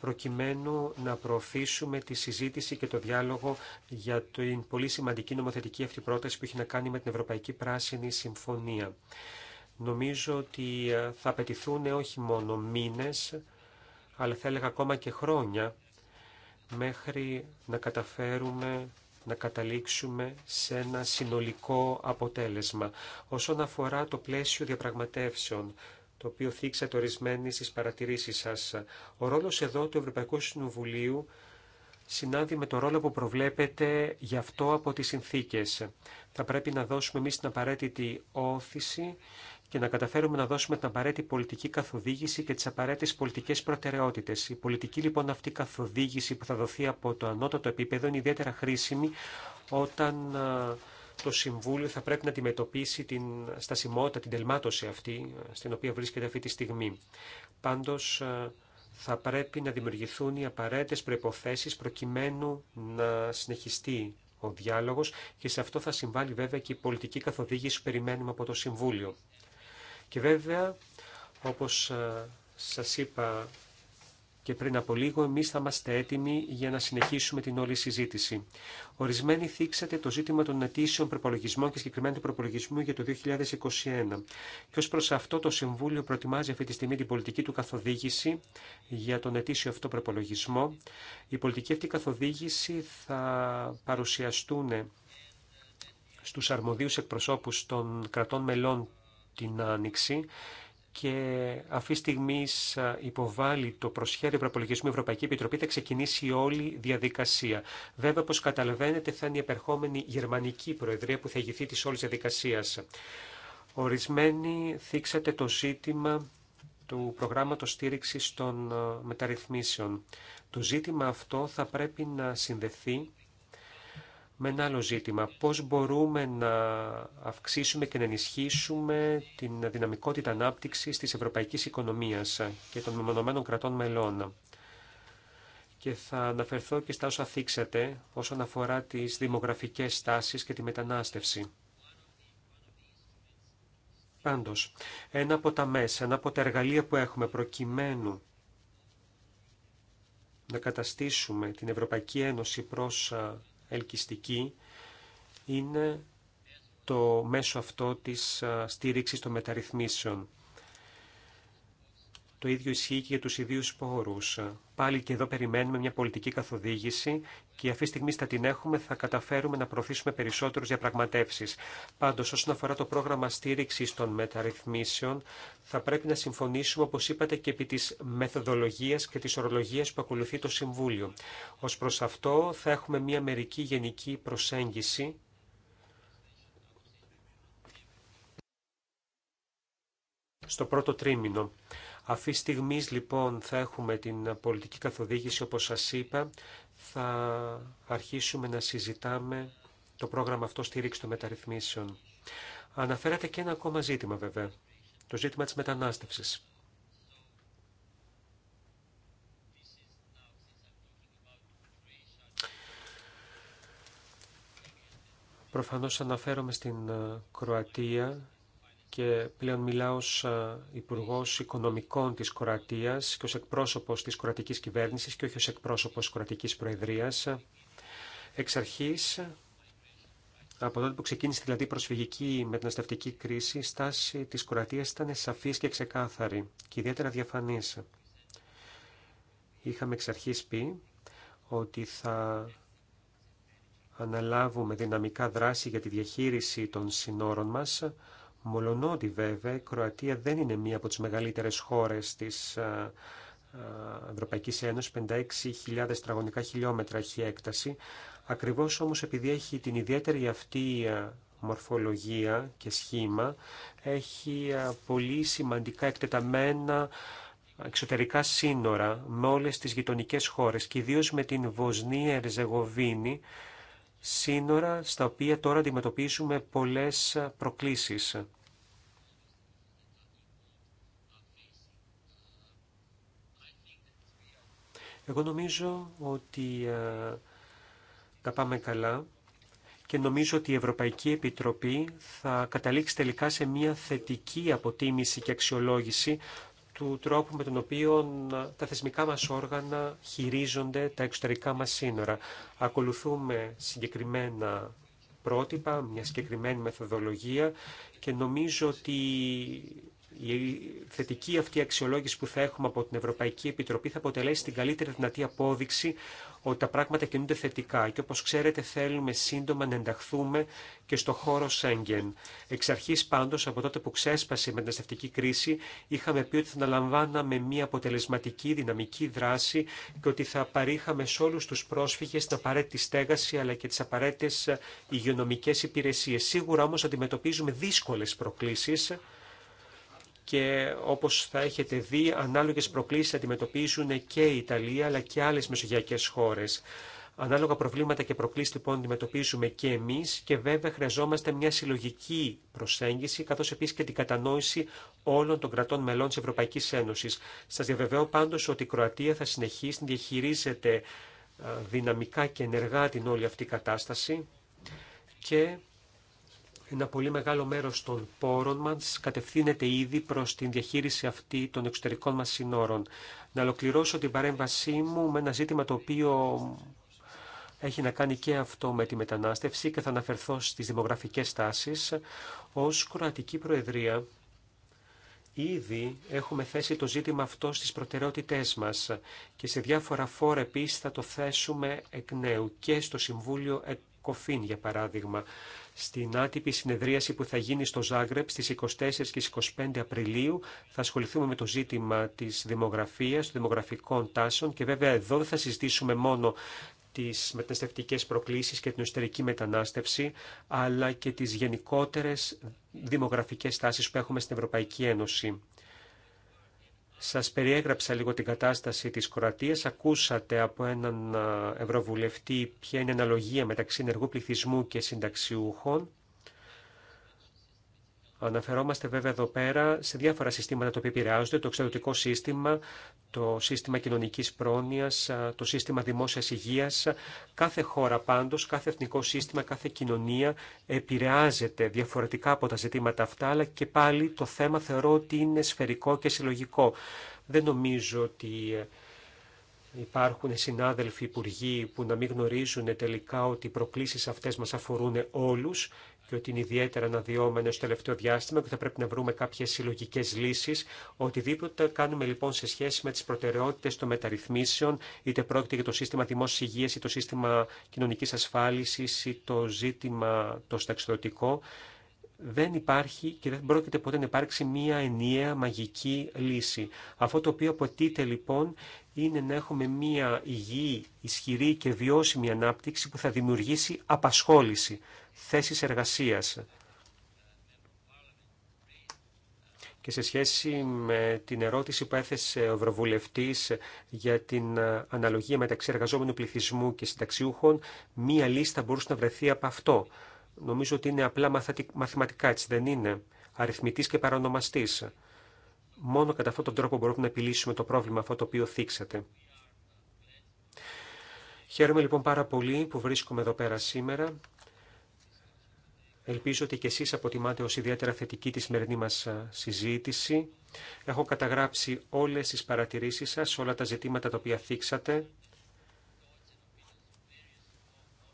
προκειμένου να προωθήσουμε τη συζήτηση και το διάλογο για την πολύ σημαντική νομοθετική αυτή πρόταση που έχει να κάνει με την Ευρωπαϊκή Πράσινη Συμφωνία. Νομίζω ότι ε, θα απαιτηθούν όχι μόνο μήνες, αλλά θα έλεγα ακόμα και χρόνια μέχρι να καταφέρουμε να καταλήξουμε σε ένα συνολικό αποτέλεσμα. Όσον αφορά το πλαίσιο διαπραγματεύσεων, το οποίο θίξατε ορισμένοι στις παρατηρήσεις σας, ο ρόλος εδώ του Ευρωπαϊκού Συνοβουλίου συνάδει με το ρόλο που προβλέπετε γι' αυτό από τις συνθήκες. Θα πρέπει να δώσουμε εμεί την απαραίτητη όθηση και να καταφέρουμε να δώσουμε την απαραίτητη πολιτική καθοδήγηση και τι απαραίτητε πολιτικέ προτεραιότητε. Η πολιτική λοιπόν αυτή καθοδήγηση που θα δοθεί από το ανώτατο επίπεδο είναι ιδιαίτερα χρήσιμη όταν το Συμβούλιο θα πρέπει να αντιμετωπίσει την στασιμότητα, την τελμάτωση αυτή στην οποία βρίσκεται αυτή τη στιγμή. Πάντως θα πρέπει να δημιουργηθούν οι απαραίτητε προϋποθέσεις προκειμένου να συνεχιστεί ο διάλογος και σε αυτό θα συμβάλλει βέβαια και η πολιτική καθοδήγηση που περιμένουμε από το Συμβούλιο. Και βέβαια, όπως ε, σας είπα και πριν από λίγο, εμείς θα είμαστε έτοιμοι για να συνεχίσουμε την όλη συζήτηση. Ορισμένοι θίξατε το ζήτημα των αιτήσεων προπολογισμών και συγκεκριμένα του προπολογισμού για το 2021. Και ως προς αυτό το Συμβούλιο προετοιμάζει αυτή τη στιγμή την πολιτική του καθοδήγηση για τον αιτήσιο αυτό προπολογισμό. Η πολιτική αυτή καθοδήγηση θα παρουσιαστούν στους αρμοδίους εκπροσώπους των κρατών μελών την Άνοιξη και αυτή τη στιγμή υποβάλλει το προσχέδιο προπολογισμού Ευρωπαϊκή Επιτροπή, θα ξεκινήσει όλη η διαδικασία. Βέβαια, όπω καταλαβαίνετε, θα είναι η επερχόμενη Γερμανική Προεδρία που θα ηγηθεί τη όλη διαδικασία. Ορισμένοι θίξατε το ζήτημα του προγράμματος στήριξης των μεταρρυθμίσεων. Το ζήτημα αυτό θα πρέπει να συνδεθεί με ένα άλλο ζήτημα. Πώς μπορούμε να αυξήσουμε και να ενισχύσουμε την δυναμικότητα ανάπτυξης της ευρωπαϊκής οικονομίας και των μεμονωμένων κρατών μελών. Και θα αναφερθώ και στα όσα θίξατε όσον αφορά τις δημογραφικές στάσεις και τη μετανάστευση. Πάντως, ένα από τα μέσα, ένα από τα εργαλεία που έχουμε προκειμένου να καταστήσουμε την Ευρωπαϊκή Ένωση προς ελκυστική είναι το μέσο αυτό της ε, στήριξης των μεταρρυθμίσεων. Το ίδιο ισχύει και για του ιδίου σπόρου. Πάλι και εδώ περιμένουμε μια πολιτική καθοδήγηση και αυτή τη στιγμή θα την έχουμε θα καταφέρουμε να προωθήσουμε περισσότερου διαπραγματεύσει. Πάντω, όσον αφορά το πρόγραμμα στήριξη των μεταρρυθμίσεων θα πρέπει να συμφωνήσουμε όπω είπατε και επί τη μεθοδολογία και τη ορολογία που ακολουθεί το Συμβούλιο. Ω προ αυτό θα έχουμε μια μερική γενική προσέγγιση στο πρώτο τρίμηνο. Αυτή τη στιγμή λοιπόν θα έχουμε την πολιτική καθοδήγηση όπως σας είπα. Θα αρχίσουμε να συζητάμε το πρόγραμμα αυτό στηρίξη των μεταρρυθμίσεων. Αναφέρατε και ένα ακόμα ζήτημα βέβαια. Το ζήτημα της μετανάστευσης. Προφανώς αναφέρομαι στην ε, Κροατία και πλέον μιλάω ως υπουργό Οικονομικών της Κορατίας και ως εκπρόσωπος της κορατικής κυβέρνησης και όχι ως εκπρόσωπος της κορατικής προεδρίας. Εξ αρχής, από τότε που ξεκίνησε δηλαδή η προσφυγική μεταναστευτική κρίση, η στάση της Κορατίας ήταν σαφής και ξεκάθαρη και ιδιαίτερα διαφανής. Είχαμε εξ αρχής πει ότι θα αναλάβουμε δυναμικά δράση για τη διαχείριση των συνόρων μας, Μολονότι βέβαια η Κροατία δεν είναι μία από τις μεγαλύτερες χώρες της ε, ε, Ευρωπαϊκής Ένωσης, 56.000 τετραγωνικά χιλιόμετρα έχει έκταση. Ακριβώς όμως επειδή έχει την ιδιαίτερη αυτή ε, μορφολογία και σχήμα, έχει πολύ σημαντικά εκτεταμένα εξωτερικά σύνορα με όλες τις γειτονικές χώρες και ιδίως με την Βοσνία Ερζεγοβίνη σύνορα στα οποία τώρα αντιμετωπίζουμε πολλές προκλήσεις. Εγώ νομίζω ότι ε, τα πάμε καλά και νομίζω ότι η Ευρωπαϊκή Επιτροπή θα καταλήξει τελικά σε μια θετική αποτίμηση και αξιολόγηση του τρόπου με τον οποίο ε, τα θεσμικά μας όργανα χειρίζονται τα εξωτερικά μας σύνορα. Ακολουθούμε συγκεκριμένα πρότυπα, μια συγκεκριμένη μεθοδολογία και νομίζω ότι η θετική αυτή αξιολόγηση που θα έχουμε από την Ευρωπαϊκή Επιτροπή θα αποτελέσει την καλύτερη δυνατή απόδειξη ότι τα πράγματα κινούνται θετικά και όπως ξέρετε θέλουμε σύντομα να ενταχθούμε και στο χώρο Σέγγεν. Εξ αρχής πάντως από τότε που ξέσπασε η μεταναστευτική κρίση είχαμε πει ότι θα αναλαμβάναμε μια αποτελεσματική δυναμική δράση και ότι θα παρήχαμε σε όλους τους πρόσφυγες την απαραίτητη στέγαση αλλά και τις απαραίτητες υγειονομικές υπηρεσίες. Σίγουρα όμως αντιμετωπίζουμε δύσκολες προκλήσεις και όπως θα έχετε δει ανάλογες προκλήσεις αντιμετωπίζουν και η Ιταλία αλλά και άλλες μεσογειακές χώρες. Ανάλογα προβλήματα και προκλήσεις λοιπόν αντιμετωπίζουμε και εμείς και βέβαια χρειαζόμαστε μια συλλογική προσέγγιση καθώς επίσης και την κατανόηση όλων των κρατών μελών της Ευρωπαϊκής Ένωσης. Σας διαβεβαιώ πάντως ότι η Κροατία θα συνεχίσει να διαχειρίζεται δυναμικά και ενεργά την όλη αυτή κατάσταση και ένα πολύ μεγάλο μέρος των πόρων μας κατευθύνεται ήδη προς την διαχείριση αυτή των εξωτερικών μας συνόρων. Να ολοκληρώσω την παρέμβασή μου με ένα ζήτημα το οποίο έχει να κάνει και αυτό με τη μετανάστευση και θα αναφερθώ στις δημογραφικές τάσεις. Ως Κροατική Προεδρία Ήδη έχουμε θέσει το ζήτημα αυτό στις προτεραιότητές μας και σε διάφορα φόρα επίσης θα το θέσουμε εκ νέου και στο Συμβούλιο Κοφίν, για παράδειγμα, στην άτυπη συνεδρίαση που θα γίνει στο Ζάγκρεπ στις 24 και 25 Απριλίου θα ασχοληθούμε με το ζήτημα της δημογραφίας, των δημογραφικών τάσεων και βέβαια εδώ δεν θα συζητήσουμε μόνο τις μεταναστευτικές προκλήσεις και την εσωτερική μετανάστευση, αλλά και τις γενικότερες δημογραφικές τάσεις που έχουμε στην Ευρωπαϊκή Ένωση. Σας περιέγραψα λίγο την κατάσταση της Κροατίας. Ακούσατε από έναν ε, Ευρωβουλευτή ποια είναι η αναλογία μεταξύ ενεργού πληθυσμού και συνταξιούχων. Αναφερόμαστε βέβαια εδώ πέρα σε διάφορα συστήματα τα οποία επηρεάζονται, το εξαιρετικό σύστημα, το σύστημα κοινωνικής πρόνοιας, το σύστημα δημόσιας υγείας. Κάθε χώρα πάντως, κάθε εθνικό σύστημα, κάθε κοινωνία επηρεάζεται διαφορετικά από τα ζητήματα αυτά, αλλά και πάλι το θέμα θεωρώ ότι είναι σφαιρικό και συλλογικό. Δεν νομίζω ότι ε, Υπάρχουν συνάδελφοι υπουργοί που να μην γνωρίζουν τελικά ότι οι προκλήσεις αυτές μας αφορούν όλους και ότι είναι ιδιαίτερα αναδυόμενο στο τελευταίο διάστημα και θα πρέπει να βρούμε κάποιε συλλογικέ λύσει. Οτιδήποτε κάνουμε λοιπόν σε σχέση με τι προτεραιότητε των μεταρρυθμίσεων, είτε πρόκειται για το σύστημα δημόσια υγεία ή το σύστημα κοινωνική ασφάλιση ή το ζήτημα το σταξιδοτικό, δεν υπάρχει και δεν πρόκειται ποτέ να υπάρξει μία ενιαία μαγική λύση. Αυτό το οποίο αποτείται λοιπόν είναι να έχουμε μία υγιή, ισχυρή και βιώσιμη ανάπτυξη που θα δημιουργήσει απασχόληση, θέσεις εργασίας. Και σε σχέση με την ερώτηση που έθεσε ο Ευρωβουλευτή για την αναλογία μεταξύ εργαζόμενου πληθυσμού και συνταξιούχων, μία θα μπορούσε να βρεθεί από αυτό. Νομίζω ότι είναι απλά μαθηματικά, έτσι δεν είναι. Αριθμητής και παρονομαστής. Μόνο κατά αυτόν τον τρόπο μπορούμε να επιλύσουμε το πρόβλημα αυτό το οποίο θίξατε. Χαίρομαι λοιπόν πάρα πολύ που βρίσκομαι εδώ πέρα σήμερα. Ελπίζω ότι και εσείς αποτιμάτε ως ιδιαίτερα θετική τη σημερινή μας συζήτηση. Έχω καταγράψει όλες τις παρατηρήσεις σας, όλα τα ζητήματα τα οποία θίξατε.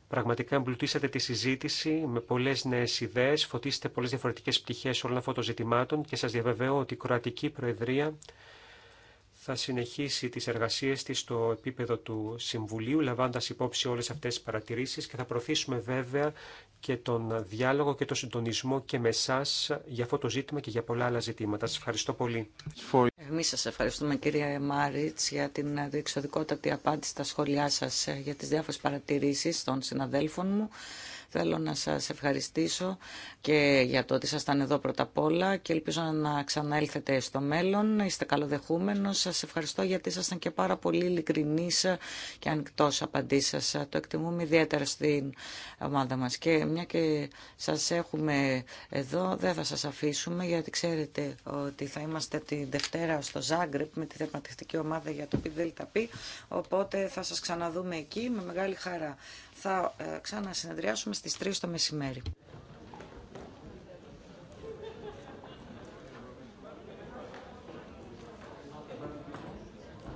Πραγματικά εμπλουτίσατε τη συζήτηση με πολλέ νέε ιδέε, φωτίσετε πολλέ διαφορετικέ πτυχέ όλων αυτών των ζητημάτων και σα διαβεβαιώ ότι η Κροατική Προεδρία θα συνεχίσει τις εργασίες της στο επίπεδο του Συμβουλίου, λαμβάνοντας υπόψη όλες αυτές τις παρατηρήσεις και θα προωθήσουμε βέβαια και τον διάλογο και τον συντονισμό και με εσά για αυτό το ζήτημα και για πολλά άλλα ζητήματα. Σας ευχαριστώ πολύ. Εμεί σα ευχαριστούμε κυρία Μάριτ για την διεξοδικότατη απάντηση στα σχόλιά σα ε, για τι διάφορε παρατηρήσει των συναδέλφων μου. Θέλω να σας ευχαριστήσω και για το ότι ήσασταν εδώ πρώτα απ' όλα και ελπίζω να ξαναέλθετε στο μέλλον. Είστε καλοδεχούμενος. Σας ευχαριστώ γιατί ήσασταν και πάρα πολύ ειλικρινείς και ανοιχτός απαντής σας. Το εκτιμούμε ιδιαίτερα στην ομάδα μας. Και μια και σας έχουμε εδώ, δεν θα σας αφήσουμε γιατί ξέρετε ότι θα είμαστε τη Δευτέρα στο Ζάγκρεπ με τη θερματιστική ομάδα για το ΠΙΔΕΛΤΑΠΗ. Οπότε θα σας ξαναδούμε εκεί με μεγάλη χαρά. Θα ε, ξανασυνεδριάσουμε στις 3 το μεσημέρι.